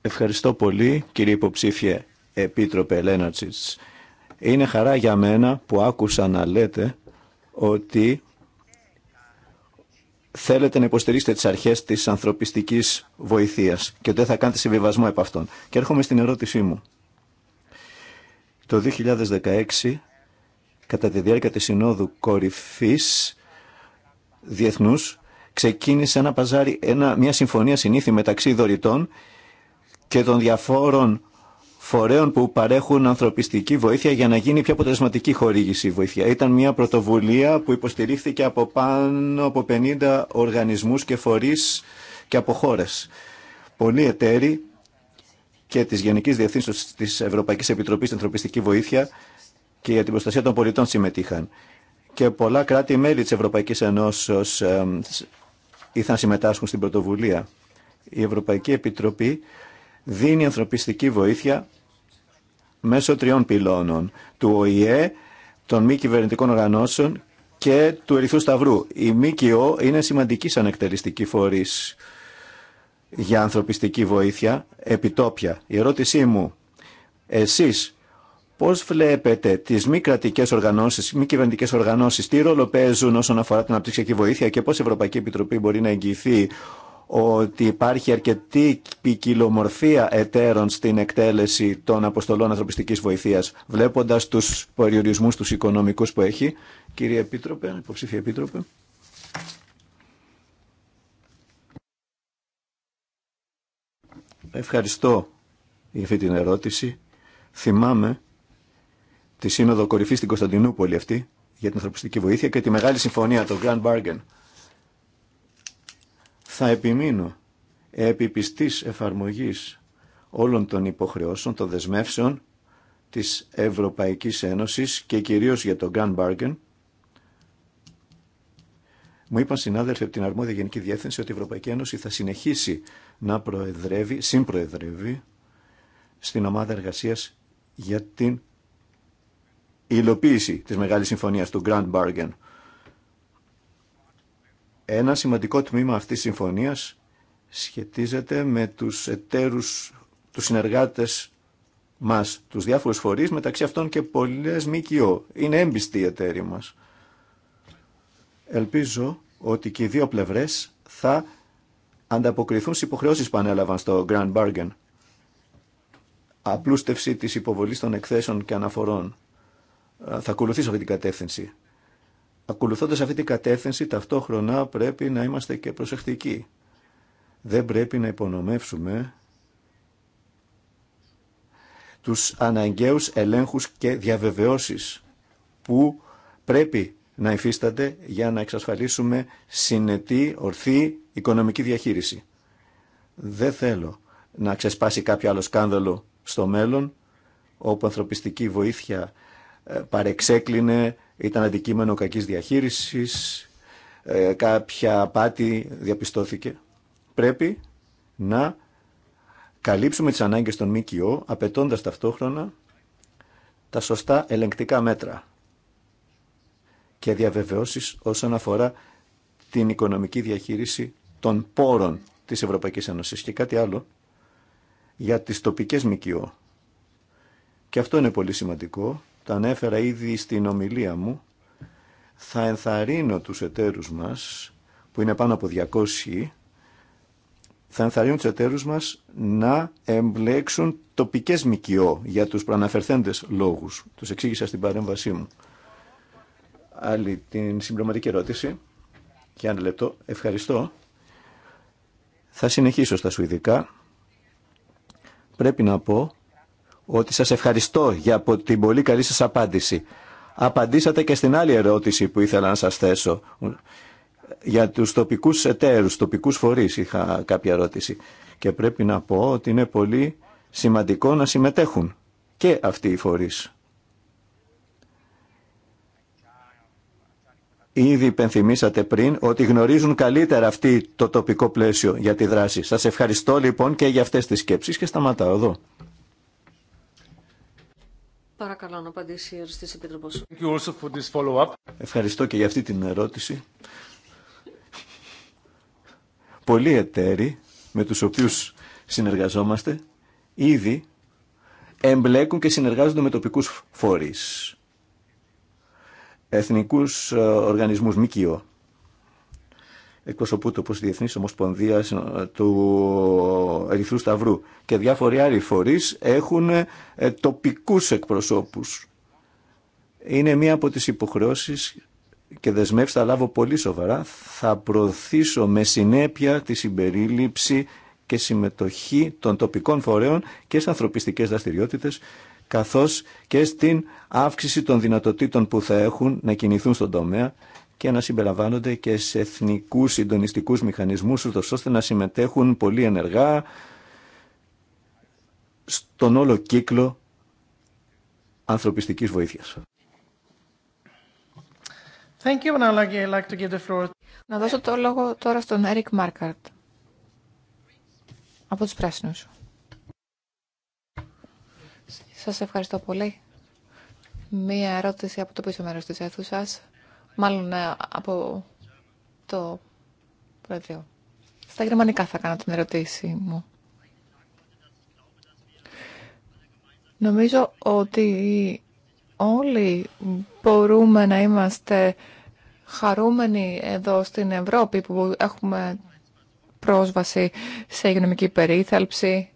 Speaker 2: Ευχαριστώ πολύ, κύριε υποψήφιε Επίτροπε Λένατσιτς. Είναι χαρά για μένα που άκουσα να λέτε ότι θέλετε να υποστηρίξετε τις αρχές της ανθρωπιστικής βοηθείας και ότι δεν θα κάνετε συμβιβασμό επ' αυτών. Και έρχομαι στην ερώτησή μου. Το 2016, κατά τη διάρκεια της Συνόδου Κορυφής Διεθνούς, ξεκίνησε ένα παζάρι, ένα, μια συμφωνία συνήθι μεταξύ δωρητών και των διαφόρων φορέων που παρέχουν ανθρωπιστική βοήθεια για να γίνει πιο αποτελεσματική χορήγηση βοήθεια. Ήταν μια πρωτοβουλία που υποστηρίχθηκε από πάνω από 50 οργανισμούς και φορείς και από χώρε. Πολλοί εταίροι και της Γενικής Διευθύνσεως της Ευρωπαϊκής Επιτροπής στην Ανθρωπιστική Βοήθεια και για την προστασία των πολιτών συμμετείχαν. Και πολλά κράτη-μέλη της Ευρωπαϊκής Ενώσεως ήθαν συμμετάσχουν στην πρωτοβουλία. Η Ευρωπαϊκή Επιτροπή δίνει ανθρωπιστική βοήθεια μέσω τριών πυλώνων του ΟΗΕ, των μη κυβερνητικών οργανώσεων και του Ερυθρού Σταυρού. Η ΜΚΟ είναι σημαντική σαν εκτελεστική φορής για ανθρωπιστική βοήθεια επιτόπια. Η ερώτησή μου, εσείς πώς βλέπετε τις μη κρατικέ οργανώσεις, μη κυβερνητικέ οργανώσεις, τι ρόλο παίζουν όσον αφορά την αναπτυξιακή βοήθεια και πώς η Ευρωπαϊκή Επιτροπή μπορεί να εγγυηθεί ότι υπάρχει αρκετή ποικιλομορφία εταίρων στην εκτέλεση των αποστολών ανθρωπιστικής βοηθείας, βλέποντας τους περιορισμούς τους οικονομικούς που έχει. Κύριε Επίτροπε, υποψήφια Επίτροπε. Ευχαριστώ για αυτή την ερώτηση. Θυμάμαι τη Σύνοδο Κορυφή στην Κωνσταντινούπολη αυτή για την ανθρωπιστική βοήθεια και τη μεγάλη συμφωνία, το Grand Bargain. Θα επιμείνω επιπιστής εφαρμογής όλων των υποχρεώσεων, των δεσμεύσεων της Ευρωπαϊκής Ένωσης και κυρίως για το Grand Bargain. Μου είπαν συνάδελφοι από την αρμόδια Γενική Διεύθυνση ότι η Ευρωπαϊκή Ένωση θα συνεχίσει να προεδρεύει, συμπροεδρεύει στην ομάδα εργασίας για την υλοποίηση της Μεγάλης Συμφωνίας του Grand Bargain. Ένα σημαντικό τμήμα αυτής της συμφωνίας σχετίζεται με τους εταίρους, τους συνεργάτες μας, τους διάφορους φορείς, μεταξύ αυτών και πολλές ΜΚΟ. Είναι έμπιστοι οι εταίροι μας. Ελπίζω ότι και οι δύο πλευρές θα ανταποκριθούν στις υποχρεώσεις που ανέλαβαν στο Grand Bargain. Απλούστευση της υποβολής των εκθέσεων και αναφορών. Θα ακολουθήσω αυτή την κατεύθυνση. Ακολουθώντας αυτή την κατεύθυνση ταυτόχρονα πρέπει να είμαστε και προσεκτικοί. Δεν πρέπει να υπονομεύσουμε τους αναγκαίους ελέγχους και διαβεβαιώσεις που πρέπει να υφίστανται για να εξασφαλίσουμε συνετή, ορθή οικονομική διαχείριση. Δεν θέλω να ξεσπάσει κάποιο άλλο σκάνδαλο στο μέλλον όπου ανθρωπιστική βοήθεια ε, παρεξέκλεινε ήταν αντικείμενο κακής διαχείρισης, ε, κάποια απάτη διαπιστώθηκε. Πρέπει να καλύψουμε τις ανάγκες των ΜΚΟ, απαιτώντας ταυτόχρονα τα σωστά ελεγκτικά μέτρα και διαβεβαιώσεις όσον αφορά την οικονομική διαχείριση των πόρων της Ευρωπαϊκής Ένωσης και κάτι άλλο για τις τοπικές ΜΚΟ. Και αυτό είναι πολύ σημαντικό το ανέφερα ήδη στην ομιλία μου, θα ενθαρρύνω τους εταίρους μας, που είναι πάνω από 200, θα ενθαρρύνω τους εταίρους μας να εμπλέξουν τοπικές μικιό για τους προαναφερθέντες λόγους. Τους εξήγησα στην παρέμβασή μου. Άλλη την συμπληρωματική ερώτηση. Και ένα λεπτό. Ευχαριστώ. Θα συνεχίσω στα Σουηδικά. Πρέπει να πω ότι σας ευχαριστώ για την πολύ καλή σας απάντηση. Απαντήσατε και στην άλλη ερώτηση που ήθελα να σας θέσω. Για τους τοπικούς εταίρους, τοπικούς φορείς είχα κάποια ερώτηση. Και πρέπει να πω ότι είναι πολύ σημαντικό να συμμετέχουν και αυτοί οι φορείς. Ήδη υπενθυμίσατε πριν ότι γνωρίζουν καλύτερα αυτή το τοπικό πλαίσιο για τη δράση. Σας ευχαριστώ λοιπόν και για αυτές τις σκέψεις και σταματάω εδώ.
Speaker 1: Παρακαλώ να απαντήσει η follow Επιτροπός.
Speaker 2: Ευχαριστώ και για αυτή την ερώτηση. Πολλοί εταίροι με τους οποίους συνεργαζόμαστε ήδη εμπλέκουν και συνεργάζονται με τοπικούς φορείς, εθνικούς ε, οργανισμούς, ΜΚΙΟ εκπροσωπούνται όπως η Διεθνής Ομοσπονδία ε, του Ερυθρού Σταυρού και διάφοροι άλλοι φορείς έχουν ε, τοπικούς εκπροσώπους. Είναι μία από τις υποχρεώσεις και δεσμεύσει θα λάβω πολύ σοβαρά. Θα προωθήσω με συνέπεια τη συμπερίληψη και συμμετοχή των τοπικών φορέων και στις ανθρωπιστικές δραστηριότητες καθώς και στην αύξηση των δυνατοτήτων που θα έχουν να κινηθούν στον τομέα και να συμπεριλαμβάνονται και σε εθνικούς συντονιστικούς μηχανισμούς ώστε να συμμετέχουν πολύ ενεργά στον όλο κύκλο ανθρωπιστικής βοήθειας.
Speaker 3: Να δώσω το λόγο τώρα στον Έρικ Μάρκαρτ από τους Πράσινους. Σας ευχαριστώ πολύ. Μία ερώτηση από το πίσω μέρος της αίθουσας μάλλον ε, από το Προεδρείο. Στα γερμανικά θα κάνω την ερωτήση μου. Νομίζω ότι όλοι μπορούμε να είμαστε χαρούμενοι εδώ στην Ευρώπη που έχουμε πρόσβαση σε υγειονομική περίθαλψη,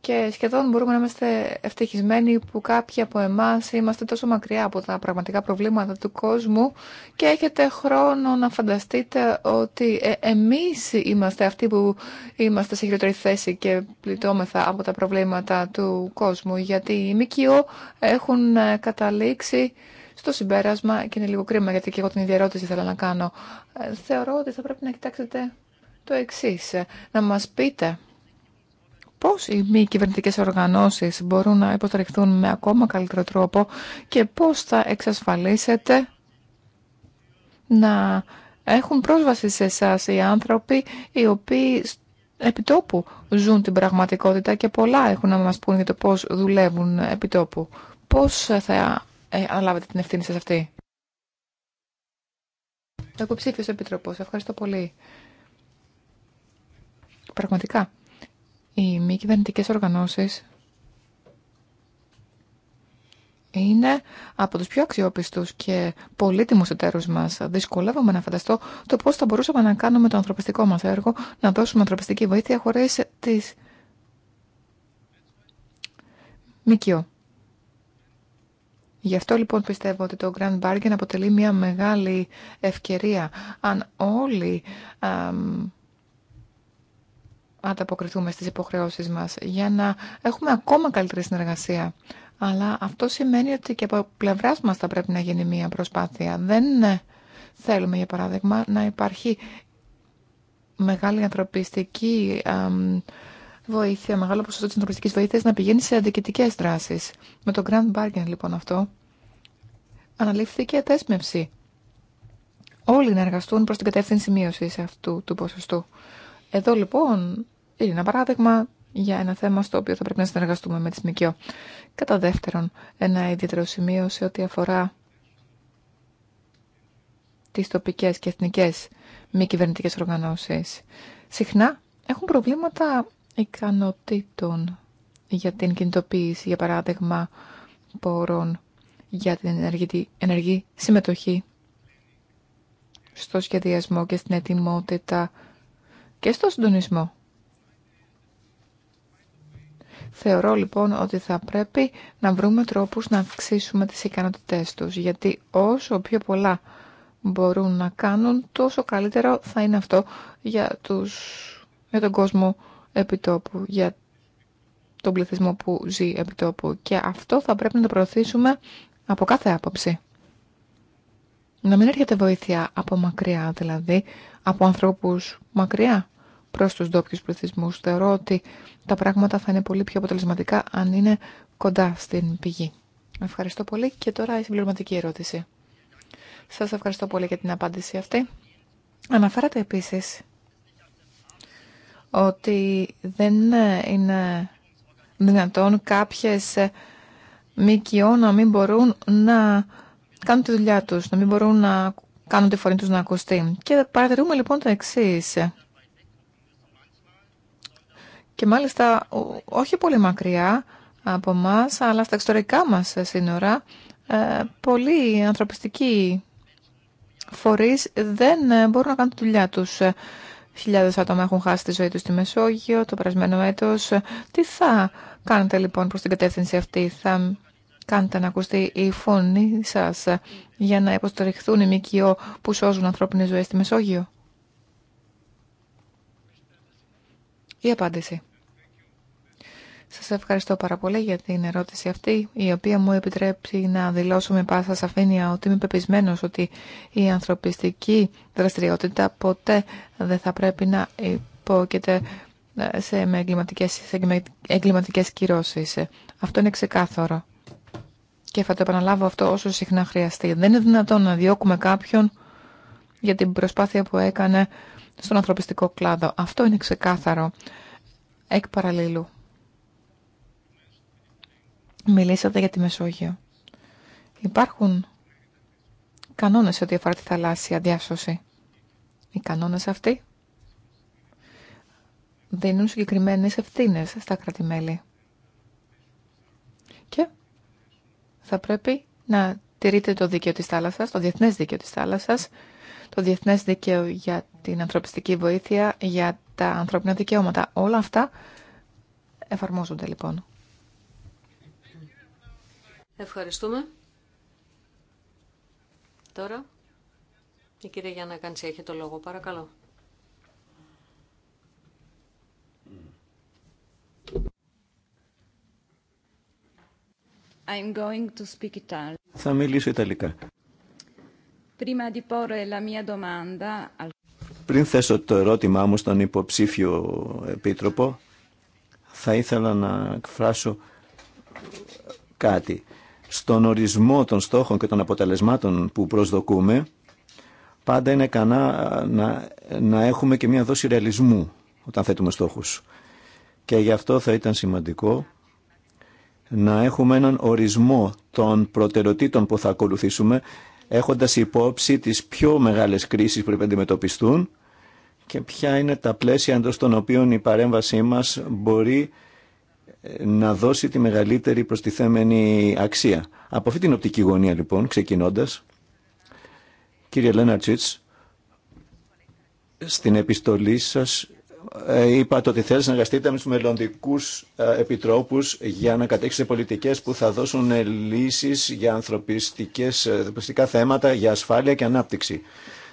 Speaker 3: και σχεδόν μπορούμε να είμαστε ευτυχισμένοι που κάποιοι από εμάς είμαστε τόσο μακριά από τα πραγματικά προβλήματα του κόσμου και έχετε χρόνο να φανταστείτε ότι ε, εμείς είμαστε αυτοί που είμαστε σε χειρότερη θέση και πληττόμεθα από τα προβλήματα του κόσμου γιατί οι ΜΚΟ έχουν ε, καταλήξει στο συμπέρασμα και είναι λίγο κρίμα γιατί και εγώ την ίδια ερώτηση θέλω να κάνω. Ε, θεωρώ ότι θα πρέπει να κοιτάξετε το εξής, να μας πείτε πώς οι μη κυβερνητικές οργανώσεις μπορούν να υποστηριχθούν με ακόμα καλύτερο τρόπο και πώς θα εξασφαλίσετε να έχουν πρόσβαση σε εσά οι άνθρωποι οι οποίοι επιτόπου ζουν την πραγματικότητα και πολλά έχουν να μας πούν για το πώς δουλεύουν επιτόπου. Πώς θα ε, αναλάβετε την ευθύνη σας αυτή. Ο υποψήφιος επιτροπός. Ευχαριστώ πολύ. Πραγματικά οι μη κυβερνητικέ οργανώσει. είναι από τους πιο αξιόπιστους και πολύτιμους εταίρους μας. Δυσκολεύομαι να φανταστώ το πώς θα μπορούσαμε να κάνουμε το ανθρωπιστικό μας έργο, να δώσουμε ανθρωπιστική βοήθεια χωρίς τις... ΜΚΙΟ. Γι' αυτό λοιπόν πιστεύω ότι το Grand Bargain αποτελεί μια μεγάλη ευκαιρία. Αν όλοι ανταποκριθούμε στις υποχρεώσεις μας, για να έχουμε ακόμα καλύτερη συνεργασία. Αλλά αυτό σημαίνει ότι και από πλευρά μας θα πρέπει να γίνει μια προσπάθεια. Δεν θέλουμε, για παράδειγμα, να υπάρχει μεγάλη ανθρωπιστική βοήθεια, μεγάλο ποσοστό της ανθρωπιστικής βοήθειας να πηγαίνει σε αντικειτικές δράσεις. Με το Grand Bargain, λοιπόν, αυτό, αναλήφθηκε δέσμευση. Όλοι να εργαστούν προς την κατεύθυνση μείωσης αυτού του ποσοστού. Εδώ λοιπόν είναι ένα παράδειγμα για ένα θέμα στο οποίο θα πρέπει να συνεργαστούμε με τη ΣΜΚΙΟ. Κατά δεύτερον, ένα ιδιαίτερο σημείο σε ό,τι αφορά τις τοπικές και εθνικές μη κυβερνητικές οργανώσεις. Συχνά έχουν προβλήματα ικανοτήτων για την κινητοποίηση, για παράδειγμα, πόρων για την ενεργή συμμετοχή στο σχεδιασμό και στην ετοιμότητα και στο συντονισμό. Θεωρώ λοιπόν ότι θα πρέπει να βρούμε τρόπους να αυξήσουμε τις ικανότητές τους, γιατί όσο πιο πολλά μπορούν να κάνουν, τόσο καλύτερο θα είναι αυτό για, τους, για τον κόσμο επιτόπου, για τον πληθυσμό που ζει επιτόπου. Και αυτό θα πρέπει να το προωθήσουμε από κάθε άποψη. Να μην έρχεται βοήθεια από μακριά, δηλαδή από ανθρώπους μακριά προς τους ντόπιου πληθυσμού. Θεωρώ ότι τα πράγματα θα είναι πολύ πιο αποτελεσματικά αν είναι κοντά στην πηγή. Ευχαριστώ πολύ και τώρα η συμπληρωματική ερώτηση. Σας ευχαριστώ πολύ για την απάντηση αυτή. Αναφέρατε επίσης ότι δεν είναι δυνατόν κάποιες ΜΚΟ να μην μπορούν να κάνουν τη δουλειά τους, να μην μπορούν να κάνουν τη φωνή τους να ακουστεί. Και παρατηρούμε λοιπόν το εξή. Και μάλιστα όχι πολύ μακριά από εμά, αλλά στα εξωτερικά μας σύνορα, ε, πολλοί ανθρωπιστικοί φορείς δεν ε, μπορούν να κάνουν τη δουλειά τους. Χιλιάδες άτομα έχουν χάσει τη ζωή τους στη Μεσόγειο το περασμένο έτος. Τι θα κάνετε λοιπόν προς την κατεύθυνση αυτή, θα κάνετε να ακουστεί η φωνή σας για να υποστηριχθούν οι ΜΚΟ που σώζουν ανθρώπινες ζωές στη Μεσόγειο. Η απάντηση. Σας ευχαριστώ πάρα πολύ για την ερώτηση αυτή, η οποία μου επιτρέπει να δηλώσω με πάσα σαφήνεια ότι είμαι πεπισμένος ότι η ανθρωπιστική δραστηριότητα ποτέ δεν θα πρέπει να υπόκειται σε, με εγκληματικές, σε εγκληματικές κυρώσεις. Αυτό είναι ξεκάθαρο και θα το επαναλάβω αυτό όσο συχνά χρειαστεί. Δεν είναι δυνατόν να διώκουμε κάποιον για την προσπάθεια που έκανε στον ανθρωπιστικό κλάδο. Αυτό είναι ξεκάθαρο. Εκ παραλληλού. Μιλήσατε για τη Μεσόγειο. Υπάρχουν κανόνες ό,τι αφορά τη θαλάσσια διάσωση. Οι κανόνες αυτοί δίνουν συγκεκριμένες ευθύνες στα κρατημέλη. θα πρέπει να τηρείτε το δίκαιο της θάλασσας, το διεθνές δίκαιο της θάλασσας, το διεθνές δίκαιο για την ανθρωπιστική βοήθεια, για τα ανθρώπινα δικαιώματα. Όλα αυτά εφαρμόζονται λοιπόν.
Speaker 1: Ευχαριστούμε. Τώρα η κυρία Γιάννα Κάντσι έχει το λόγο. Παρακαλώ.
Speaker 2: Θα μιλήσω Ιταλικά. Πριν θέσω το ερώτημά μου στον υποψήφιο επίτροπο, θα ήθελα να εκφράσω κάτι. Στον ορισμό των στόχων και των αποτελεσμάτων που προσδοκούμε, πάντα είναι κανά να, να έχουμε και μια δόση ρεαλισμού όταν θέτουμε στόχους. Και γι' αυτό θα ήταν σημαντικό να έχουμε έναν ορισμό των προτεραιοτήτων που θα ακολουθήσουμε, έχοντας υπόψη τις πιο μεγάλες κρίσεις που πρέπει αντιμετωπιστούν και ποια είναι τα πλαίσια εντός των οποίων η παρέμβασή μας μπορεί ε, να δώσει τη μεγαλύτερη προστιθέμενη αξία. Από αυτή την οπτική γωνία λοιπόν, ξεκινώντας, κύριε Λέναρτσιτς, στην επιστολή σας ε, είπατε ότι θέλετε να εργαστείτε με του μελλοντικού ε, επιτρόπους για να κατέξετε πολιτικές που θα δώσουν ε, λύσει για ανθρωπιστικά θέματα, για ασφάλεια και ανάπτυξη.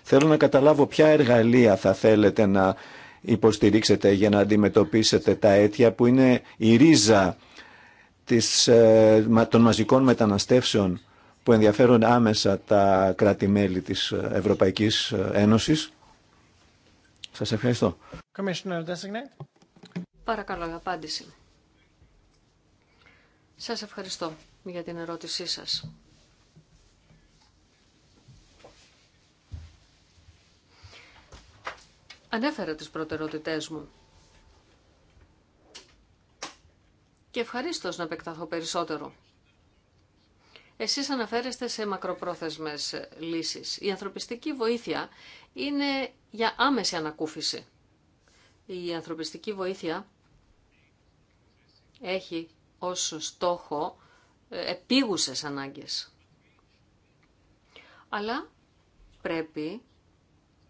Speaker 2: Θέλω να καταλάβω ποια εργαλεία θα θέλετε να υποστηρίξετε για να αντιμετωπίσετε τα αίτια που είναι η ρίζα της, των μαζικών μεταναστεύσεων που ενδιαφέρουν άμεσα τα κράτη-μέλη της Ευρωπαϊκής Ένωσης σας ευχαριστώ.
Speaker 4: Παρακαλώ,
Speaker 1: απάντηση. Σας ευχαριστώ για την ερώτησή σας. Ανέφερα τις προτεραιότητές μου. Και ευχαρίστως να επεκταθώ περισσότερο. Εσείς αναφέρεστε σε μακροπρόθεσμες λύσεις. Η ανθρωπιστική βοήθεια είναι για άμεση ανακούφιση. Η ανθρωπιστική βοήθεια έχει ως στόχο ε, επίγουσες ανάγκες. Αλλά πρέπει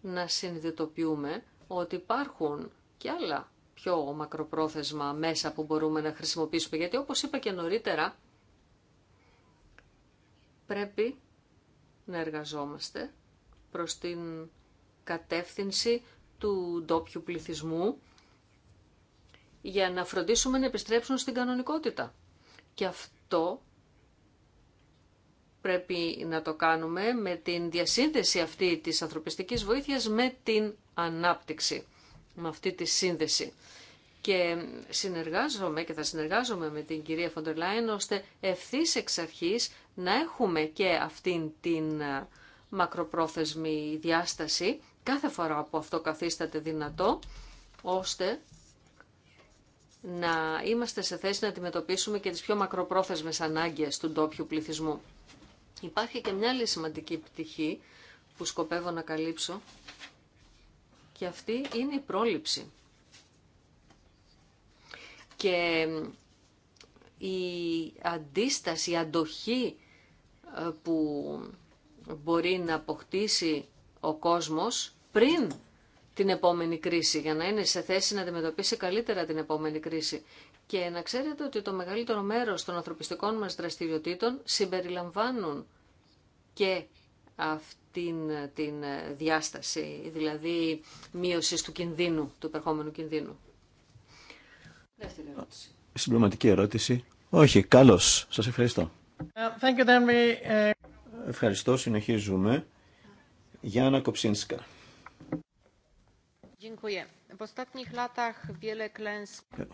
Speaker 1: να συνειδητοποιούμε ότι υπάρχουν και άλλα πιο μακροπρόθεσμα μέσα που μπορούμε να χρησιμοποιήσουμε. Γιατί όπως είπα και νωρίτερα, πρέπει να εργαζόμαστε προς την κατεύθυνση του ντόπιου πληθυσμού για να φροντίσουμε να επιστρέψουν στην κανονικότητα. Και αυτό πρέπει να το κάνουμε με την διασύνδεση αυτή της ανθρωπιστικής βοήθειας με την ανάπτυξη, με αυτή τη σύνδεση. Και συνεργάζομαι και θα συνεργάζομαι με την κυρία Φοντερ ώστε ευθύ εξ αρχής να έχουμε και αυτήν την μακροπρόθεσμη διάσταση κάθε φορά που αυτό καθίσταται δυνατό, ώστε να είμαστε σε θέση να αντιμετωπίσουμε και τις πιο μακροπρόθεσμες ανάγκες του ντόπιου πληθυσμού. Υπάρχει και μια άλλη σημαντική πτυχή που σκοπεύω να καλύψω και αυτή είναι η πρόληψη. Και η αντίσταση, η αντοχή ε, που μπορεί να αποκτήσει ο κόσμος πριν την επόμενη κρίση, για να είναι σε θέση να αντιμετωπίσει καλύτερα την επόμενη κρίση. Και να ξέρετε ότι το μεγαλύτερο μέρος των ανθρωπιστικών μας δραστηριοτήτων συμπεριλαμβάνουν και αυτήν την διάσταση, δηλαδή μείωση του κινδύνου, του υπερχόμενου κινδύνου.
Speaker 4: Δεύτερη ερώτηση.
Speaker 2: Συμπληρωματική ερώτηση. Όχι, καλώς. Σας ευχαριστώ. Ε, ευχαριστώ, συνεχίζουμε. Γιάννα Κοψίνσκα.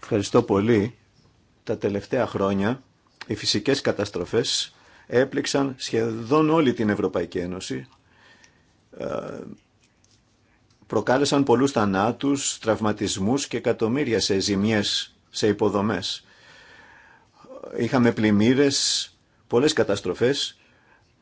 Speaker 2: Ευχαριστώ πολύ. Τα τελευταία χρόνια οι φυσικές καταστροφές έπληξαν σχεδόν όλη την Ευρωπαϊκή Ένωση. Ε, προκάλεσαν πολλούς θανάτους, τραυματισμούς και εκατομμύρια σε ζημιές, σε υποδομές. Είχαμε πλημμύρες, πολλές καταστροφές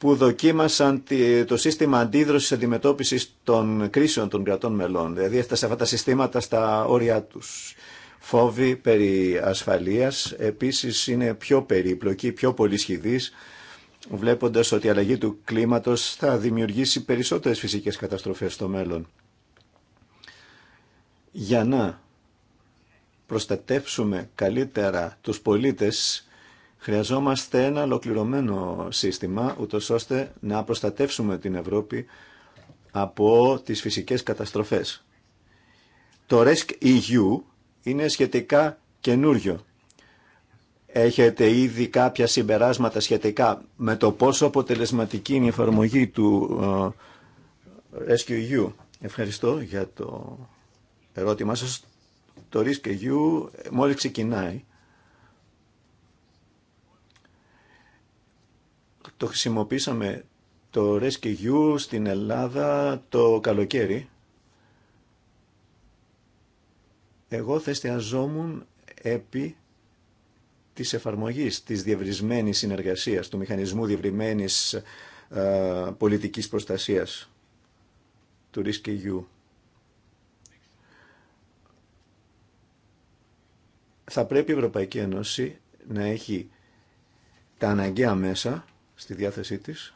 Speaker 2: που δοκίμασαν το σύστημα αντίδρασης αντιμετώπιση των κρίσεων των κρατών μελών. Δηλαδή έφτασε αυτά τα συστήματα στα όρια τους. Φόβοι περί ασφαλείας επίσης είναι πιο περίπλοκοι, πιο πολυσχηδεί, βλέποντας ότι η αλλαγή του κλίματος θα δημιουργήσει περισσότερες φυσικές καταστροφές στο μέλλον. Για να προστατεύσουμε καλύτερα τους πολίτες Χρειαζόμαστε ένα ολοκληρωμένο σύστημα, ούτω ώστε να προστατεύσουμε την Ευρώπη από τις φυσικές καταστροφές. Το RESC-EU είναι σχετικά καινούριο. Έχετε ήδη κάποια συμπεράσματα σχετικά με το πόσο αποτελεσματική είναι η εφαρμογή του ε, RESC-EU. Ευχαριστώ για το ερώτημά σας. Το RESC-EU μόλις ξεκινάει Το χρησιμοποίησαμε το Rescue στην Ελλάδα το καλοκαίρι. Εγώ θα εστιαζόμουν επί της εφαρμογής της διευρυσμένης συνεργασίας, του μηχανισμού διευρυμένης ε, πολιτικής προστασίας του Rescue. Θα πρέπει η Ευρωπαϊκή Ένωση να έχει τα αναγκαία μέσα στη διάθεσή της.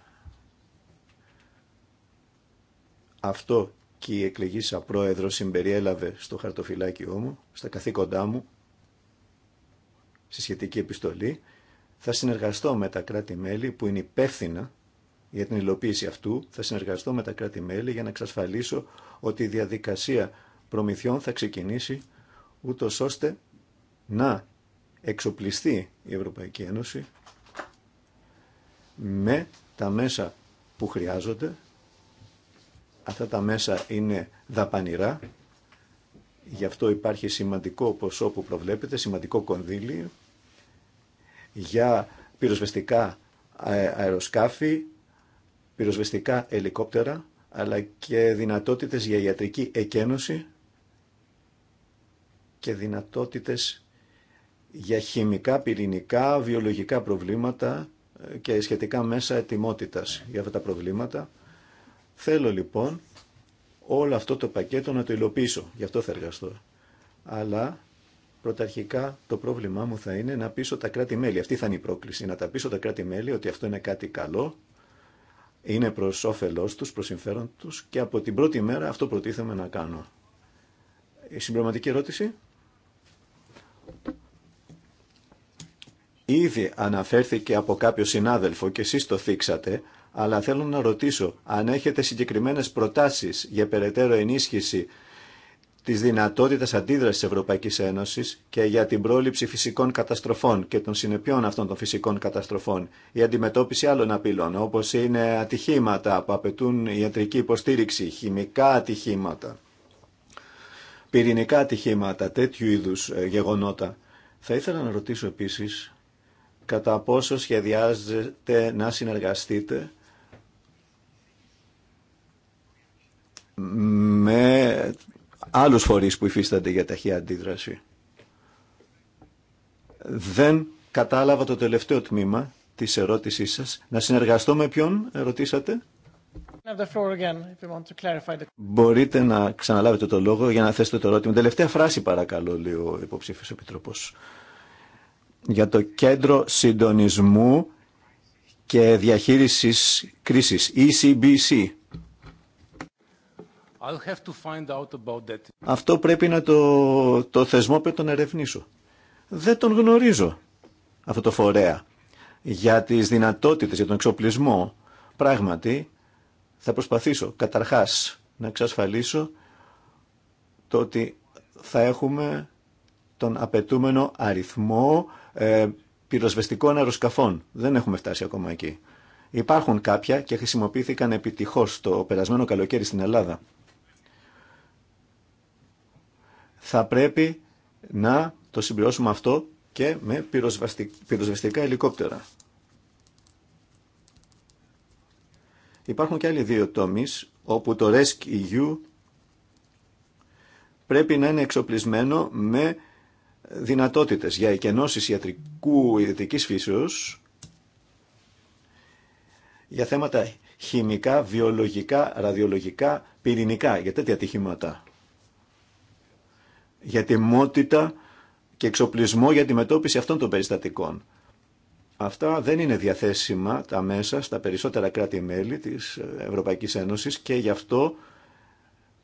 Speaker 2: Αυτό και η σαν πρόεδρος συμπεριέλαβε στο χαρτοφυλάκιό μου, στα καθήκοντά μου, στη σχετική επιστολή. Θα συνεργαστώ με τα κράτη-μέλη που είναι υπεύθυνα για την υλοποίηση αυτού. Θα συνεργαστώ με τα κράτη-μέλη για να εξασφαλίσω ότι η διαδικασία προμηθειών θα ξεκινήσει ούτως ώστε να εξοπλιστεί η Ευρωπαϊκή Ένωση με τα μέσα που χρειάζονται. Αυτά τα μέσα είναι δαπανηρά, γι' αυτό υπάρχει σημαντικό ποσό που προβλέπετε, σημαντικό κονδύλι για πυροσβεστικά ε, αεροσκάφη, πυροσβεστικά ελικόπτερα, αλλά και δυνατότητες για ιατρική εκένωση και δυνατότητες για χημικά, πυρηνικά, βιολογικά προβλήματα και σχετικά μέσα ετοιμότητας για αυτά τα προβλήματα. Θέλω λοιπόν όλο αυτό το πακέτο να το υλοποιήσω, γι' αυτό θα εργαστώ. Αλλά πρωταρχικά το πρόβλημά μου θα είναι να πείσω τα κράτη-μέλη, αυτή θα είναι η πρόκληση, να τα πείσω τα κράτη-μέλη ότι αυτό είναι κάτι καλό, είναι προ όφελό τους, προ συμφέρον του και από την πρώτη μέρα αυτό προτίθεμαι να κάνω. Η συμπληρωματική ερώτηση. Ήδη αναφέρθηκε από κάποιο συνάδελφο και εσείς το θίξατε, αλλά θέλω να ρωτήσω αν έχετε συγκεκριμένες προτάσεις για περαιτέρω ενίσχυση της δυνατότητας αντίδρασης της Ευρωπαϊκής Ένωσης και για την πρόληψη φυσικών καταστροφών και των συνεπειών αυτών των φυσικών καταστροφών, η αντιμετώπιση άλλων απειλών, όπως είναι ατυχήματα που απαιτούν ιατρική υποστήριξη, χημικά ατυχήματα, πυρηνικά ατυχήματα, τέτοιου είδους ε, γεγονότα. Θα ήθελα να ρωτήσω επίσης κατά πόσο σχεδιάζετε να συνεργαστείτε με άλλους φορείς που υφίστανται για ταχεία αντίδραση. Δεν κατάλαβα το τελευταίο τμήμα της ερώτησής σας. Να συνεργαστώ με ποιον, ρωτήσατε. Μπορείτε να ξαναλάβετε το λόγο για να θέσετε το ερώτημα. Τελευταία φράση παρακαλώ, λέει ο υποψήφιος επιτροπός για το Κέντρο Συντονισμού και Διαχείρισης Κρίσης, ECBC. Αυτό πρέπει να το, το θεσμό πρέπει τον ερευνήσω. Δεν τον γνωρίζω αυτό το φορέα. Για τις δυνατότητες, για τον εξοπλισμό, πράγματι θα προσπαθήσω καταρχάς να εξασφαλίσω το ότι θα έχουμε τον απαιτούμενο αριθμό ε, πυροσβεστικών αεροσκαφών. Δεν έχουμε φτάσει ακόμα εκεί. Υπάρχουν κάποια και χρησιμοποιήθηκαν επιτυχώς το περασμένο καλοκαίρι στην Ελλάδα. Θα πρέπει να το συμπληρώσουμε αυτό και με πυροσβεστικά ελικόπτερα. Υπάρχουν και άλλοι δύο τομείς όπου το RESCUE eu πρέπει να είναι εξοπλισμένο με δυνατότητες για εκενώσεις ιατρικού ιατρικής φύσεως για θέματα χημικά, βιολογικά, ραδιολογικά, πυρηνικά, για τέτοια ατυχήματα. Για τιμότητα και εξοπλισμό για τη μετώπιση αυτών των περιστατικών. Αυτά δεν είναι διαθέσιμα τα μέσα στα περισσότερα κράτη-μέλη της Ευρωπαϊκής Ένωσης και γι' αυτό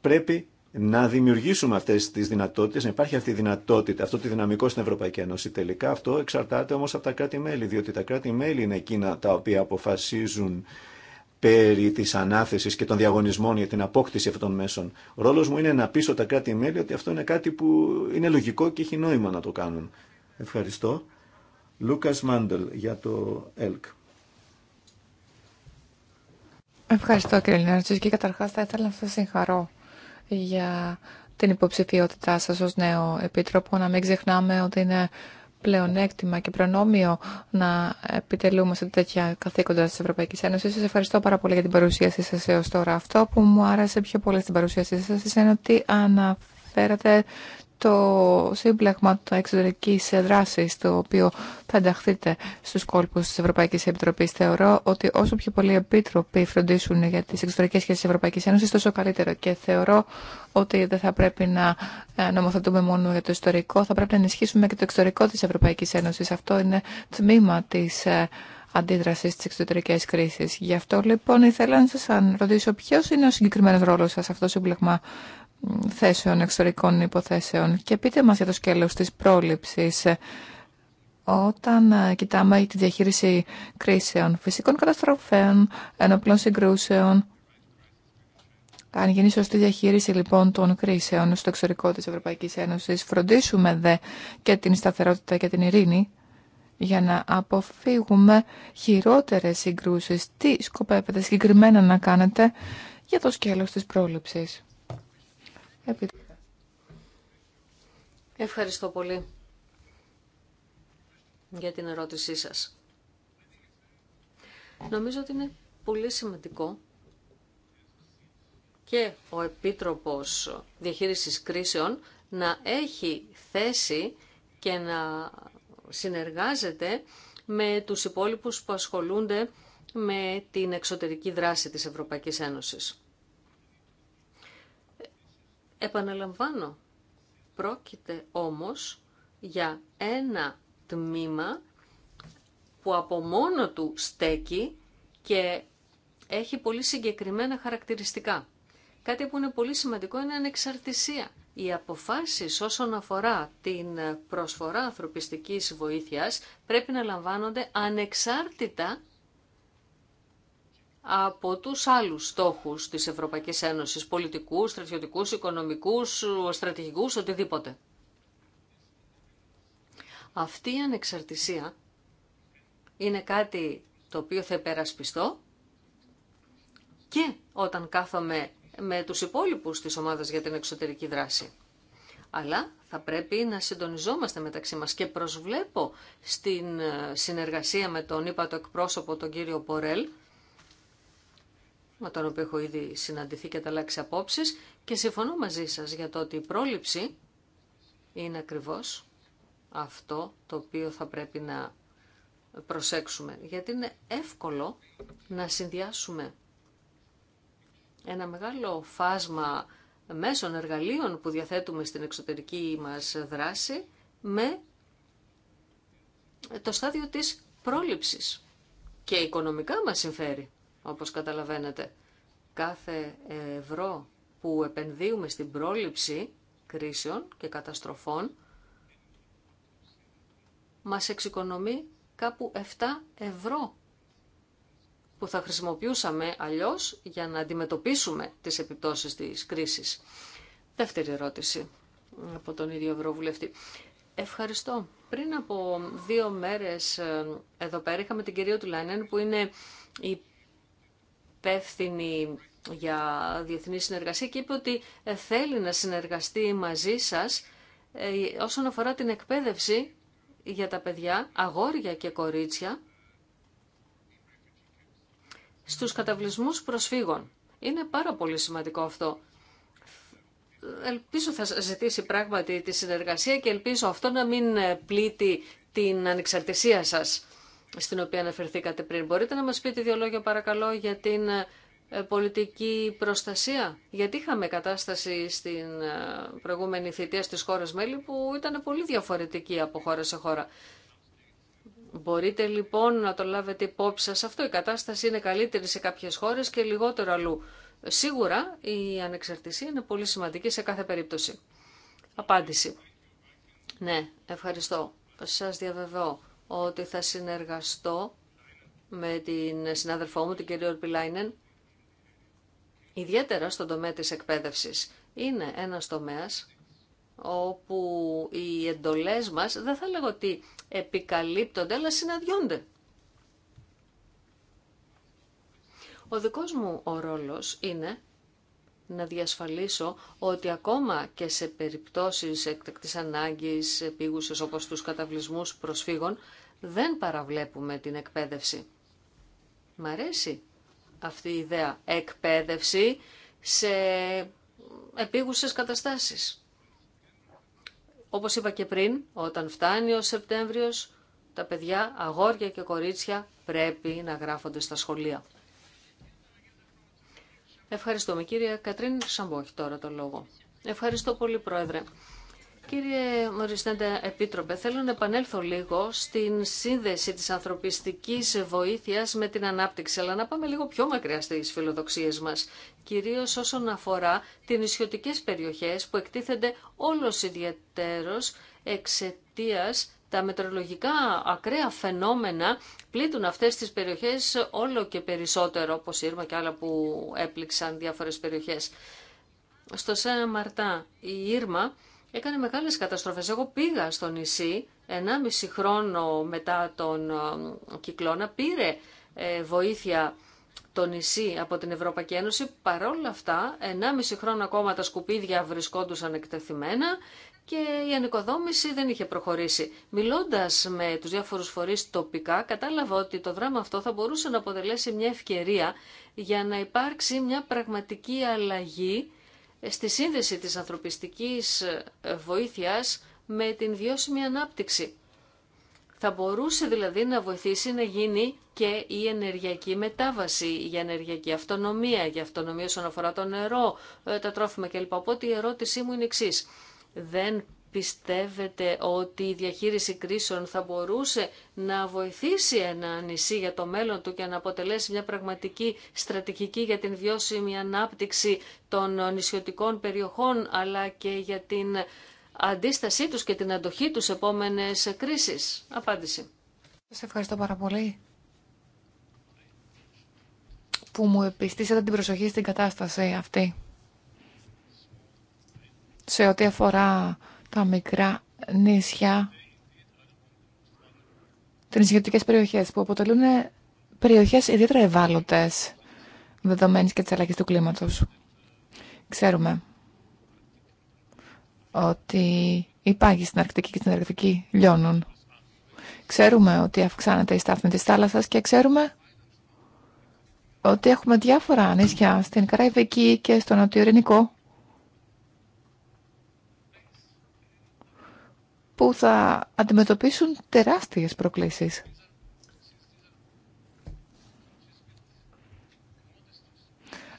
Speaker 2: πρέπει να δημιουργήσουμε αυτέ τι δυνατότητε, να υπάρχει αυτή η δυνατότητα, αυτό το δυναμικό στην Ευρωπαϊκή Ένωση. Τελικά αυτό εξαρτάται όμω από τα κράτη-μέλη, διότι τα κράτη-μέλη είναι εκείνα τα οποία αποφασίζουν περί τη ανάθεση και των διαγωνισμών για την απόκτηση αυτών των μέσων. Ο ρόλο μου είναι να πείσω τα κράτη-μέλη ότι αυτό είναι κάτι που είναι λογικό και έχει νόημα να το κάνουν. Ευχαριστώ. Λούκα Μάντελ για το ΕΛΚ.
Speaker 3: Ευχαριστώ κύριε Λινάρτσος και καταρχάς θα ήθελα να σας συγχαρώ για την υποψηφιότητά σας ως νέο επίτροπο. Να μην ξεχνάμε ότι είναι πλεονέκτημα και προνόμιο να επιτελούμε σε τέτοια καθήκοντα της Ευρωπαϊκής Ένωσης. Σας ευχαριστώ πάρα πολύ για την παρουσίασή σας έως τώρα. Αυτό που μου άρεσε πιο πολύ στην παρουσίασή σας είναι ότι αναφέρατε το σύμπλεγμα των εξωτερική δράση το οποίο θα ενταχθείτε στου κόλπους τη Ευρωπαϊκή Επιτροπή. Θεωρώ ότι όσο πιο πολλοί επίτροποι φροντίσουν για τι εξωτερικέ σχέσει τη Ευρωπαϊκή Ένωση τόσο καλύτερο. Και θεωρώ ότι δεν θα πρέπει να ε, νομοθετούμε μόνο για το ιστορικό, θα πρέπει να ενισχύσουμε και το εξωτερικό τη Ευρωπαϊκή Ένωση. Αυτό είναι τμήμα τη ε, αντίδραση στι εξωτερικέ κρίσει. Γι' αυτό λοιπόν ήθελα να σα ρωτήσω ποιο είναι ο συγκεκριμένο ρόλο σα αυτό το σύμπλεγμα θέσεων εξωτερικών υποθέσεων και πείτε μας για το σκέλος της πρόληψης όταν ε, κοιτάμε τη διαχείριση κρίσεων, φυσικών καταστροφέων, ενοπλών συγκρούσεων. Αν γίνει σωστή διαχείριση λοιπόν των κρίσεων στο εξωτερικό της Ευρωπαϊκής Ένωσης, φροντίσουμε δε και την σταθερότητα και την ειρήνη για να αποφύγουμε χειρότερες συγκρούσεις. Τι σκοπεύετε συγκεκριμένα να κάνετε για το σκέλος της πρόληψης.
Speaker 1: Ευχαριστώ πολύ για την ερώτησή σας. Νομίζω ότι είναι πολύ σημαντικό και ο Επίτροπος Διαχείρισης Κρίσεων να έχει θέση και να συνεργάζεται με τους υπόλοιπους που ασχολούνται με την εξωτερική δράση της Ευρωπαϊκής Ένωσης. Επαναλαμβάνω, πρόκειται όμως για ένα τμήμα που από μόνο του στέκει και έχει πολύ συγκεκριμένα χαρακτηριστικά. Κάτι που είναι πολύ σημαντικό είναι ανεξαρτησία. Οι αποφάσεις όσον αφορά την προσφορά ανθρωπιστικής βοήθειας πρέπει να λαμβάνονται ανεξάρτητα από τους άλλους στόχους της Ευρωπαϊκής Ένωσης, πολιτικούς, στρατιωτικούς, οικονομικούς, στρατηγικούς, οτιδήποτε. Αυτή η ανεξαρτησία είναι κάτι το οποίο θα υπερασπιστώ και όταν κάθομαι με τους υπόλοιπους της ομάδας για την εξωτερική δράση. Αλλά θα πρέπει να συντονιζόμαστε μεταξύ μας και προσβλέπω στην συνεργασία με τον το εκπρόσωπο τον κύριο Πορέλ με τον οποίο έχω ήδη συναντηθεί και ανταλλάξει απόψει και συμφωνώ μαζί σα για το ότι η πρόληψη είναι ακριβώ αυτό το οποίο θα πρέπει να προσέξουμε. Γιατί είναι εύκολο να συνδυάσουμε ένα μεγάλο φάσμα μέσων εργαλείων που διαθέτουμε στην εξωτερική μας δράση με το στάδιο της πρόληψης. Και οικονομικά μας συμφέρει όπως καταλαβαίνετε. Κάθε ευρώ που επενδύουμε στην πρόληψη κρίσεων και καταστροφών μας εξοικονομεί κάπου 7 ευρώ που θα χρησιμοποιούσαμε αλλιώς για να αντιμετωπίσουμε τις επιπτώσεις της κρίσης. Δεύτερη ερώτηση από τον ίδιο Ευρωβουλευτή. Ευχαριστώ. Πριν από δύο μέρες ε, εδώ πέρα είχαμε την κυρία Τουλάνεν που είναι η υπεύθυνη για διεθνή συνεργασία και είπε ότι ε, θέλει να συνεργαστεί μαζί σας ε, όσον αφορά την εκπαίδευση για τα παιδιά, αγόρια και κορίτσια, στους καταβλισμούς προσφύγων. Είναι πάρα πολύ σημαντικό αυτό. Ελπίζω θα ζητήσει πράγματι τη συνεργασία και ελπίζω αυτό να μην ε, πλήττει την ανεξαρτησία σας στην οποία αναφερθήκατε πριν. Μπορείτε να μας πείτε δύο λόγια παρακαλώ για την ε, πολιτική προστασία. Γιατί είχαμε κατάσταση στην ε, προηγούμενη θητεία στις χώρες μέλη που ήταν πολύ διαφορετική από χώρα σε χώρα. Μπορείτε λοιπόν να το λάβετε υπόψη σας. Αυτό η κατάσταση είναι καλύτερη σε κάποιες χώρες και λιγότερο αλλού. Σίγουρα η ανεξαρτησία είναι πολύ σημαντική σε κάθε περίπτωση. Απάντηση. Ναι, ευχαριστώ. Σας διαβεβαιώ ότι θα συνεργαστώ με την συνάδελφό μου, την κυρία Ορπιλάινεν, ιδιαίτερα στον τομέα της εκπαίδευσης. Είναι ένας τομέας όπου οι εντολές μας, δεν θα λέγω ότι επικαλύπτονται, αλλά συναντιούνται. Ο δικός μου ο ρόλος είναι να διασφαλίσω ότι ακόμα και σε περιπτώσεις εκτεκτής ανάγκης, επίγουσες όπως τους καταβλισμούς προσφύγων, δεν παραβλέπουμε την εκπαίδευση. Μ' αρέσει αυτή η ιδέα. Εκπαίδευση σε επίγουσες καταστάσεις. Όπως είπα και πριν, όταν φτάνει ο Σεπτέμβριος, τα παιδιά, αγόρια και κορίτσια πρέπει να γράφονται στα σχολεία. Ευχαριστούμε. Κύριε Κατρίν Σαμπόχη τώρα το λόγο. Ευχαριστώ πολύ, Πρόεδρε. Κύριε Μωριστέντε Επίτροπε, θέλω να επανέλθω λίγο στην σύνδεση της ανθρωπιστικής βοήθειας με την ανάπτυξη, αλλά να πάμε λίγο πιο μακριά στις φιλοδοξίες μας, κυρίως όσον αφορά τις νησιωτικές περιοχές που εκτίθενται όλος ιδιαίτερος εξαιτία τα μετρολογικά ακραία φαινόμενα πλήττουν αυτές τις περιοχές όλο και περισσότερο, όπως ήρμα και άλλα που έπληξαν διάφορες περιοχές. Στο σένα Μαρτά, η Ήρμα έκανε μεγάλες καταστροφές. Εγώ πήγα στο νησί, 1,5 χρόνο μετά τον ε, κυκλώνα, πήρε ε, βοήθεια το νησί από την Ευρωπαϊκή Ένωση. Παρόλα αυτά, 1,5 χρόνο ακόμα τα σκουπίδια βρισκόντουσαν εκτεθειμένα και η ανοικοδόμηση δεν είχε προχωρήσει. Μιλώντας με τους διάφορους φορείς τοπικά, κατάλαβα ότι το δράμα αυτό θα μπορούσε να αποτελέσει μια ευκαιρία για να υπάρξει μια πραγματική αλλαγή στη σύνδεση της ανθρωπιστικής ε, βοήθειας με την βιώσιμη ανάπτυξη. Θα μπορούσε δηλαδή να βοηθήσει να γίνει και η ενεργειακή μετάβαση, η ενεργειακή αυτονομία, για αυτονομία όσον αφορά το νερό, ε, τα τρόφιμα κλπ. Οπότε η ερώτησή μου είναι εξή. Δεν Πιστεύετε ότι η διαχείριση κρίσεων θα μπορούσε να βοηθήσει ένα νησί για το μέλλον του και να αποτελέσει μια πραγματική στρατηγική για την βιώσιμη ανάπτυξη των νησιωτικών περιοχών αλλά και για την αντίστασή τους και την αντοχή τους επόμενες
Speaker 3: κρίσεις. Απάντηση. Σας ευχαριστώ πάρα πολύ που μου επιστήσατε την προσοχή στην κατάσταση αυτή σε ό,τι αφορά τα μικρά νησιά, τι νησιωτικέ περιοχές που αποτελούν περιοχές ιδιαίτερα ευάλωτες δεδομένε και της αλλαγή του κλίματο. Ξέρουμε ότι οι πάγοι στην Αρκτική και στην Αρκτική λιώνουν. Ξέρουμε ότι αυξάνεται η στάθμη της θάλασσας και ξέρουμε ότι έχουμε διάφορα νησιά στην Καραϊβική και στον Νοτιοειρηνικό που θα αντιμετωπίσουν τεράστιες προκλήσεις.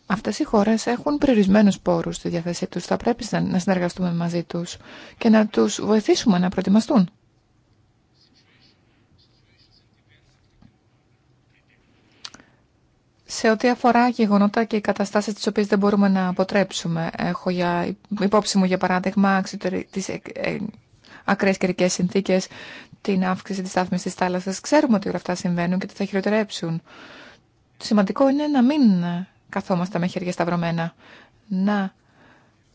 Speaker 3: Αυτές οι χώρες έχουν περιορισμένους πόρους στη διάθεσή τους. Θα πρέπει να συνεργαστούμε μαζί τους και να τους βοηθήσουμε να προετοιμαστούν. Σε ό,τι αφορά γεγονότα και οι καταστάσεις τις οποίες δεν μπορούμε να αποτρέψουμε, έχω για υπόψη μου για παράδειγμα τις ε, ε, ακραίε καιρικέ συνθήκε, την αύξηση τη στάθμης τη θάλασσα. Ξέρουμε ότι όλα αυτά συμβαίνουν και ότι θα χειροτερέψουν. Σημαντικό είναι να μην καθόμαστε με χέρια σταυρωμένα. Να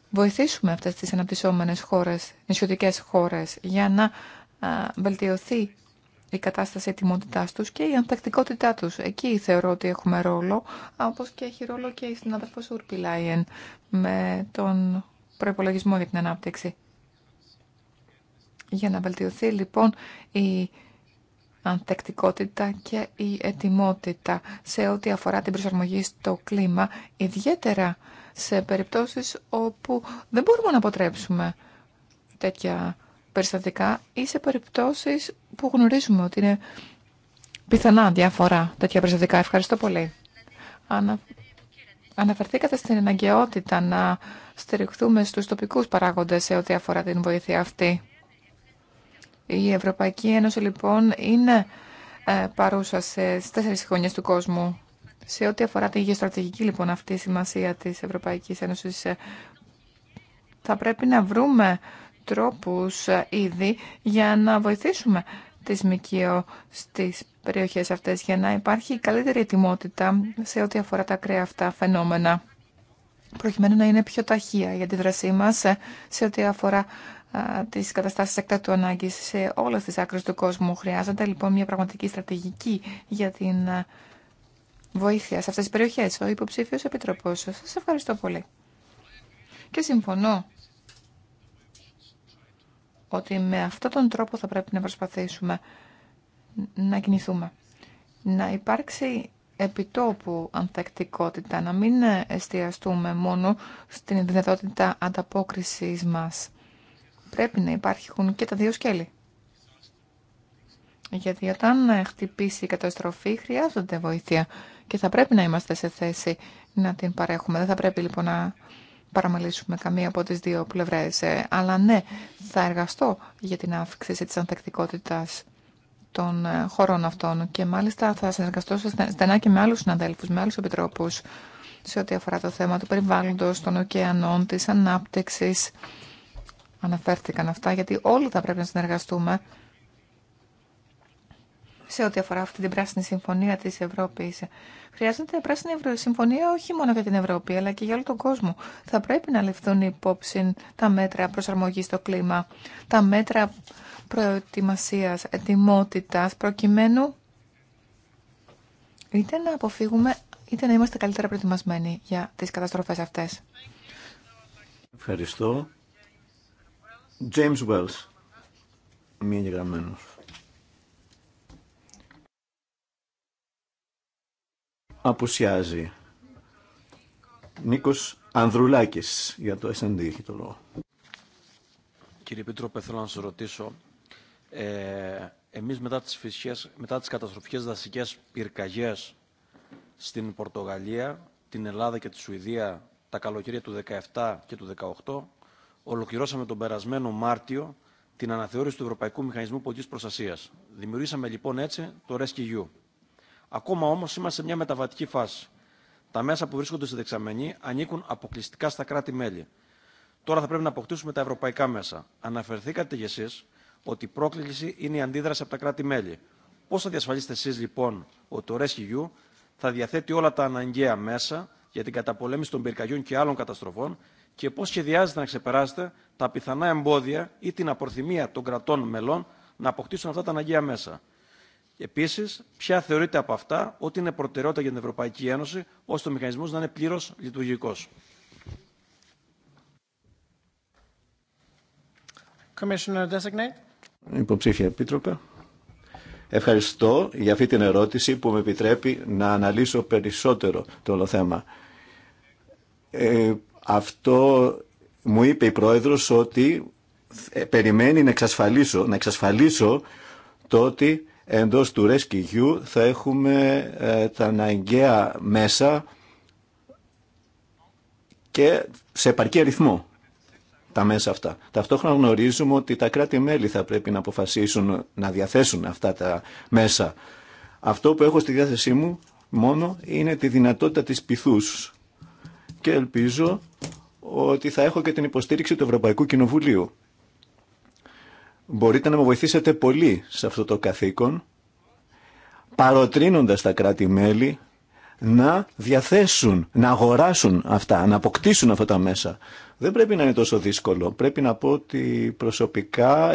Speaker 3: βοηθήσουμε αυτές τις αναπτυσσόμενες χώρες, νησιωτικές χώρες, για να βελτιωθεί η κατάσταση ετοιμότητά του και η ανθεκτικότητά του. Εκεί θεωρώ ότι έχουμε ρόλο, όπω και έχει ρόλο και η συνάδελφο Ουρπιλάιεν με τον προπολογισμό για την ανάπτυξη. Για να βελτιωθεί λοιπόν η ανθεκτικότητα και η ετοιμότητα σε ό,τι αφορά την προσαρμογή στο κλίμα, ιδιαίτερα σε περιπτώσεις όπου δεν μπορούμε να αποτρέψουμε τέτοια περιστατικά ή σε περιπτώσεις που γνωρίζουμε ότι είναι πιθανά διαφορά τέτοια περιστατικά. Ευχαριστώ πολύ. Ανα... Αναφερθήκατε στην αναγκαιότητα να στηριχθούμε στους τοπικούς παράγοντες σε ό,τι αφορά την βοήθεια αυτή. Η Ευρωπαϊκή Ένωση λοιπόν είναι ε, παρούσα σε τέσσερις χρονιές του κόσμου. Σε ό,τι αφορά τη γεωστρατηγική λοιπόν αυτή η σημασία της Ευρωπαϊκής Ένωσης ε, θα πρέπει να βρούμε τρόπους ε, ήδη για να βοηθήσουμε τις ΜΚΟ στις περιοχές αυτές για να υπάρχει καλύτερη ετοιμότητα σε ό,τι αφορά τα ακραία αυτά φαινόμενα προκειμένου να είναι πιο ταχεία για τη δρασή μας σε ό,τι αφορά τις καταστάσεις εκτάτου ανάγκη σε όλε τι άκρε του κόσμου. Χρειάζεται λοιπόν μια πραγματική στρατηγική για την βοήθεια σε αυτές τις περιοχές. Ο υποψήφιο επιτροπό Σα Σας ευχαριστώ πολύ. Και συμφωνώ ότι με αυτόν τον τρόπο θα πρέπει να προσπαθήσουμε να κινηθούμε. Να υπάρξει επιτόπου ανθεκτικότητα, να μην εστιαστούμε μόνο στην δυνατότητα ανταπόκρισης μας πρέπει να υπάρχουν και τα δύο σκέλη. Γιατί όταν χτυπήσει η καταστροφή χρειάζονται βοήθεια και θα πρέπει να είμαστε σε θέση να την παρέχουμε. Δεν θα πρέπει λοιπόν να παραμελήσουμε καμία από τις δύο πλευρές. Ε, αλλά ναι, θα εργαστώ για την αύξηση της ανθεκτικότητας των ε, χωρών αυτών και μάλιστα θα συνεργαστώ στενά και με άλλους συναδέλφους, με άλλους επιτρόπους σε ό,τι αφορά το θέμα του περιβάλλοντος, των ωκεανών, της ανάπτυξης αναφέρθηκαν αυτά, γιατί όλοι θα πρέπει να συνεργαστούμε σε ό,τι αφορά αυτή την πράσινη συμφωνία τη Ευρώπη. Χρειάζεται πράσινη συμφωνία όχι μόνο για την Ευρώπη, αλλά και για όλο τον κόσμο. Θα πρέπει να ληφθούν υπόψη τα μέτρα προσαρμογή στο κλίμα, τα μέτρα προετοιμασία, ετοιμότητα, προκειμένου είτε να αποφύγουμε, είτε να είμαστε καλύτερα προετοιμασμένοι για τις καταστροφές αυτές.
Speaker 2: Ευχαριστώ. James Wells. Μη εγγεγραμμένος. Απουσιάζει. Νίκος Ανδρουλάκης για το S&D έχει το λόγο.
Speaker 5: Κύριε Πίτροπε, θέλω να σας ρωτήσω. Ε, εμείς μετά τις, φυσικές, μετά τις καταστροφικές δασικές πυρκαγιές στην Πορτογαλία, την Ελλάδα και τη Σουηδία τα καλοκαίρια του 17 και του 18, ολοκληρώσαμε τον περασμένο Μάρτιο την αναθεώρηση του Ευρωπαϊκού Μηχανισμού Πολιτική Προστασία. Δημιουργήσαμε λοιπόν έτσι το ΡΕΣΚΙΓΙΟΥ. Ακόμα όμω είμαστε σε μια μεταβατική φάση. Τα μέσα που βρίσκονται στη δεξαμενή ανήκουν αποκλειστικά στα κράτη-μέλη. Τώρα θα πρέπει να αποκτήσουμε τα ευρωπαϊκά μέσα. Αναφερθήκατε κι εσεί ότι η πρόκληση είναι η αντίδραση από τα κράτη-μέλη. Πώ θα διασφαλίσετε εσεί λοιπόν ότι το ΡΕΣΚΙΓΙΟΥ θα διαθέτει όλα τα αναγκαία μέσα για την καταπολέμηση των πυρκαγιών και άλλων καταστροφών και πώς σχεδιάζετε να ξεπεράσετε τα πιθανά εμπόδια ή την απορθυμία των κρατών μελών να αποκτήσουν αυτά τα αναγκαία μέσα. Επίση, ποια θεωρείται από αυτά ότι είναι προτεραιότητα για την Ευρωπαϊκή Ένωση, ώστε ο μηχανισμό να είναι πλήρω λειτουργικό.
Speaker 2: Υποψήφια Επίτροπε. Ευχαριστώ για αυτή την ερώτηση που με επιτρέπει να αναλύσω περισσότερο το όλο θέμα. Ε, αυτό μου είπε η Πρόεδρος ότι ε, περιμένει να εξασφαλίσω, να εξασφαλίσω το ότι εντός του Rescue θα έχουμε ε, τα αναγκαία μέσα και σε επαρκή αριθμό τα μέσα αυτά. Ταυτόχρονα γνωρίζουμε ότι τα κράτη-μέλη θα πρέπει να αποφασίσουν να διαθέσουν αυτά τα μέσα. Αυτό που έχω στη διάθεσή μου μόνο είναι τη δυνατότητα της πυθούς και ελπίζω ότι θα έχω και την υποστήριξη του Ευρωπαϊκού Κοινοβουλίου. Μπορείτε να με βοηθήσετε πολύ σε αυτό το καθήκον, παροτρύνοντας τα κράτη-μέλη να διαθέσουν, να αγοράσουν αυτά, να αποκτήσουν αυτά τα μέσα. Δεν πρέπει να είναι τόσο δύσκολο. Πρέπει να πω ότι προσωπικά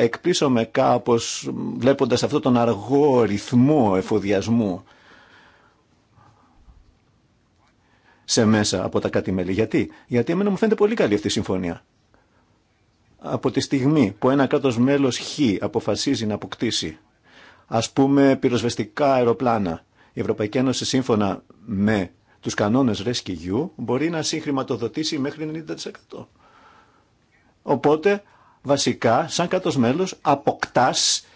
Speaker 2: με κάπως βλέποντας αυτό τον αργό ρυθμό εφοδιασμού σε μέσα από τα κάτι μέλη. Γιατί, Γιατί εμένα μου φαίνεται πολύ καλή αυτή η συμφωνία. Από τη στιγμή που ένα κράτος μέλος Χ αποφασίζει να αποκτήσει ας πούμε πυροσβεστικά αεροπλάνα, η Ευρωπαϊκή Ένωση σύμφωνα με τους κανόνες Rescue μπορεί να συγχρηματοδοτήσει μέχρι 90%. Οπότε βασικά σαν κράτος μέλος αποκτάς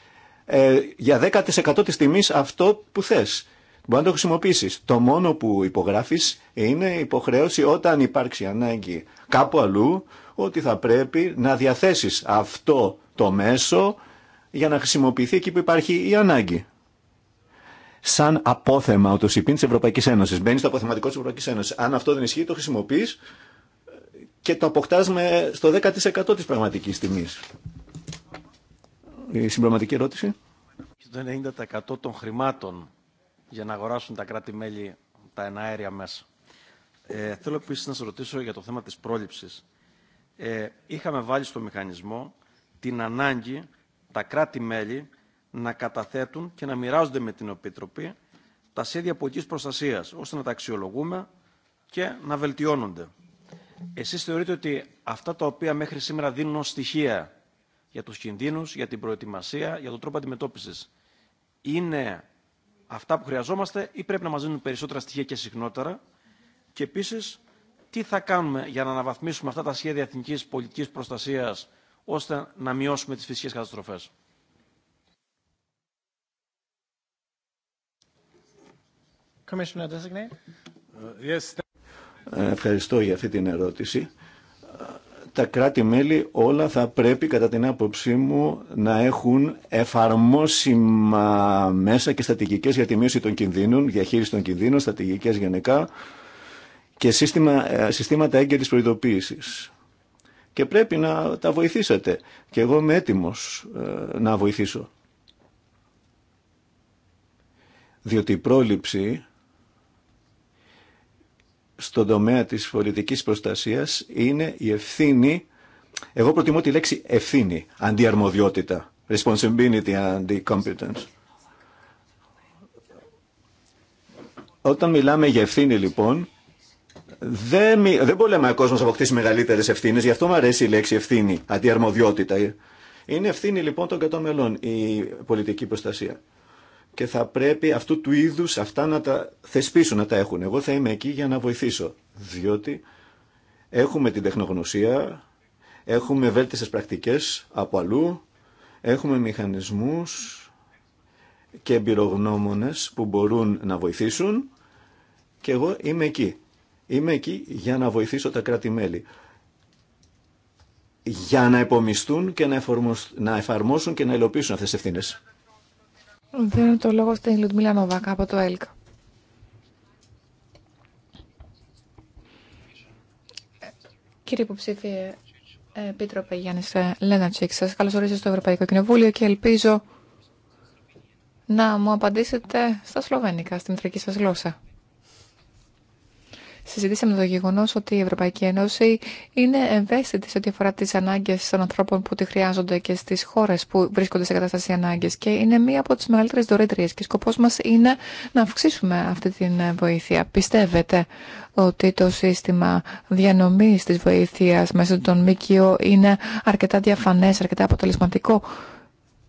Speaker 2: ε, για 10% της τιμής αυτό που θες μπορεί να το χρησιμοποιήσει. Το μόνο που υπογράφει είναι υποχρέωση όταν υπάρξει ανάγκη κάπου αλλού ότι θα πρέπει να διαθέσει αυτό το μέσο για να χρησιμοποιηθεί εκεί που υπάρχει η ανάγκη. Σαν απόθεμα ο το τη Ευρωπαϊκή Ένωση. Μπαίνει στο αποθεματικό τη Ευρωπαϊκή Ένωση. Αν αυτό δεν ισχύει, το χρησιμοποιεί και το αποκτά στο 10% τη πραγματική τιμή. Η συμπληρωματική ερώτηση.
Speaker 5: Το 90% των χρημάτων για να αγοράσουν τα κράτη-μέλη τα εναέρια μέσα. Ε, θέλω επίση να σα ρωτήσω για το θέμα τη πρόληψη. Ε, είχαμε βάλει στο μηχανισμό την ανάγκη τα κράτη-μέλη να καταθέτουν και να μοιράζονται με την Επιτροπή τα σχέδια πολιτική προστασία, ώστε να τα αξιολογούμε και να βελτιώνονται. Εσείς θεωρείτε ότι αυτά τα οποία μέχρι σήμερα δίνουν ως στοιχεία για τους κινδύνους, για την προετοιμασία, για τον τρόπο αντιμετώπισης, είναι αυτά που χρειαζόμαστε ή πρέπει να μας δίνουν περισσότερα στοιχεία και συχνότερα και επίσης τι θα κάνουμε για να αναβαθμίσουμε αυτά τα σχέδια εθνική πολιτικής προστασίας ώστε να μειώσουμε τις φυσικές καταστροφές.
Speaker 2: Ε, ευχαριστώ για αυτή την ερώτηση τα κράτη-μέλη όλα θα πρέπει κατά την άποψή μου να έχουν εφαρμόσιμα μέσα και στατηγικέ για τη μείωση των κινδύνων, διαχείριση των κινδύνων, στατηγικές γενικά και σύστημα, ε, συστήματα έγκαιρης προειδοποίησης. Και πρέπει να τα βοηθήσετε. Και εγώ είμαι έτοιμος ε, να βοηθήσω. Διότι η πρόληψη στον τομέα της πολιτικής προστασίας είναι η ευθύνη, εγώ προτιμώ τη λέξη ευθύνη, αντιαρμοδιότητα, responsibility and competence. Όταν μιλάμε για ευθύνη λοιπόν, δεν, δεν μπορεί να ο κόσμος αποκτήσει μεγαλύτερες ευθύνες, γι' αυτό μου αρέσει η λέξη ευθύνη, αντιαρμοδιότητα. Είναι ευθύνη λοιπόν των 100 η πολιτική προστασία και θα πρέπει αυτού του είδους αυτά να τα θεσπίσουν, να τα έχουν. Εγώ θα είμαι εκεί για να βοηθήσω, διότι έχουμε την τεχνογνωσία, έχουμε βέλτιστες πρακτικές από αλλού, έχουμε μηχανισμούς και εμπειρογνώμονες που μπορούν να βοηθήσουν και εγώ είμαι εκεί. Είμαι εκεί για να βοηθήσω τα κράτη-μέλη. Για να επομιστούν και να, εφαρμόσουν και να υλοποιήσουν αυτές τις ευθύνες.
Speaker 3: Δίνω το λόγο στην Λουτμίλα Νοβάκα από το ΕΛΚ. Κύριε υποψήφιε Επίτροπε Γιάννη Λένατσικ, σας καλωσορίζω στο Ευρωπαϊκό Κοινοβούλιο και ελπίζω να μου απαντήσετε στα σλοβενικά, στη μητρική σας γλώσσα συζητήσαμε το γεγονό ότι η Ευρωπαϊκή Ένωση είναι ευαίσθητη σε ό,τι αφορά τι ανάγκε των ανθρώπων που τη χρειάζονται και στι χώρε που βρίσκονται σε κατάσταση ανάγκη και είναι μία από τι μεγαλύτερε δωρήτριε. Και σκοπό μα είναι να αυξήσουμε αυτή την βοήθεια. Πιστεύετε ότι το σύστημα διανομή τη βοήθεια μέσω των ΜΚΟ είναι αρκετά διαφανέ, αρκετά αποτελεσματικό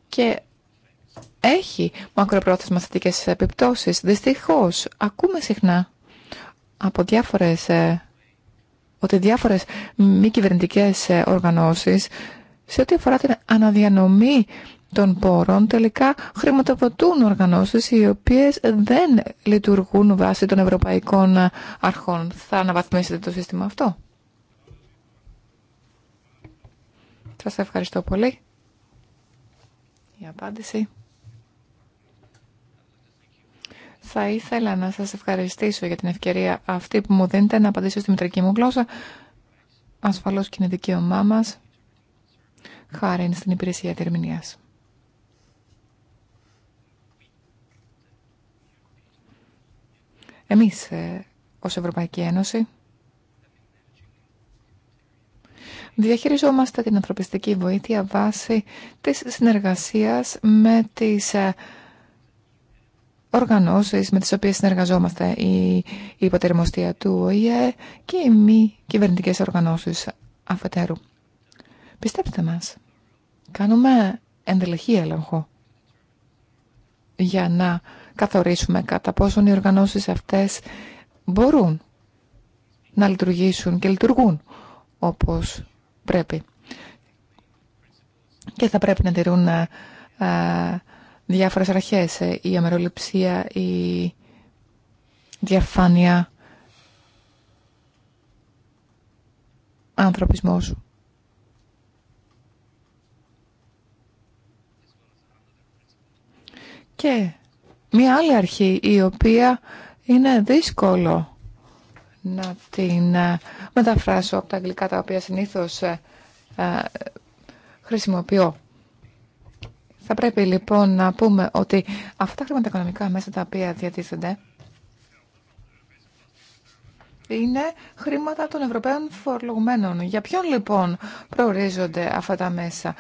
Speaker 3: και έχει μακροπρόθεσμα θετικέ επιπτώσει. Δυστυχώ, ακούμε συχνά από διάφορες, ε, ότι διάφορες μη κυβερνητικέ ε, οργανώσεις σε ό,τι αφορά την αναδιανομή των πόρων τελικά χρηματοδοτούν οργανώσεις οι οποίες δεν λειτουργούν βάσει των ευρωπαϊκών ε, αρχών. Θα αναβαθμίσετε το σύστημα αυτό. Σας ευχαριστώ πολύ. Η απάντηση. Θα ήθελα να σας ευχαριστήσω για την ευκαιρία αυτή που μου δίνετε να απαντήσω στη μητρική μου γλώσσα. Ασφαλώς και είναι δικαίωμά μας. Χάρη στην υπηρεσία διερμηνίας. Εμείς ε, ως Ευρωπαϊκή Ένωση διαχειριζόμαστε την ανθρωπιστική βοήθεια βάσει της συνεργασίας με τις ε, οργανώσεις με τις οποίες συνεργαζόμαστε, η υποτερμοστία του ΟΗΕ και οι μη κυβερνητικές οργανώσεις αφετέρου. Πιστέψτε μας, κάνουμε εντελεχή έλεγχο για να καθορίσουμε κατά πόσον οι οργανώσεις αυτές μπορούν να λειτουργήσουν και λειτουργούν όπως πρέπει. Και θα πρέπει να τηρούν ε, ε, διάφορες αρχές, ε, η αμεροληψία, η διαφάνεια, ανθρωπισμός. Και μία άλλη αρχή η οποία είναι δύσκολο να την ε, μεταφράσω από τα αγγλικά τα οποία συνήθως ε, χρησιμοποιώ θα πρέπει λοιπόν να πούμε ότι αυτά τα χρήματα οικονομικά μέσα τα οποία διατίθενται είναι χρήματα των Ευρωπαίων φορολογουμένων. Για ποιον λοιπόν προορίζονται αυτά τα μέσα,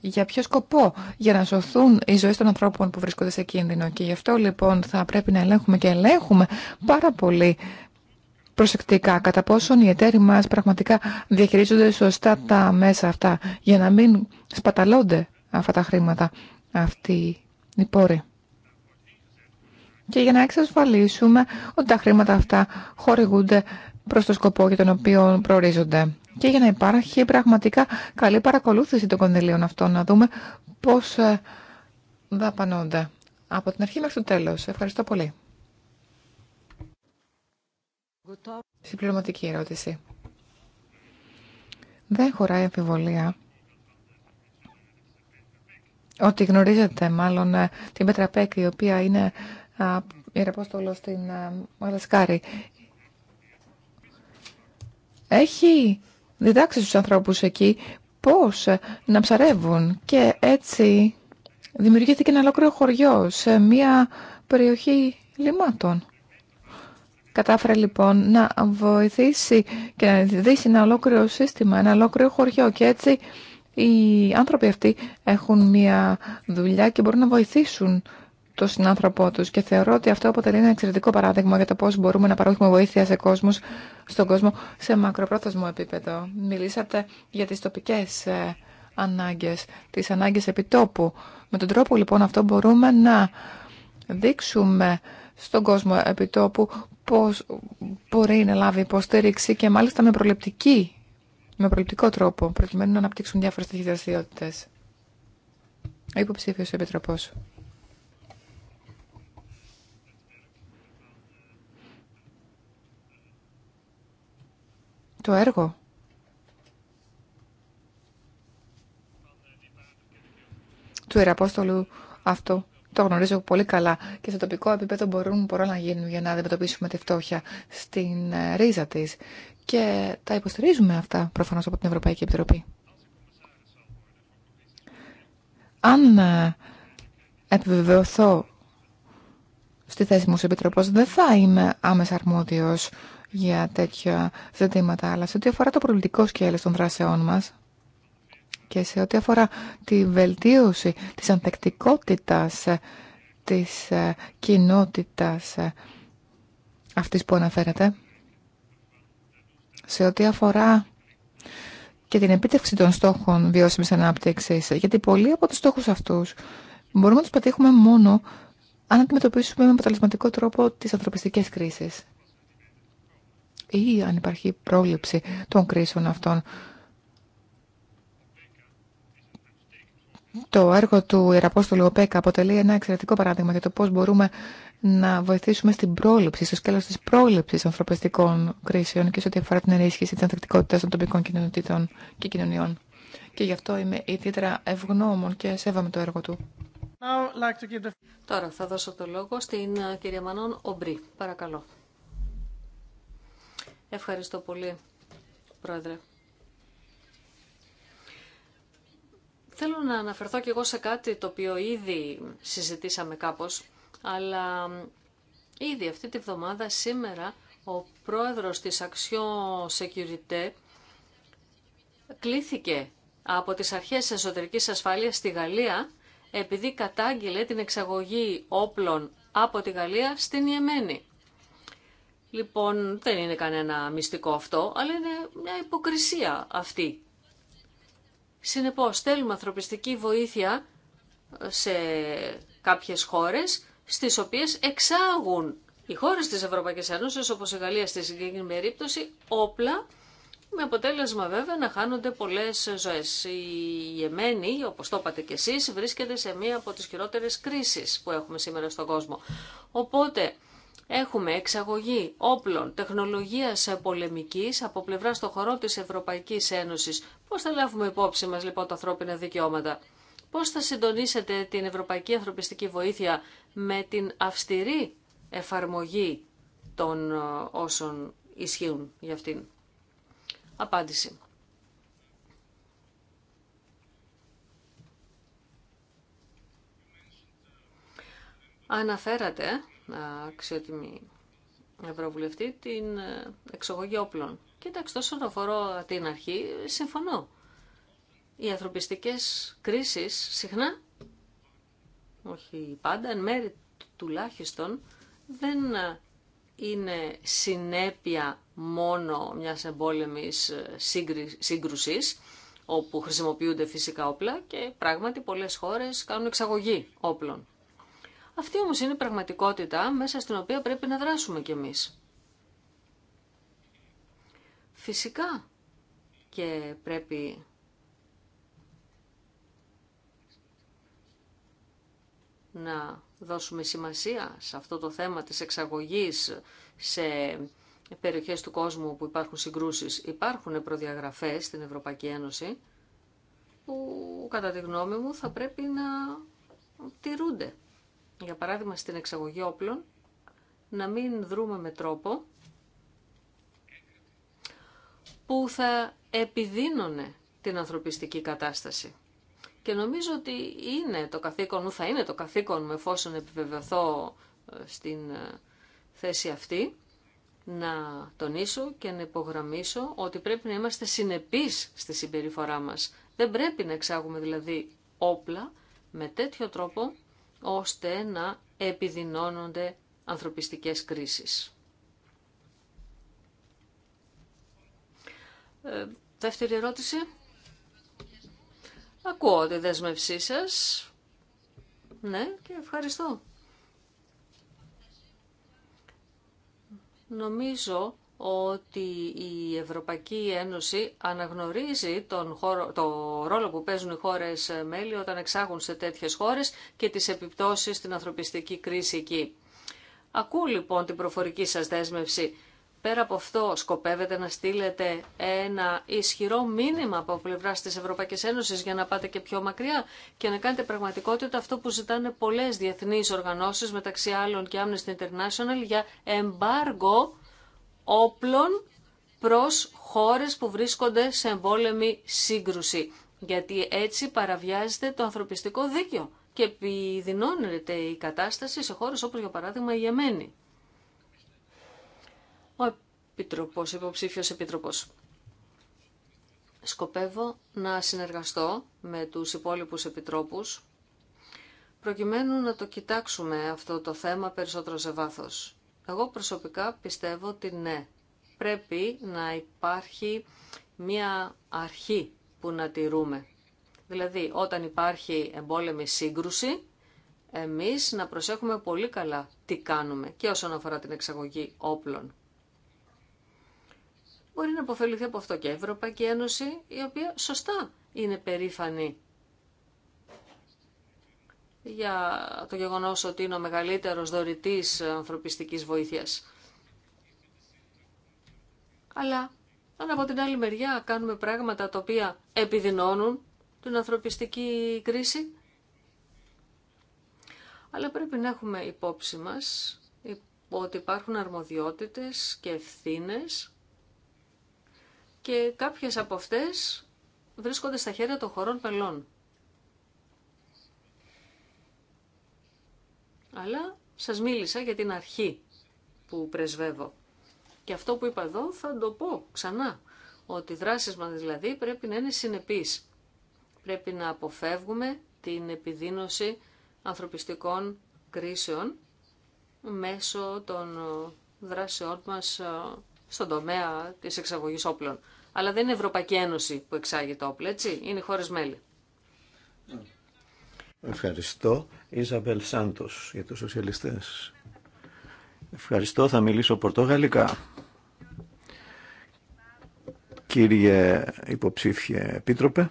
Speaker 3: για ποιο σκοπό, για να σωθούν οι ζωέ των ανθρώπων που βρίσκονται σε κίνδυνο. Και γι' αυτό λοιπόν θα πρέπει να ελέγχουμε και ελέγχουμε πάρα πολύ προσεκτικά κατά πόσον οι εταίροι μα πραγματικά διαχειρίζονται σωστά τα μέσα αυτά για να μην σπαταλώνται αυτά τα χρήματα, αυτή η πόρη. Και για να εξασφαλίσουμε ότι τα χρήματα αυτά χορηγούνται προς το σκοπό για τον οποίο προορίζονται. Και για να υπάρχει πραγματικά καλή παρακολούθηση των κονδυλίων αυτών, να δούμε πώς ε, δαπανώνται. Από την αρχή μέχρι το τέλος. Ευχαριστώ πολύ. Συμπληρωματική ερώτηση. Δεν χωράει αμφιβολία ότι γνωρίζετε μάλλον ε, την Πέτρα Πέκ, η οποία είναι ιεραπόστολο στην ε, Μαλασκάρη. Έχει διδάξει τους ανθρώπους εκεί πώς ε, να ψαρεύουν και έτσι δημιουργήθηκε ένα ολόκληρο χωριό σε μια περιοχή λιμάτων. Κατάφερε λοιπόν να βοηθήσει και να διδύσει ένα ολόκληρο σύστημα, ένα ολόκληρο χωριό και έτσι οι άνθρωποι αυτοί έχουν μια δουλειά και μπορούν να βοηθήσουν τον συνάνθρωπό του. Και θεωρώ ότι αυτό αποτελεί ένα εξαιρετικό παράδειγμα για το πώ μπορούμε να παρέχουμε βοήθεια σε κόσμους, στον κόσμο σε μακροπρόθεσμο επίπεδο. Μιλήσατε για τι τοπικέ ε, ανάγκες, τις ανάγκες επιτόπου. Με τον τρόπο λοιπόν αυτό μπορούμε να δείξουμε στον κόσμο επιτόπου πώς μπορεί να λάβει υποστήριξη και μάλιστα με προληπτική με προληπτικό τρόπο, προκειμένου να αναπτύξουν διάφορε τέτοιε δραστηριότητε. Ο υποψήφιο επιτροπό. Το έργο. Του Ιεραπόστολου αυτό το γνωρίζω πολύ καλά και στο τοπικό επίπεδο μπορούν πολλά να γίνουν για να αντιμετωπίσουμε τη φτώχεια στην ε, ρίζα τη. Και τα υποστηρίζουμε αυτά προφανώ από την Ευρωπαϊκή Επιτροπή. Αν ε, επιβεβαιωθώ στη θέση μου ως Επιτροπός, δεν θα είμαι άμεσα αρμόδιος για τέτοια ζητήματα, αλλά σε ό,τι αφορά το προληπτικό σκέλος των δράσεών μας, και σε ό,τι αφορά τη βελτίωση της ανθεκτικότητας ε, της ε, κοινότητας ε, αυτής που αναφέρατε, σε ό,τι αφορά και την επίτευξη των στόχων βιώσιμης ανάπτυξης, γιατί πολλοί από τους στόχους αυτούς μπορούμε να τους πετύχουμε μόνο αν αντιμετωπίσουμε με αποτελεσματικό τρόπο τις ανθρωπιστικές κρίσεις ή αν υπάρχει πρόληψη των κρίσεων αυτών Το έργο του Ιεραπόστολου ΟΠΕΚΑ αποτελεί ένα εξαιρετικό παράδειγμα για το πώς μπορούμε να βοηθήσουμε στην πρόληψη, στο σκέλος της πρόληψης ανθρωπιστικών κρίσεων και σε ό,τι αφορά την ενίσχυση της ανθεκτικότητας των τοπικών κοινωνιτήτων και κοινωνιών. Και γι' αυτό είμαι ιδιαίτερα ευγνώμων και σέβομαι το έργο του.
Speaker 4: Like
Speaker 1: the... Τώρα θα δώσω το λόγο στην κυρία Μανών Ομπρή. Παρακαλώ. Ευχαριστώ πολύ, Πρόεδρε. Θέλω να αναφερθώ και εγώ σε κάτι το οποίο ήδη συζητήσαμε κάπως, αλλά ήδη αυτή τη βδομάδα σήμερα ο πρόεδρος της Action Securité κλήθηκε από τις αρχές εσωτερικής ασφάλειας στη Γαλλία επειδή κατάγγειλε την εξαγωγή όπλων από τη Γαλλία στην Ιεμένη. Λοιπόν, δεν είναι κανένα μυστικό αυτό, αλλά είναι μια υποκρισία αυτή Συνεπώς, στέλνουμε ανθρωπιστική βοήθεια ε, σε κάποιες χώρες, στις οποίες εξάγουν οι χώρες της Ευρωπαϊκής Ένωσης, όπως η Γαλλία στη συγκεκριμένη περίπτωση, όπλα, με αποτέλεσμα βέβαια να χάνονται πολλές ζωές. Η Εμένη, όπως το είπατε και εσείς, βρίσκεται σε μία από τις χειρότερες κρίσεις που έχουμε σήμερα στον κόσμο. Οπότε, Έχουμε εξαγωγή όπλων, τεχνολογίας πολεμικής από πλευρά στο χωρό της Ευρωπαϊκής Ένωσης. Πώς θα λάβουμε υπόψη μας λοιπόν τα ανθρώπινα δικαιώματα. Πώς θα συντονίσετε την Ευρωπαϊκή Ανθρωπιστική Βοήθεια με την αυστηρή εφαρμογή των ε, όσων ισχύουν για αυτήν. Απάντηση. Αναφέρατε αξιότιμη Ευρωβουλευτή, την ε, εξογωγή όπλων. Κοίταξε, όσον αφορά την αρχή, συμφωνώ. Οι ανθρωπιστικές κρίσεις συχνά, όχι πάντα, εν μέρη τουλάχιστον, δεν ε, είναι συνέπεια μόνο μιας εμπόλεμης ε, σύγκρουσης, όπου χρησιμοποιούνται φυσικά όπλα και πράγματι πολλές χώρες κάνουν εξαγωγή όπλων. Αυτή όμως είναι η πραγματικότητα μέσα στην οποία πρέπει να δράσουμε κι εμείς. Φυσικά και πρέπει να δώσουμε σημασία σε αυτό το θέμα της εξαγωγής σε περιοχές του κόσμου που υπάρχουν συγκρούσεις. Υπάρχουν προδιαγραφές στην Ευρωπαϊκή Ένωση που κατά τη γνώμη μου θα πρέπει να τηρούνται για παράδειγμα στην εξαγωγή όπλων, να μην δρούμε με τρόπο που θα επιδίνωνε την ανθρωπιστική κατάσταση. Και νομίζω ότι είναι το καθήκον, θα είναι το καθήκον μου εφόσον επιβεβαιωθώ ε, στην ε, θέση αυτή, να τονίσω και να υπογραμμίσω ότι πρέπει να είμαστε συνεπείς στη συμπεριφορά μας. Δεν πρέπει να εξάγουμε δηλαδή όπλα με τέτοιο τρόπο ώστε να επιδεινώνονται ανθρωπιστικές κρίσεις. Ε, δεύτερη ερώτηση. Ακούω τη δέσμευσή σας. Ναι, και ευχαριστώ. Νομίζω ότι η Ευρωπαϊκή Ένωση αναγνωρίζει τον το ρόλο που παίζουν οι χώρες μέλη όταν εξάγουν σε τέτοιες χώρες και τις επιπτώσεις στην ανθρωπιστική κρίση εκεί. Ακούω λοιπόν την προφορική σας δέσμευση. Πέρα από αυτό, σκοπεύετε να στείλετε ένα ισχυρό μήνυμα από πλευρά τη Ευρωπαϊκή Ένωση για να πάτε και πιο μακριά και να κάνετε πραγματικότητα αυτό που ζητάνε πολλέ διεθνεί οργανώσει, μεταξύ άλλων και Amnesty International, για εμπάργκο όπλων προς χώρες που βρίσκονται σε εμπόλεμη σύγκρουση. Γιατί έτσι παραβιάζεται το ανθρωπιστικό δίκαιο και επιδεινώνεται η κατάσταση σε χώρες όπως για παράδειγμα η Εμένη. Ο Επιτροπός, υποψήφιος Επιτροπός. Σκοπεύω να συνεργαστώ με τους υπόλοιπους Επιτρόπους προκειμένου να το κοιτάξουμε αυτό το θέμα περισσότερο σε βάθος. Εγώ προσωπικά πιστεύω ότι ναι. Πρέπει να υπάρχει μία αρχή που να τηρούμε. Δηλαδή, όταν υπάρχει εμπόλεμη σύγκρουση, εμείς να προσέχουμε πολύ καλά τι κάνουμε και όσον αφορά την εξαγωγή όπλων. Μπορεί να αποφεληθεί από αυτό και η Ευρωπαϊκή Ένωση, η οποία σωστά είναι περήφανη για το γεγονός ότι είναι ο μεγαλύτερος δωρητής ανθρωπιστικής βοήθειας. Αλλά αν από την άλλη μεριά κάνουμε πράγματα τα οποία επιδεινώνουν την ανθρωπιστική κρίση, αλλά πρέπει να έχουμε υπόψη μας ότι υπάρχουν αρμοδιότητες και ευθύνε και κάποιες από αυτές βρίσκονται στα χέρια των χωρών πελών. Αλλά σας μίλησα για την αρχή που πρεσβεύω. Και αυτό που είπα εδώ θα το πω ξανά, ότι οι δράσεις μας δηλαδή πρέπει να είναι συνεπείς. Πρέπει να αποφεύγουμε την επιδίνωση ανθρωπιστικών κρίσεων μέσω των ε, δράσεών μας ε, στον τομέα της εξαγωγής όπλων. Αλλά δεν είναι Ευρωπαϊκή Ένωση που εξάγει τα όπλα, έτσι. Είναι οι χώρες μέλη.
Speaker 2: Ναι. Ευχαριστώ. Ιζαμπέλ Σάντος για τους σοσιαλιστές. Ευχαριστώ. Θα μιλήσω πορτογαλικά. Κύριε υποψήφιε επίτροπε,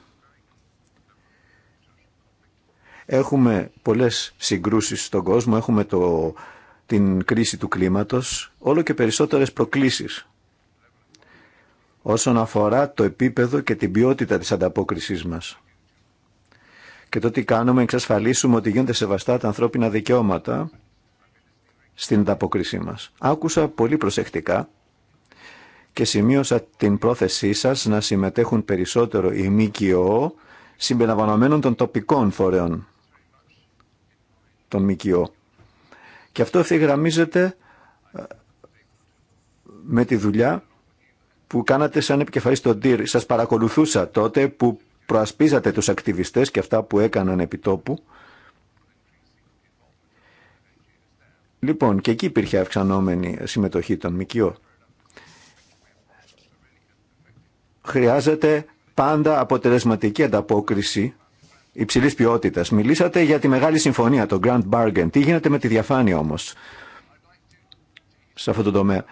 Speaker 2: έχουμε πολλές συγκρούσεις στον κόσμο, έχουμε το, την κρίση του κλίματος, όλο και περισσότερες προκλήσεις όσον αφορά το επίπεδο και την ποιότητα της ανταπόκρισής μας και το τι κάνουμε εξασφαλίσουμε ότι γίνονται σεβαστά τα ανθρώπινα δικαιώματα στην ανταποκρισή μας. Άκουσα πολύ προσεκτικά και σημείωσα την πρόθεσή σας να συμμετέχουν περισσότερο οι ΜΚΟ συμπεριλαμβανομένων των τοπικών φορέων των ΜΚΟ. Και αυτό ευθυγραμμίζεται ε, με τη δουλειά που κάνατε σαν επικεφαλής στον ΤΥΡ. Σας παρακολουθούσα τότε που προασπίζατε τους ακτιβιστές και αυτά που έκαναν επί τόπου. Λοιπόν, και εκεί υπήρχε αυξανόμενη συμμετοχή των ΜΚΙΟ. Χρειάζεται πάντα αποτελεσματική ανταπόκριση υψηλή ποιότητα. Μιλήσατε για τη μεγάλη συμφωνία, το Grand Bargain. Τι γίνεται με τη διαφάνεια όμω σε αυτό το τομέα.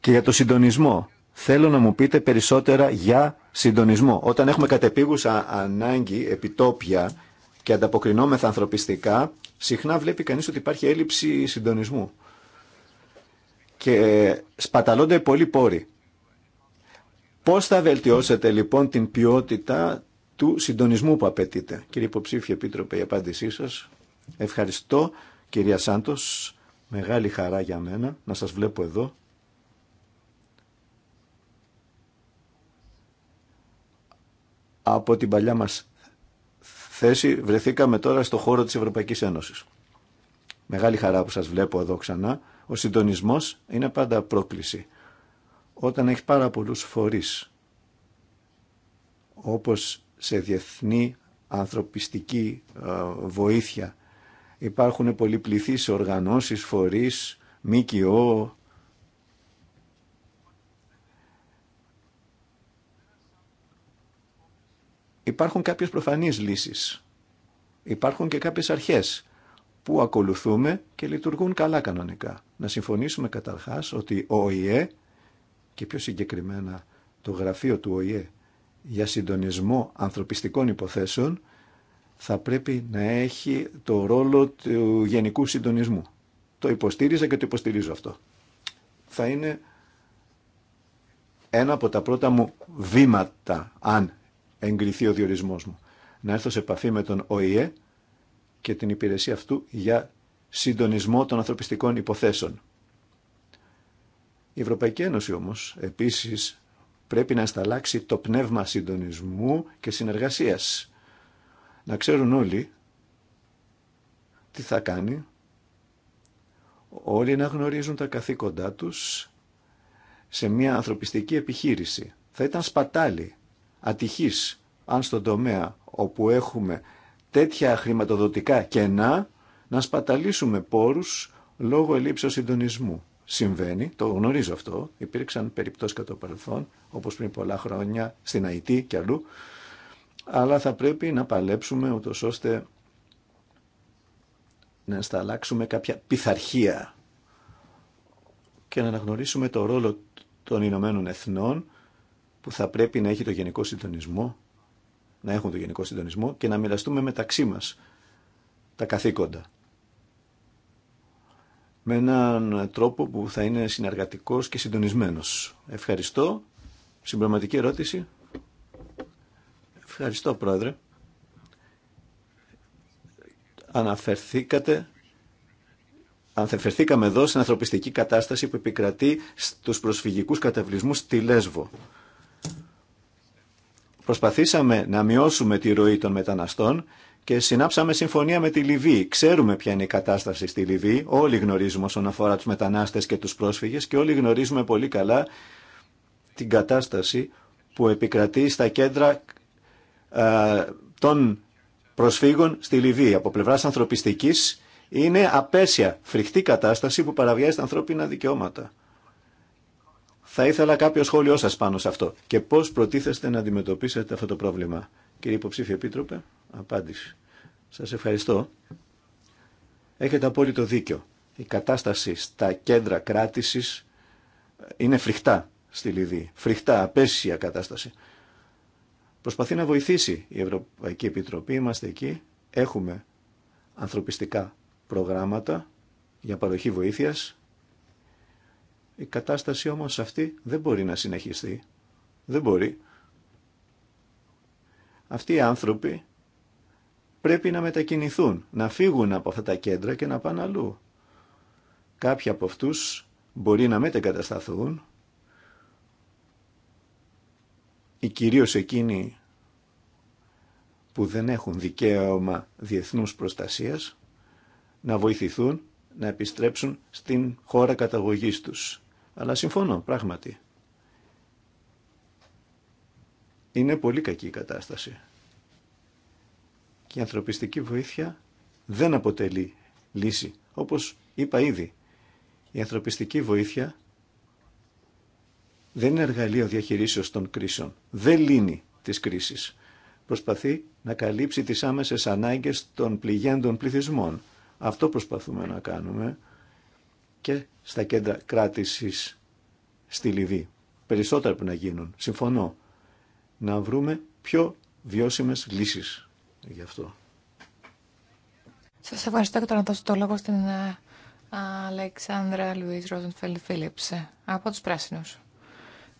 Speaker 2: Και για το συντονισμό Θέλω να μου πείτε περισσότερα για συντονισμό. Όταν έχουμε κατεπίγουσα ανάγκη επιτόπια και ανταποκρινόμεθα ανθρωπιστικά, συχνά βλέπει κανείς ότι υπάρχει έλλειψη συντονισμού. Και σπαταλώνται πολλοί πόροι. Πώς θα βελτιώσετε λοιπόν την ποιότητα του συντονισμού που απαιτείται. Κύριε Υποψήφιε Επίτροπε, η απάντησή σας. Ευχαριστώ κυρία Σάντος. Μεγάλη χαρά για μένα να σας βλέπω εδώ. από την παλιά μας θέση βρεθήκαμε τώρα στο χώρο της Ευρωπαϊκής Ένωσης. Μεγάλη χαρά που σας βλέπω εδώ ξανά. Ο συντονισμός είναι πάντα πρόκληση. Όταν έχει πάρα πολλούς φορείς, όπως σε διεθνή ανθρωπιστική ε, βοήθεια, υπάρχουν πολυπληθείς οργανώσεις, φορείς, ΜΚΟ, Υπάρχουν κάποιες προφανείς λύσεις. Υπάρχουν και κάποιες αρχές που ακολουθούμε και λειτουργούν καλά κανονικά. Να συμφωνήσουμε καταρχάς ότι ο ΟΗΕ και πιο συγκεκριμένα το γραφείο του ΟΗΕ για συντονισμό ανθρωπιστικών υποθέσεων θα πρέπει να έχει το ρόλο του γενικού συντονισμού. Το υποστήριζα και το υποστηρίζω αυτό. Θα είναι ένα από τα πρώτα μου βήματα αν εγκριθεί ο διορισμός μου. Να έρθω σε επαφή με τον ΟΗΕ και την υπηρεσία αυτού για συντονισμό των ανθρωπιστικών υποθέσεων. Η Ευρωπαϊκή Ένωση όμως επίσης πρέπει να ασταλάξει το πνεύμα συντονισμού και συνεργασίας. Να ξέρουν όλοι τι θα κάνει, όλοι να γνωρίζουν τα καθήκοντά τους σε μια ανθρωπιστική επιχείρηση. Θα ήταν σπατάλη ατυχής αν στον τομέα όπου έχουμε τέτοια χρηματοδοτικά κενά να σπαταλήσουμε πόρους λόγω ελλείψεως συντονισμού. Συμβαίνει, το γνωρίζω αυτό, υπήρξαν περιπτώσεις κατά το παρελθόν, όπως πριν πολλά χρόνια στην ΑΕΤ και αλλού, αλλά θα πρέπει να παλέψουμε ούτως ώστε να σταλάξουμε κάποια πειθαρχία και να αναγνωρίσουμε το ρόλο των Ηνωμένων Εθνών που θα πρέπει να έχει το γενικό συντονισμό, να έχουν το γενικό συντονισμό και να μοιραστούμε μεταξύ μας τα καθήκοντα. Με έναν τρόπο που θα είναι συνεργατικός και συντονισμένος. Ευχαριστώ. Συμπληρωματική ερώτηση. Ευχαριστώ, Πρόεδρε. Αναφερθήκατε Ανθεφερθήκαμε εδώ στην ανθρωπιστική κατάσταση που επικρατεί στους προσφυγικούς καταβλισμούς στη Λέσβο. Προσπαθήσαμε να μειώσουμε τη ροή των μεταναστών και συνάψαμε συμφωνία με τη Λιβύη. Ξέρουμε ποια είναι η κατάσταση στη Λιβύη. Όλοι γνωρίζουμε όσον αφορά του μετανάστε και του πρόσφυγες και όλοι γνωρίζουμε πολύ καλά την κατάσταση που επικρατεί στα κέντρα α, ε, των προσφύγων στη Λιβύη. Από πλευρά ανθρωπιστική είναι απέσια, φρικτή κατάσταση που παραβιάζει τα ανθρώπινα δικαιώματα. Θα ήθελα κάποιο σχόλιο σα πάνω σε αυτό. Και πώς προτίθεστε να αντιμετωπίσετε αυτό το πρόβλημα. Κύριε Υποψήφιο Επίτροπε, απάντηση. Σα ευχαριστώ. Έχετε απόλυτο δίκιο. Η κατάσταση στα κέντρα κράτηση ε, είναι φρικτά στη Λιβύη. Φρικτά, απέσια κατάσταση. Προσπαθεί να βοηθήσει η Ευρωπαϊκή Επιτροπή. Είμαστε εκεί. Έχουμε ανθρωπιστικά προγράμματα για παροχή βοήθειας η κατάσταση όμως αυτή δεν μπορεί να συνεχιστεί. Δεν μπορεί. Αυτοί οι άνθρωποι πρέπει να μετακινηθούν, να φύγουν από αυτά τα κέντρα και να πάνε αλλού. Κάποιοι από αυτούς μπορεί να μετεγκατασταθούν. ή κυρίως εκείνοι που δεν έχουν δικαίωμα διεθνούς προστασίας να βοηθηθούν να επιστρέψουν στην χώρα καταγωγής τους. Αλλά συμφωνώ, πράγματι. Είναι πολύ κακή η κατάσταση. Και η ανθρωπιστική βοήθεια δεν αποτελεί λύση. Όπως είπα ήδη, η ανθρωπιστική βοήθεια δεν είναι εργαλείο διαχειρίσεως των κρίσεων. Δεν λύνει τις κρίσεις. Προσπαθεί να καλύψει τις άμεσες ανάγκες των πληγέντων πληθυσμών. Αυτό προσπαθούμε να κάνουμε και στα κέντρα κράτησης στη Λιβύη. Περισσότερα πρέπει να γίνουν. Συμφωνώ. Να βρούμε πιο βιώσιμες λύσεις γι' αυτό.
Speaker 3: Σας ευχαριστώ και τώρα να δώσω το λόγο στην ε, Αλεξάνδρα Λουίς Ρόζενφελ ε, από τους Πράσινους.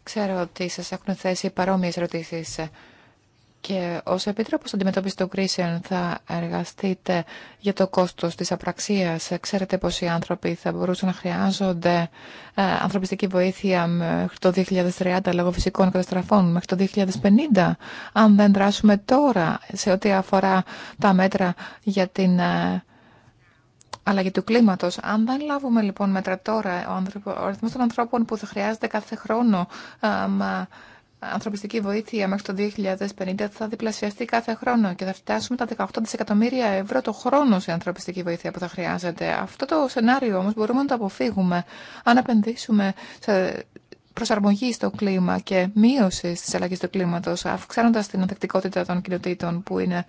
Speaker 3: Ξέρω ότι σας έχουν θέσει παρόμοιες ερωτήσεις ε, και ως Επίτροπος Αντιμετώπισης των Κρίσεων θα εργαστείτε για το κόστος της απραξίας. Ξέρετε πως οι άνθρωποι θα μπορούσαν να χρειάζονται ε, ανθρωπιστική βοήθεια μέχρι το 2030 λόγω φυσικών καταστραφών, μέχρι το 2050, αν δεν δράσουμε τώρα σε ό,τι αφορά τα μέτρα για την ε, αλλαγή του κλίματο. Αν δεν λάβουμε λοιπόν μέτρα τώρα, ο αριθμό των ανθρώπων που θα χρειάζεται κάθε χρόνο ε, ανθρωπιστική βοήθεια μέχρι το 2050 θα διπλασιαστεί κάθε χρόνο και θα φτάσουμε τα 18 δισεκατομμύρια ευρώ το χρόνο σε ανθρωπιστική βοήθεια που θα χρειάζεται. Αυτό το σενάριο όμως μπορούμε να το αποφύγουμε αν επενδύσουμε σε προσαρμογή στο κλίμα και μείωση στις αλλαγές του κλίματος, αυξάνοντας την ανθεκτικότητα των κοινοτήτων που είναι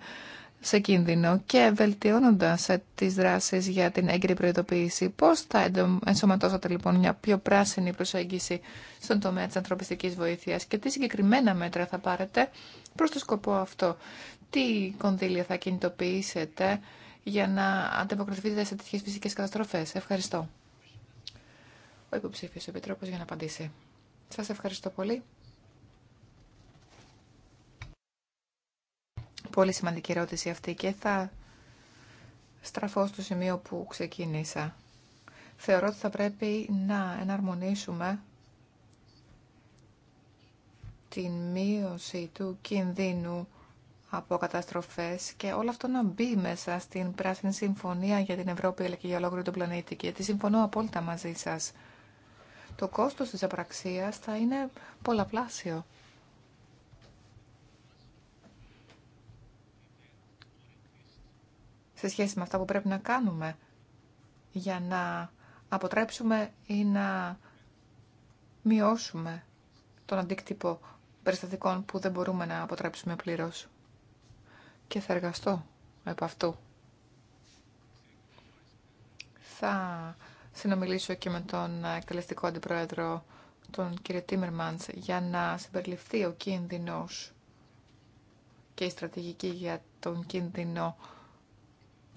Speaker 3: σε κίνδυνο και βελτιώνοντας ε, τις δράσει για την έγκυρη προειδοποίηση. Πώς θα ενσωματώσατε λοιπόν μια πιο πράσινη προσέγγιση στον τομέα τη ανθρωπιστική βοήθεια και τι συγκεκριμένα μέτρα θα πάρετε προς το σκοπό αυτό. Τι κονδύλια θα κινητοποιήσετε για να ανταποκριθείτε σε τέτοιε φυσικέ καταστροφέ. Ευχαριστώ. Ο υποψήφιο επιτρόπο για να απαντήσει. Σα ευχαριστώ πολύ. Πολύ σημαντική ερώτηση αυτή και θα στραφώ στο σημείο που ξεκίνησα. Θεωρώ ότι θα πρέπει να εναρμονίσουμε την μείωση του κινδύνου από καταστροφές και όλο αυτό να μπει μέσα στην Πράσινη Συμφωνία για την Ευρώπη αλλά και για ολόκληρο τον πλανήτη και τη συμφωνώ απόλυτα μαζί σας. Το κόστος της απραξίας θα είναι πολλαπλάσιο σε σχέση με αυτά που πρέπει να κάνουμε για να αποτρέψουμε ή να μειώσουμε τον αντίκτυπο περιστατικών που δεν μπορούμε να αποτρέψουμε πλήρως. Και θα εργαστώ επ' αυτού. Θα συνομιλήσω και με τον εκτελεστικό αντιπρόεδρο, τον κύριο Τίμερμαντς, για να συμπεριληφθεί ο κίνδυνος και η στρατηγική για τον κίνδυνο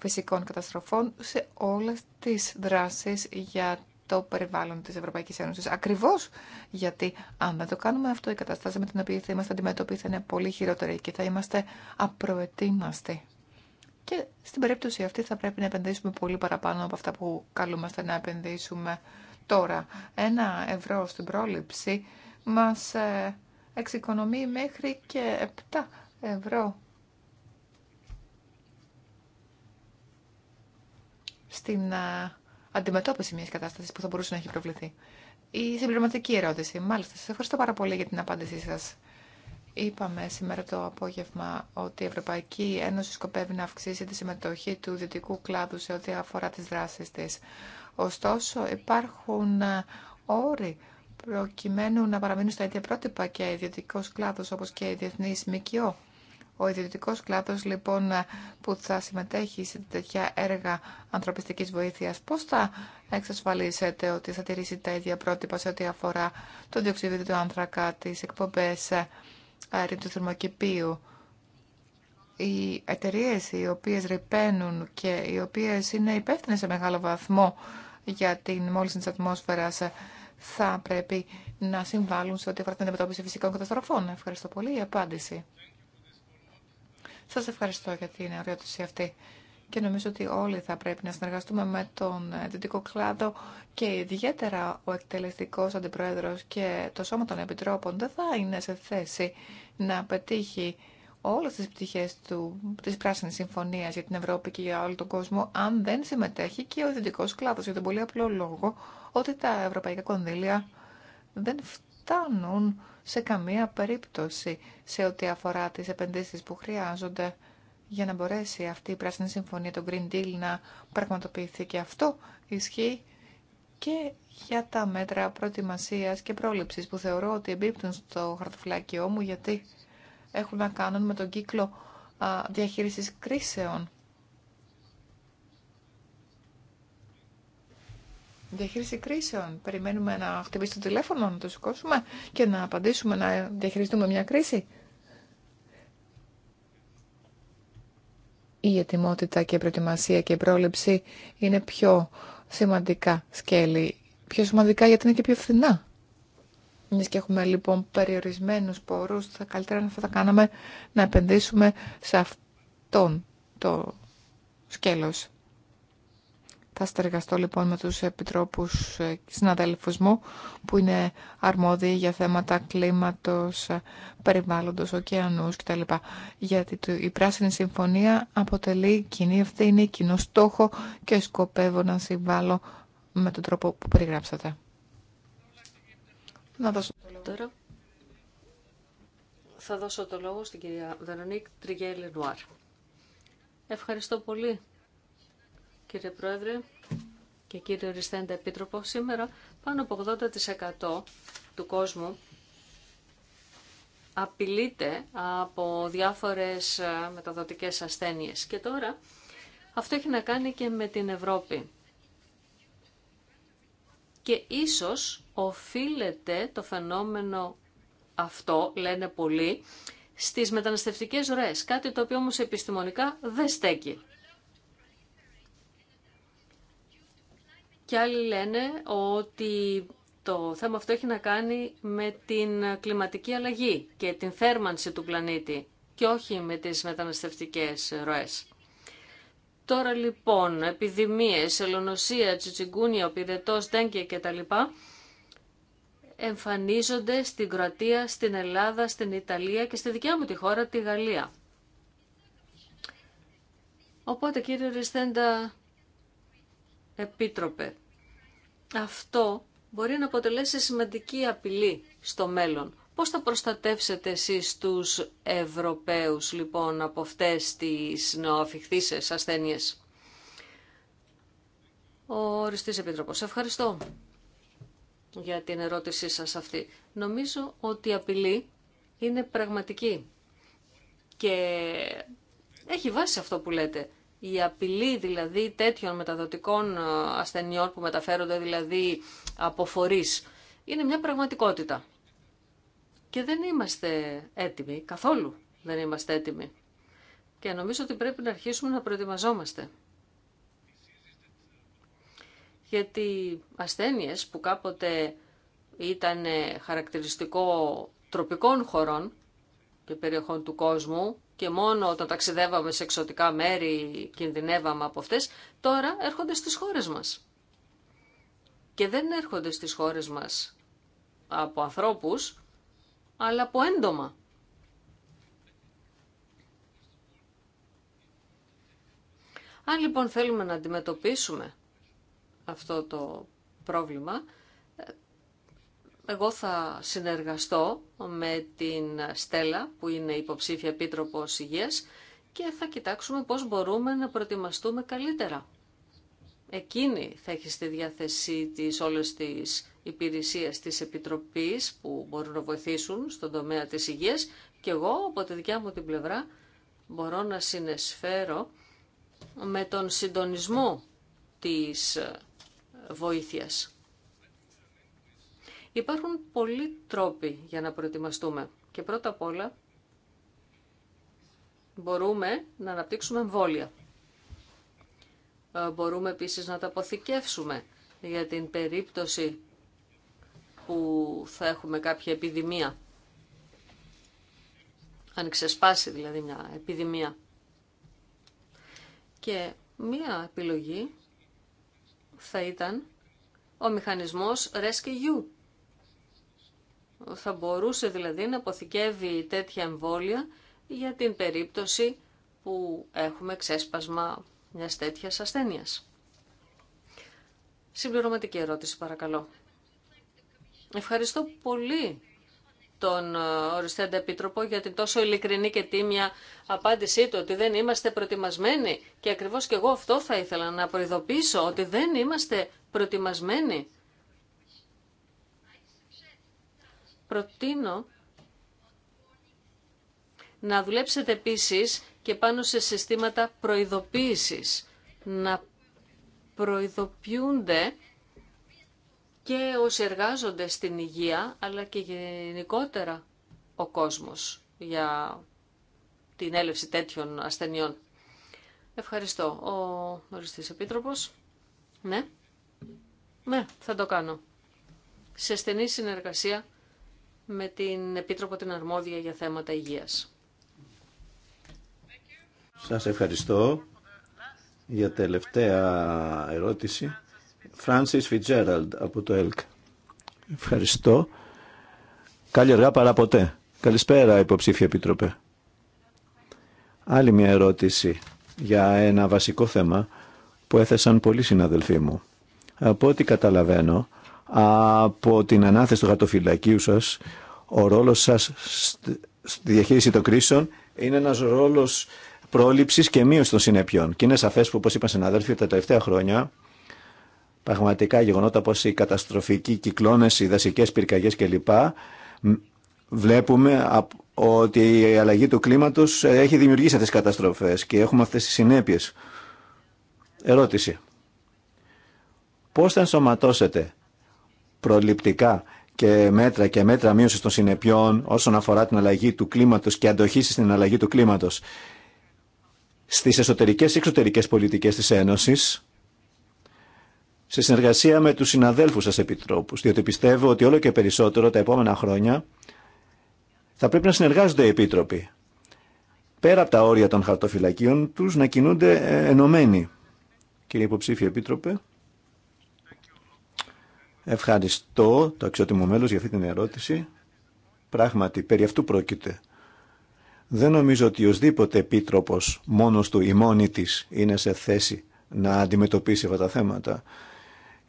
Speaker 3: φυσικών καταστροφών σε όλες τις δράσεις για το περιβάλλον της Ευρωπαϊκής Ένωσης. Ακριβώς γιατί αν δεν το κάνουμε αυτό η κατάσταση με την οποία θα είμαστε αντιμέτωποι θα είναι πολύ χειρότερη και θα είμαστε απροετοίμαστοι. Και στην περίπτωση αυτή θα πρέπει να επενδύσουμε πολύ παραπάνω από αυτά που καλούμαστε να επενδύσουμε τώρα. Ένα ευρώ στην πρόληψη μας ε, εξοικονομεί μέχρι και 7 ευρώ στην αντιμετώπιση μιας κατάστασης που θα μπορούσε να έχει προβληθεί. Η συμπληρωματική ερώτηση. Μάλιστα, σα ευχαριστώ πάρα πολύ για την απάντησή σας. Είπαμε σήμερα το απόγευμα ότι η Ευρωπαϊκή Ένωση σκοπεύει να αυξήσει τη συμμετοχή του δυτικού κλάδου σε ό,τι αφορά τις δράσεις της. Ωστόσο, υπάρχουν όροι προκειμένου να παραμείνουν στα ίδια πρότυπα και ιδιωτικό κλάδο όπω και η διεθνή ΜΚΟ ο ιδιωτικό κλάδο λοιπόν που θα συμμετέχει σε τέτοια έργα ανθρωπιστική βοήθεια, πώ θα εξασφαλίσετε ότι θα τηρήσει τα ίδια πρότυπα σε ό,τι αφορά το διοξείδιο του άνθρακα, τι εκπομπέ αερίου του θερμοκηπίου. Οι εταιρείε οι οποίε ρηπαίνουν και οι οποίε είναι υπεύθυνε σε μεγάλο βαθμό για την μόλυνση τη ατμόσφαιρα ε, θα πρέπει να συμβάλλουν σε ό,τι αφορά την αντιμετώπιση φυσικών καταστροφών. Ευχαριστώ πολύ. Η απάντηση. Σας ευχαριστώ για την ερώτηση αυτή και νομίζω ότι όλοι θα πρέπει να συνεργαστούμε με τον δυτικό κλάδο και ιδιαίτερα ο εκτελεστικός αντιπρόεδρος και το σώμα των επιτρόπων δεν θα είναι σε θέση να πετύχει όλες τις πτυχές του, της Πράσινης Συμφωνίας για την Ευρώπη και για όλο τον κόσμο αν δεν συμμετέχει και ο δυτικό κλάδος για τον πολύ απλό λόγο ότι τα ευρωπαϊκά κονδύλια δεν φτάνουν σε καμία περίπτωση σε ό,τι αφορά τις επενδύσεις που χρειάζονται για να μπορέσει αυτή η πράσινη συμφωνία, το Green Deal, να πραγματοποιηθεί και αυτό ισχύει και για τα μέτρα προετοιμασίας και πρόληψης που θεωρώ ότι εμπίπτουν στο χαρτοφυλάκιό μου γιατί έχουν να κάνουν με τον κύκλο διαχείρισης κρίσεων Διαχείριση κρίσεων. Περιμένουμε να χτυπήσει το τηλέφωνο, να το σηκώσουμε και να απαντήσουμε, να διαχειριστούμε μια κρίση. Η ετοιμότητα και η προετοιμασία και η πρόληψη είναι πιο σημαντικά σκέλη. Πιο σημαντικά γιατί είναι και πιο φθηνά. Μιας και έχουμε λοιπόν περιορισμένους πόρους, θα καλύτερα θα τα κάναμε να επενδύσουμε σε αυτόν το σκέλος. Θα συνεργαστώ λοιπόν με τους επιτρόπους ε, συναδέλφους μου που είναι αρμόδιοι για θέματα κλίματος, ε, περιβάλλοντος, ωκεανούς κτλ. Γιατί η Πράσινη Συμφωνία αποτελεί κοινή ευθύνη, κοινό στόχο και σκοπεύω να συμβάλλω με τον τρόπο που περιγράψατε.
Speaker 1: Τώρα θα δώσω το λόγο στην κυρία Βερονίκ Τριγέλη Νουάρ. Ευχαριστώ πολύ κύριε Πρόεδρε και κύριε Οριστέντα Επίτροπο. Σήμερα πάνω από 80% του κόσμου απειλείται από διάφορες ε, μεταδοτικές ασθένειες. Και τώρα αυτό έχει να κάνει και με την Ευρώπη. Και ίσως οφείλεται το φαινόμενο αυτό, λένε πολλοί, στις μεταναστευτικές ροές, κάτι το οποίο όμως επιστημονικά δεν στέκει. Και άλλοι λένε ότι το θέμα αυτό έχει να κάνει με την κλιματική αλλαγή και την θέρμανση του πλανήτη και όχι με τις μεταναστευτικές ροές. Τώρα λοιπόν, επιδημίες, ελονοσία, τσιτσιγκούνια, πυρετός, τέγκια κτλ. εμφανίζονται στην Κροατία, στην Ελλάδα, στην Ιταλία και στη δικιά μου τη χώρα, τη Γαλλία. Οπότε κύριε Ριστέντα, Επίτροπε, αυτό μπορεί να αποτελέσει σημαντική απειλή στο μέλλον. Πώς θα προστατεύσετε εσείς τους Ευρωπαίους λοιπόν από αυτές τις νεοαφιχθήσεις ασθένειες. Ο οριστής Επίτροπος, ευχαριστώ για την ερώτησή σας αυτή. Νομίζω ότι η απειλή είναι πραγματική και έχει βάση αυτό που λέτε. Η απειλή δηλαδή τέτοιων μεταδοτικών ε, ασθενειών που μεταφέρονται δηλαδή από φορείς είναι μια πραγματικότητα. Και δεν είμαστε έτοιμοι, καθόλου δεν είμαστε έτοιμοι. Και νομίζω ότι πρέπει να αρχίσουμε να προετοιμαζόμαστε. Γιατί ασθένειες που κάποτε ήταν χαρακτηριστικό τροπικών χωρών και περιοχών του κόσμου, και μόνο όταν ταξιδεύαμε σε εξωτικά μέρη κινδυνεύαμε από αυτές, τώρα έρχονται στις χώρες μας. Και δεν έρχονται στις χώρες μας από ανθρώπους, αλλά από έντομα. Αν λοιπόν θέλουμε να αντιμετωπίσουμε αυτό το πρόβλημα, εγώ θα συνεργαστώ με την Στέλλα που είναι υποψήφια επίτροπος υγείας και θα κοιτάξουμε πώς μπορούμε να προετοιμαστούμε καλύτερα. Εκείνη θα έχει στη διάθεσή της όλες τις υπηρεσίες της Επιτροπής που μπορούν να βοηθήσουν στον τομέα της υγείας και εγώ από τη δικιά μου την πλευρά μπορώ να συνεσφέρω με τον συντονισμό της ε, βοήθειας. Υπάρχουν πολλοί τρόποι για να προετοιμαστούμε. Και πρώτα απ' όλα μπορούμε να αναπτύξουμε εμβόλια. Ε, μπορούμε επίσης να τα αποθηκεύσουμε για την περίπτωση που θα έχουμε κάποια επιδημία. Αν ξεσπάσει δηλαδή μια επιδημία. Και μία επιλογή θα ήταν ο μηχανισμός Rescue θα μπορούσε δηλαδή να αποθηκεύει τέτοια εμβόλια για την περίπτωση που έχουμε ξέσπασμα μιας τέτοιας ασθένειας. Συμπληρωματική ερώτηση παρακαλώ. Ευχαριστώ πολύ τον ε, οριστέντα επίτροπο για την τόσο ειλικρινή και τίμια απάντησή του ότι δεν είμαστε προετοιμασμένοι και ακριβώς και εγώ αυτό θα ήθελα να προειδοποιήσω ότι δεν είμαστε προετοιμασμένοι προτείνω να δουλέψετε επίσης και πάνω σε συστήματα προειδοποίησης. Να προειδοποιούνται και όσοι εργάζονται στην υγεία, αλλά και γενικότερα ο κόσμος για την έλευση τέτοιων ασθενειών. Ευχαριστώ. Ο οριστής επίτροπος. Ναι. Ναι, θα το κάνω. Σε στενή συνεργασία με την Επίτροπο την Αρμόδια για θέματα υγείας.
Speaker 2: Σας ευχαριστώ για τελευταία ερώτηση. Francis Fitzgerald από το ΕΛΚ. Ευχαριστώ. Καλή αργά παρά ποτέ. Καλησπέρα υποψήφια Επίτροπε. Άλλη μια ερώτηση για ένα βασικό θέμα που έθεσαν πολλοί συναδελφοί μου. Από ό,τι καταλαβαίνω, από την ανάθεση του χαρτοφυλακίου σας. Ο ρόλος σας στη διαχείριση των κρίσεων είναι ένας ρόλος πρόληψης και μείωσης των συνέπειων. Και είναι σαφές που, όπως είπαν συναδέλφοι, τα τελευταία χρόνια πραγματικά γεγονότα όπως οι καταστροφικοί κυκλώνες, οι δασικές πυρκαγιές κλπ. Βλέπουμε ότι η αλλαγή του κλίματος έχει δημιουργήσει αυτές τις καταστροφές και έχουμε αυτές τις συνέπειες. Ερώτηση. Πώς θα ενσωματώσετε προληπτικά και μέτρα και μέτρα μείωση των συνεπειών όσον αφορά την αλλαγή του κλίματος και αντοχή στην αλλαγή του κλίματος. Στις εσωτερικές και εξωτερικές πολιτικές της Ένωσης, σε συνεργασία με τους συναδέλφους σας επιτρόπους, διότι πιστεύω ότι όλο και περισσότερο τα επόμενα χρόνια θα πρέπει να συνεργάζονται οι επίτροποι. Πέρα από τα όρια των χαρτοφυλακίων τους να κινούνται ε, ενωμένοι. Κύριε Υποψήφιο Επίτροπε. Ευχαριστώ το αξιότιμο μέλος για αυτή την ερώτηση. Πράγματι, περί αυτού πρόκειται. Δεν νομίζω ότι οσδήποτε επίτροπος μόνος του ή μόνη της είναι σε θέση να αντιμετωπίσει αυτά τα θέματα.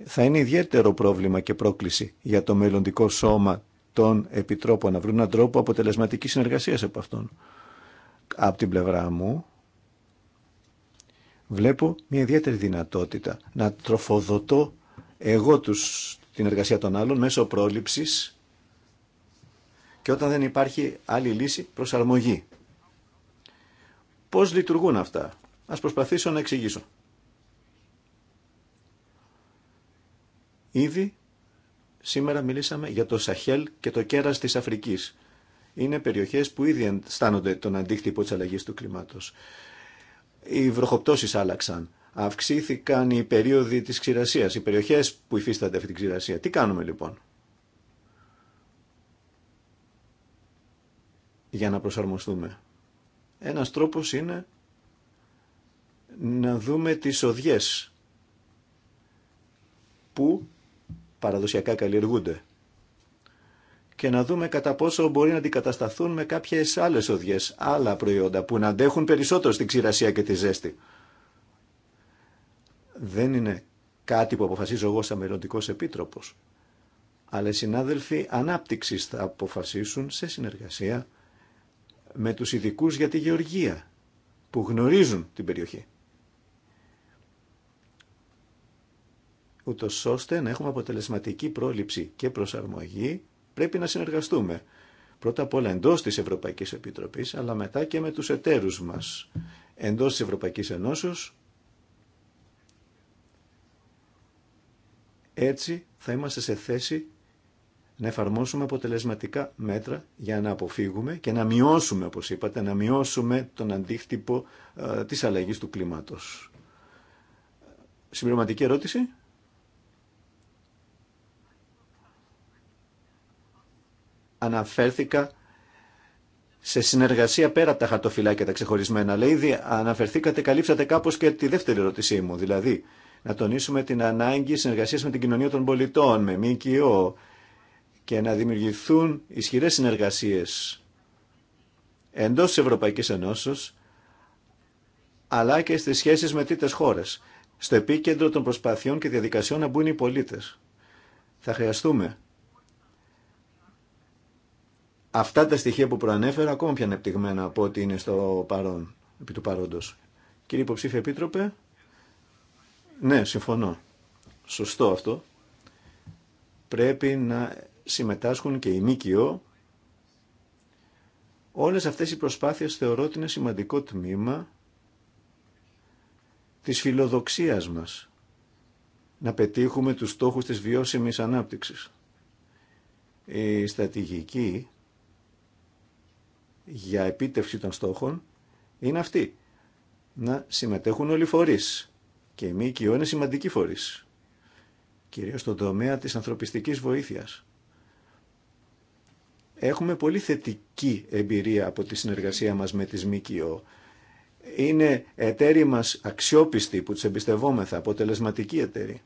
Speaker 2: Θα είναι ιδιαίτερο πρόβλημα και πρόκληση για το μελλοντικό σώμα των επιτρόπων να βρουν έναν τρόπο αποτελεσματική συνεργασία από αυτόν. Από την πλευρά μου βλέπω μια ιδιαίτερη δυνατότητα να τροφοδοτώ εγώ τους την εργασία των άλλων μέσω πρόληψης και όταν δεν υπάρχει άλλη λύση προσαρμογή. Πώς λειτουργούν αυτά. Ας προσπαθήσω να εξηγήσω. Ήδη σήμερα μιλήσαμε για το Σαχέλ και το κέρας της Αφρικής. Είναι περιοχές που ήδη αισθάνονται τον αντίκτυπο της αλλαγής του κλιμάτος. Οι βροχοπτώσεις άλλαξαν αυξήθηκαν οι περίοδοι της ξηρασίας, οι περιοχές που υφίστανται αυτή την ξηρασία. Τι κάνουμε λοιπόν για να προσαρμοστούμε. Ένας τρόπος είναι να δούμε τις οδιές που παραδοσιακά καλλιεργούνται και να δούμε κατά πόσο μπορεί να αντικατασταθούν με κάποιες άλλες οδιές, άλλα προϊόντα που να αντέχουν περισσότερο στην ξηρασία και τη ζέστη δεν είναι κάτι που αποφασίζω εγώ σαν μελλοντικό επίτροπος, αλλά οι συνάδελφοι ανάπτυξη θα αποφασίσουν σε συνεργασία με τους ειδικού για τη γεωργία που γνωρίζουν την περιοχή. Ούτω ώστε να έχουμε αποτελεσματική πρόληψη και προσαρμογή πρέπει να συνεργαστούμε. Πρώτα απ' όλα εντό τη Ευρωπαϊκή επιτροπή αλλά μετά και με του εταίρου μα εντό τη Ευρωπαϊκή Ενώσεω Έτσι θα είμαστε σε θέση να εφαρμόσουμε αποτελεσματικά μέτρα για να αποφύγουμε και να μειώσουμε, όπως είπατε, να μειώσουμε τον αντίκτυπο ε, της αλλαγής του κλίματος. Συμπληρωματική ερώτηση. Αναφέρθηκα σε συνεργασία πέρα από τα χαρτοφυλάκια τα ξεχωρισμένα, αλλά ήδη αναφερθήκατε, καλύψατε κάπως και τη δεύτερη ερώτησή μου, δηλαδή να τονίσουμε την ανάγκη συνεργασίας με την κοινωνία των πολιτών, με ΜΚΟ και να δημιουργηθούν ισχυρές συνεργασίες εντός της Ευρωπαϊκής Ενώσεως, αλλά και στις σχέσεις με τρίτες χώρες, στο επίκεντρο των προσπαθειών και διαδικασιών να μπουν οι πολίτες. Θα χρειαστούμε αυτά τα στοιχεία που προανέφερα ακόμα πιο ανεπτυγμένα από ό,τι είναι στο παρόν, επί του παρόντος. Κύριε Υποψήφια Επίτροπε, ναι, συμφωνώ. Σωστό αυτό. Πρέπει να συμμετάσχουν και οι ΜΚΟ. Όλες αυτές οι προσπάθειες θεωρώ ότι είναι σημαντικό τμήμα της φιλοδοξίας μας να πετύχουμε τους στόχους της βιώσιμης ανάπτυξης. Η στρατηγική για επίτευξη των στόχων είναι αυτή. Να συμμετέχουν όλοι οι φορείς και η ΜΚΟ είναι σημαντική φορή κυρίως στον τομέα της ανθρωπιστικής βοήθειας. Έχουμε πολύ θετική εμπειρία από τη συνεργασία μας με τις ΜΚΟ. Είναι εταίροι μας αξιόπιστοι που τι εμπιστευόμεθα, αποτελεσματικοί εταίροι.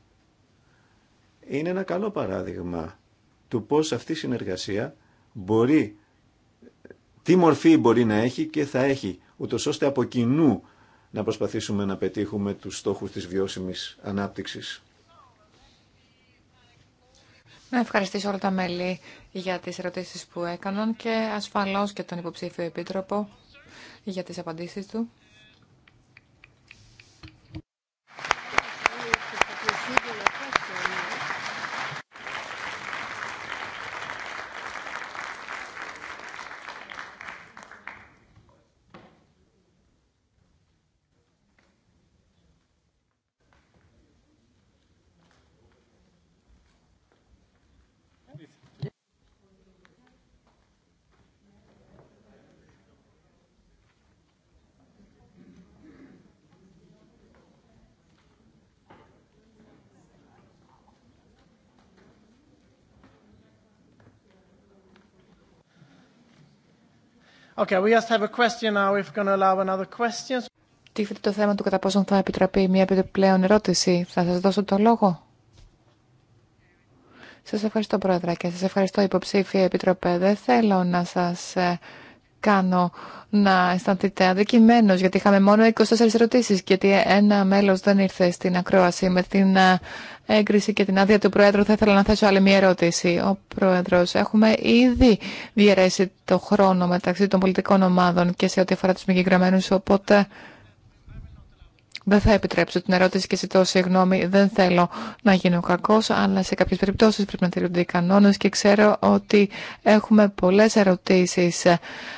Speaker 2: Είναι ένα καλό παράδειγμα του πώς αυτή η συνεργασία μπορεί, τι μορφή μπορεί να έχει και θα έχει, ούτω ώστε από κοινού να προσπαθήσουμε να πετύχουμε τους στόχους της βιώσιμης ανάπτυξης.
Speaker 3: Να ευχαριστήσω όλα τα μέλη για τις ερωτήσεις που έκαναν και ασφαλώς και τον υποψήφιο επίτροπο για τις απαντήσεις του.
Speaker 4: Okay, we just have a question now going to allow another
Speaker 3: το θέμα του κατά πόσον θα επιτραπεί μια επιπλέον ερώτηση. Θα σας δώσω το λόγο. Σας ευχαριστώ Πρόεδρα και σας ευχαριστώ υποψήφια Επιτροπέ. Δεν θέλω να σας ε, κάνω να αισθανθείτε αδικημένος, γιατί είχαμε μόνο 24 ερωτήσεις, γιατί ένα μέλος δεν ήρθε στην ακρόαση με την ε, έγκριση και την άδεια του Πρόεδρου. Θα ήθελα να θέσω άλλη μία ερώτηση. Ο Πρόεδρος, έχουμε ήδη διαιρέσει το χρόνο μεταξύ των πολιτικών ομάδων και σε ό,τι αφορά τους συγκεκριμένου, οπότε... Δεν θα επιτρέψω την ερώτηση και ζητώ συγγνώμη. Δεν θέλω να γίνω κακό, αλλά σε κάποιε περιπτώσει πρέπει να τηρούνται οι κανόνε και ξέρω ότι έχουμε πολλέ ερωτήσει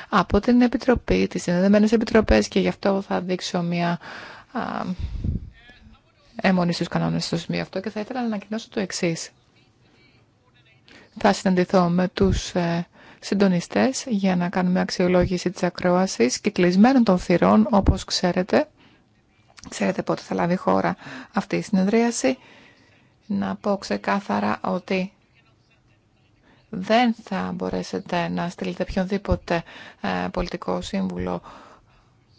Speaker 3: από την Επιτροπή, τι συνδεδεμένε επιτροπέ και γι' αυτό θα δείξω μια έμονη στου κανόνε στο σημείο αυτό και θα ήθελα να ανακοινώσω το εξή. Θα συναντηθώ με του ε, συντονιστές για να κάνουμε αξιολόγηση της ακρόασης και κλεισμένων των θυρών, όπως ξέρετε. Ξέρετε πότε θα λάβει η χώρα αυτή η συνεδρίαση. Να πω ξεκάθαρα ότι δεν θα μπορέσετε να στείλετε οποιονδήποτε ε, πολιτικό σύμβουλο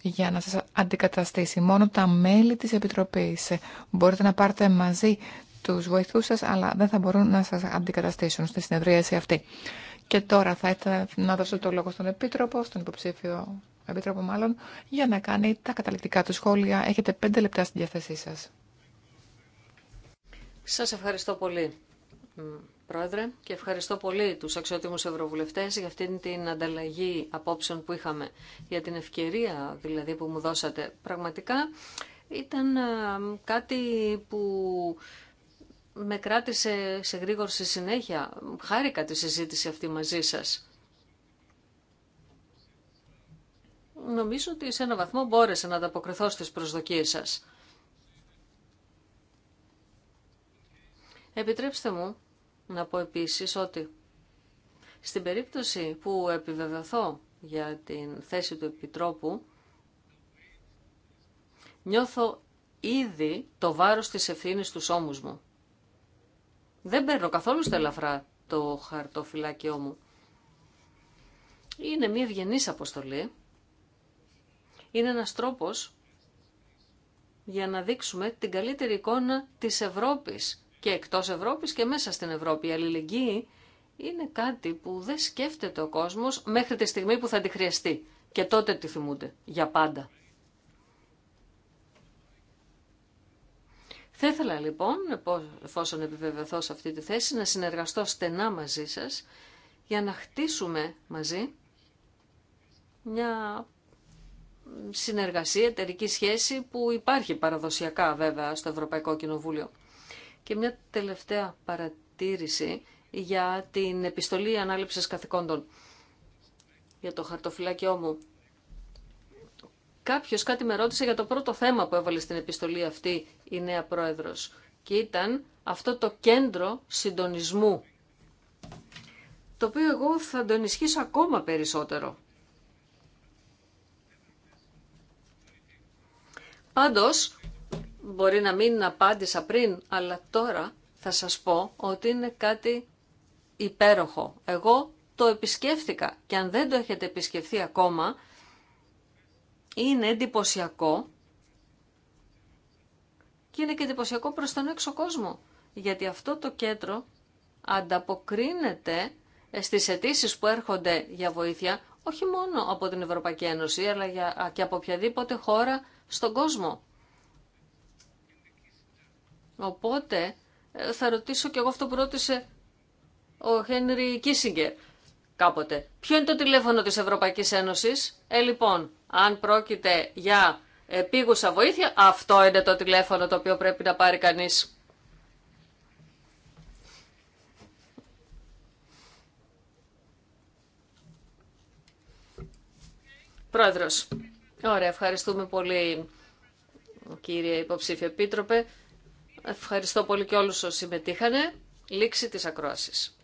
Speaker 3: για να σας αντικαταστήσει. Μόνο τα μέλη της Επιτροπής μπορείτε να πάρετε μαζί τους βοηθούς σας, αλλά δεν θα μπορούν να σας αντικαταστήσουν στη συνεδρίαση αυτή. Και τώρα θα ήθελα να δώσω το λόγο στον Επίτροπο, στον υποψήφιο Επίτροπο μάλλον, για να κάνει τα καταληκτικά του σχόλια. Έχετε πέντε λεπτά στη διάθεσή σας.
Speaker 1: Σας ευχαριστώ πολύ, Πρόεδρε, και ευχαριστώ πολύ τους αξιότιμους ευρωβουλευτές για αυτήν την ανταλλαγή απόψεων που είχαμε, για την ευκαιρία δηλαδή που μου δώσατε. Πραγματικά ήταν κάτι που με κράτησε σε γρήγορη συνέχεια. Χάρηκα τη συζήτηση αυτή μαζί σας. νομίζω ότι σε ένα βαθμό μπόρεσα να ανταποκριθώ στις προσδοκίες σας. Επιτρέψτε μου να πω επίσης ότι στην περίπτωση που επιβεβαιωθώ για την θέση του Επιτρόπου, νιώθω ήδη το βάρος της ευθύνη του ώμους μου. Δεν παίρνω καθόλου στα ελαφρά το χαρτοφυλάκιό μου. Είναι μια ευγενής αποστολή είναι ένας τρόπος για να δείξουμε την καλύτερη εικόνα της Ευρώπης και εκτός Ευρώπης και μέσα στην Ευρώπη. Η αλληλεγγύη είναι κάτι που δεν σκέφτεται ο κόσμος μέχρι τη στιγμή που θα τη χρειαστεί και τότε τη θυμούνται για πάντα. Θα ήθελα λοιπόν, εφόσον επιβεβαιωθώ σε αυτή τη θέση, να συνεργαστώ στενά μαζί σας για να χτίσουμε μαζί μια συνεργασία, εταιρική σχέση που υπάρχει παραδοσιακά βέβαια στο Ευρωπαϊκό Κοινοβούλιο. Και μια τελευταία παρατήρηση για την επιστολή ανάληψης καθηκόντων για το χαρτοφυλάκιό μου. Κάποιος κάτι με ρώτησε για το πρώτο θέμα που έβαλε στην επιστολή αυτή η νέα πρόεδρος και ήταν αυτό το κέντρο συντονισμού το οποίο εγώ θα το ενισχύσω ακόμα περισσότερο Πάντως, μπορεί να μην απάντησα πριν, αλλά τώρα θα σας πω ότι είναι κάτι υπέροχο. Εγώ το επισκέφτηκα και αν δεν το έχετε επισκεφθεί ακόμα, είναι εντυπωσιακό και είναι και εντυπωσιακό προς τον έξω κόσμο. Γιατί αυτό το κέντρο ανταποκρίνεται στις αιτήσει που έρχονται για βοήθεια, όχι μόνο από την Ευρωπαϊκή Ένωση, αλλά και από οποιαδήποτε χώρα στον κόσμο. Οπότε ε, θα ρωτήσω και εγώ αυτό που ρώτησε ο Χένρι Κίσιγκερ κάποτε. Ποιο είναι το τηλέφωνο της Ευρωπαϊκής Ένωσης. Ε, λοιπόν, αν πρόκειται για επίγουσα βοήθεια, αυτό είναι το τηλέφωνο το οποίο πρέπει να πάρει κανείς. Πρόεδρος. Ωραία, ευχαριστούμε πολύ κύριε υποψήφιο επίτροπε. Ευχαριστώ πολύ και όλους όσοι συμμετείχανε. Λήξη της ακρόασης.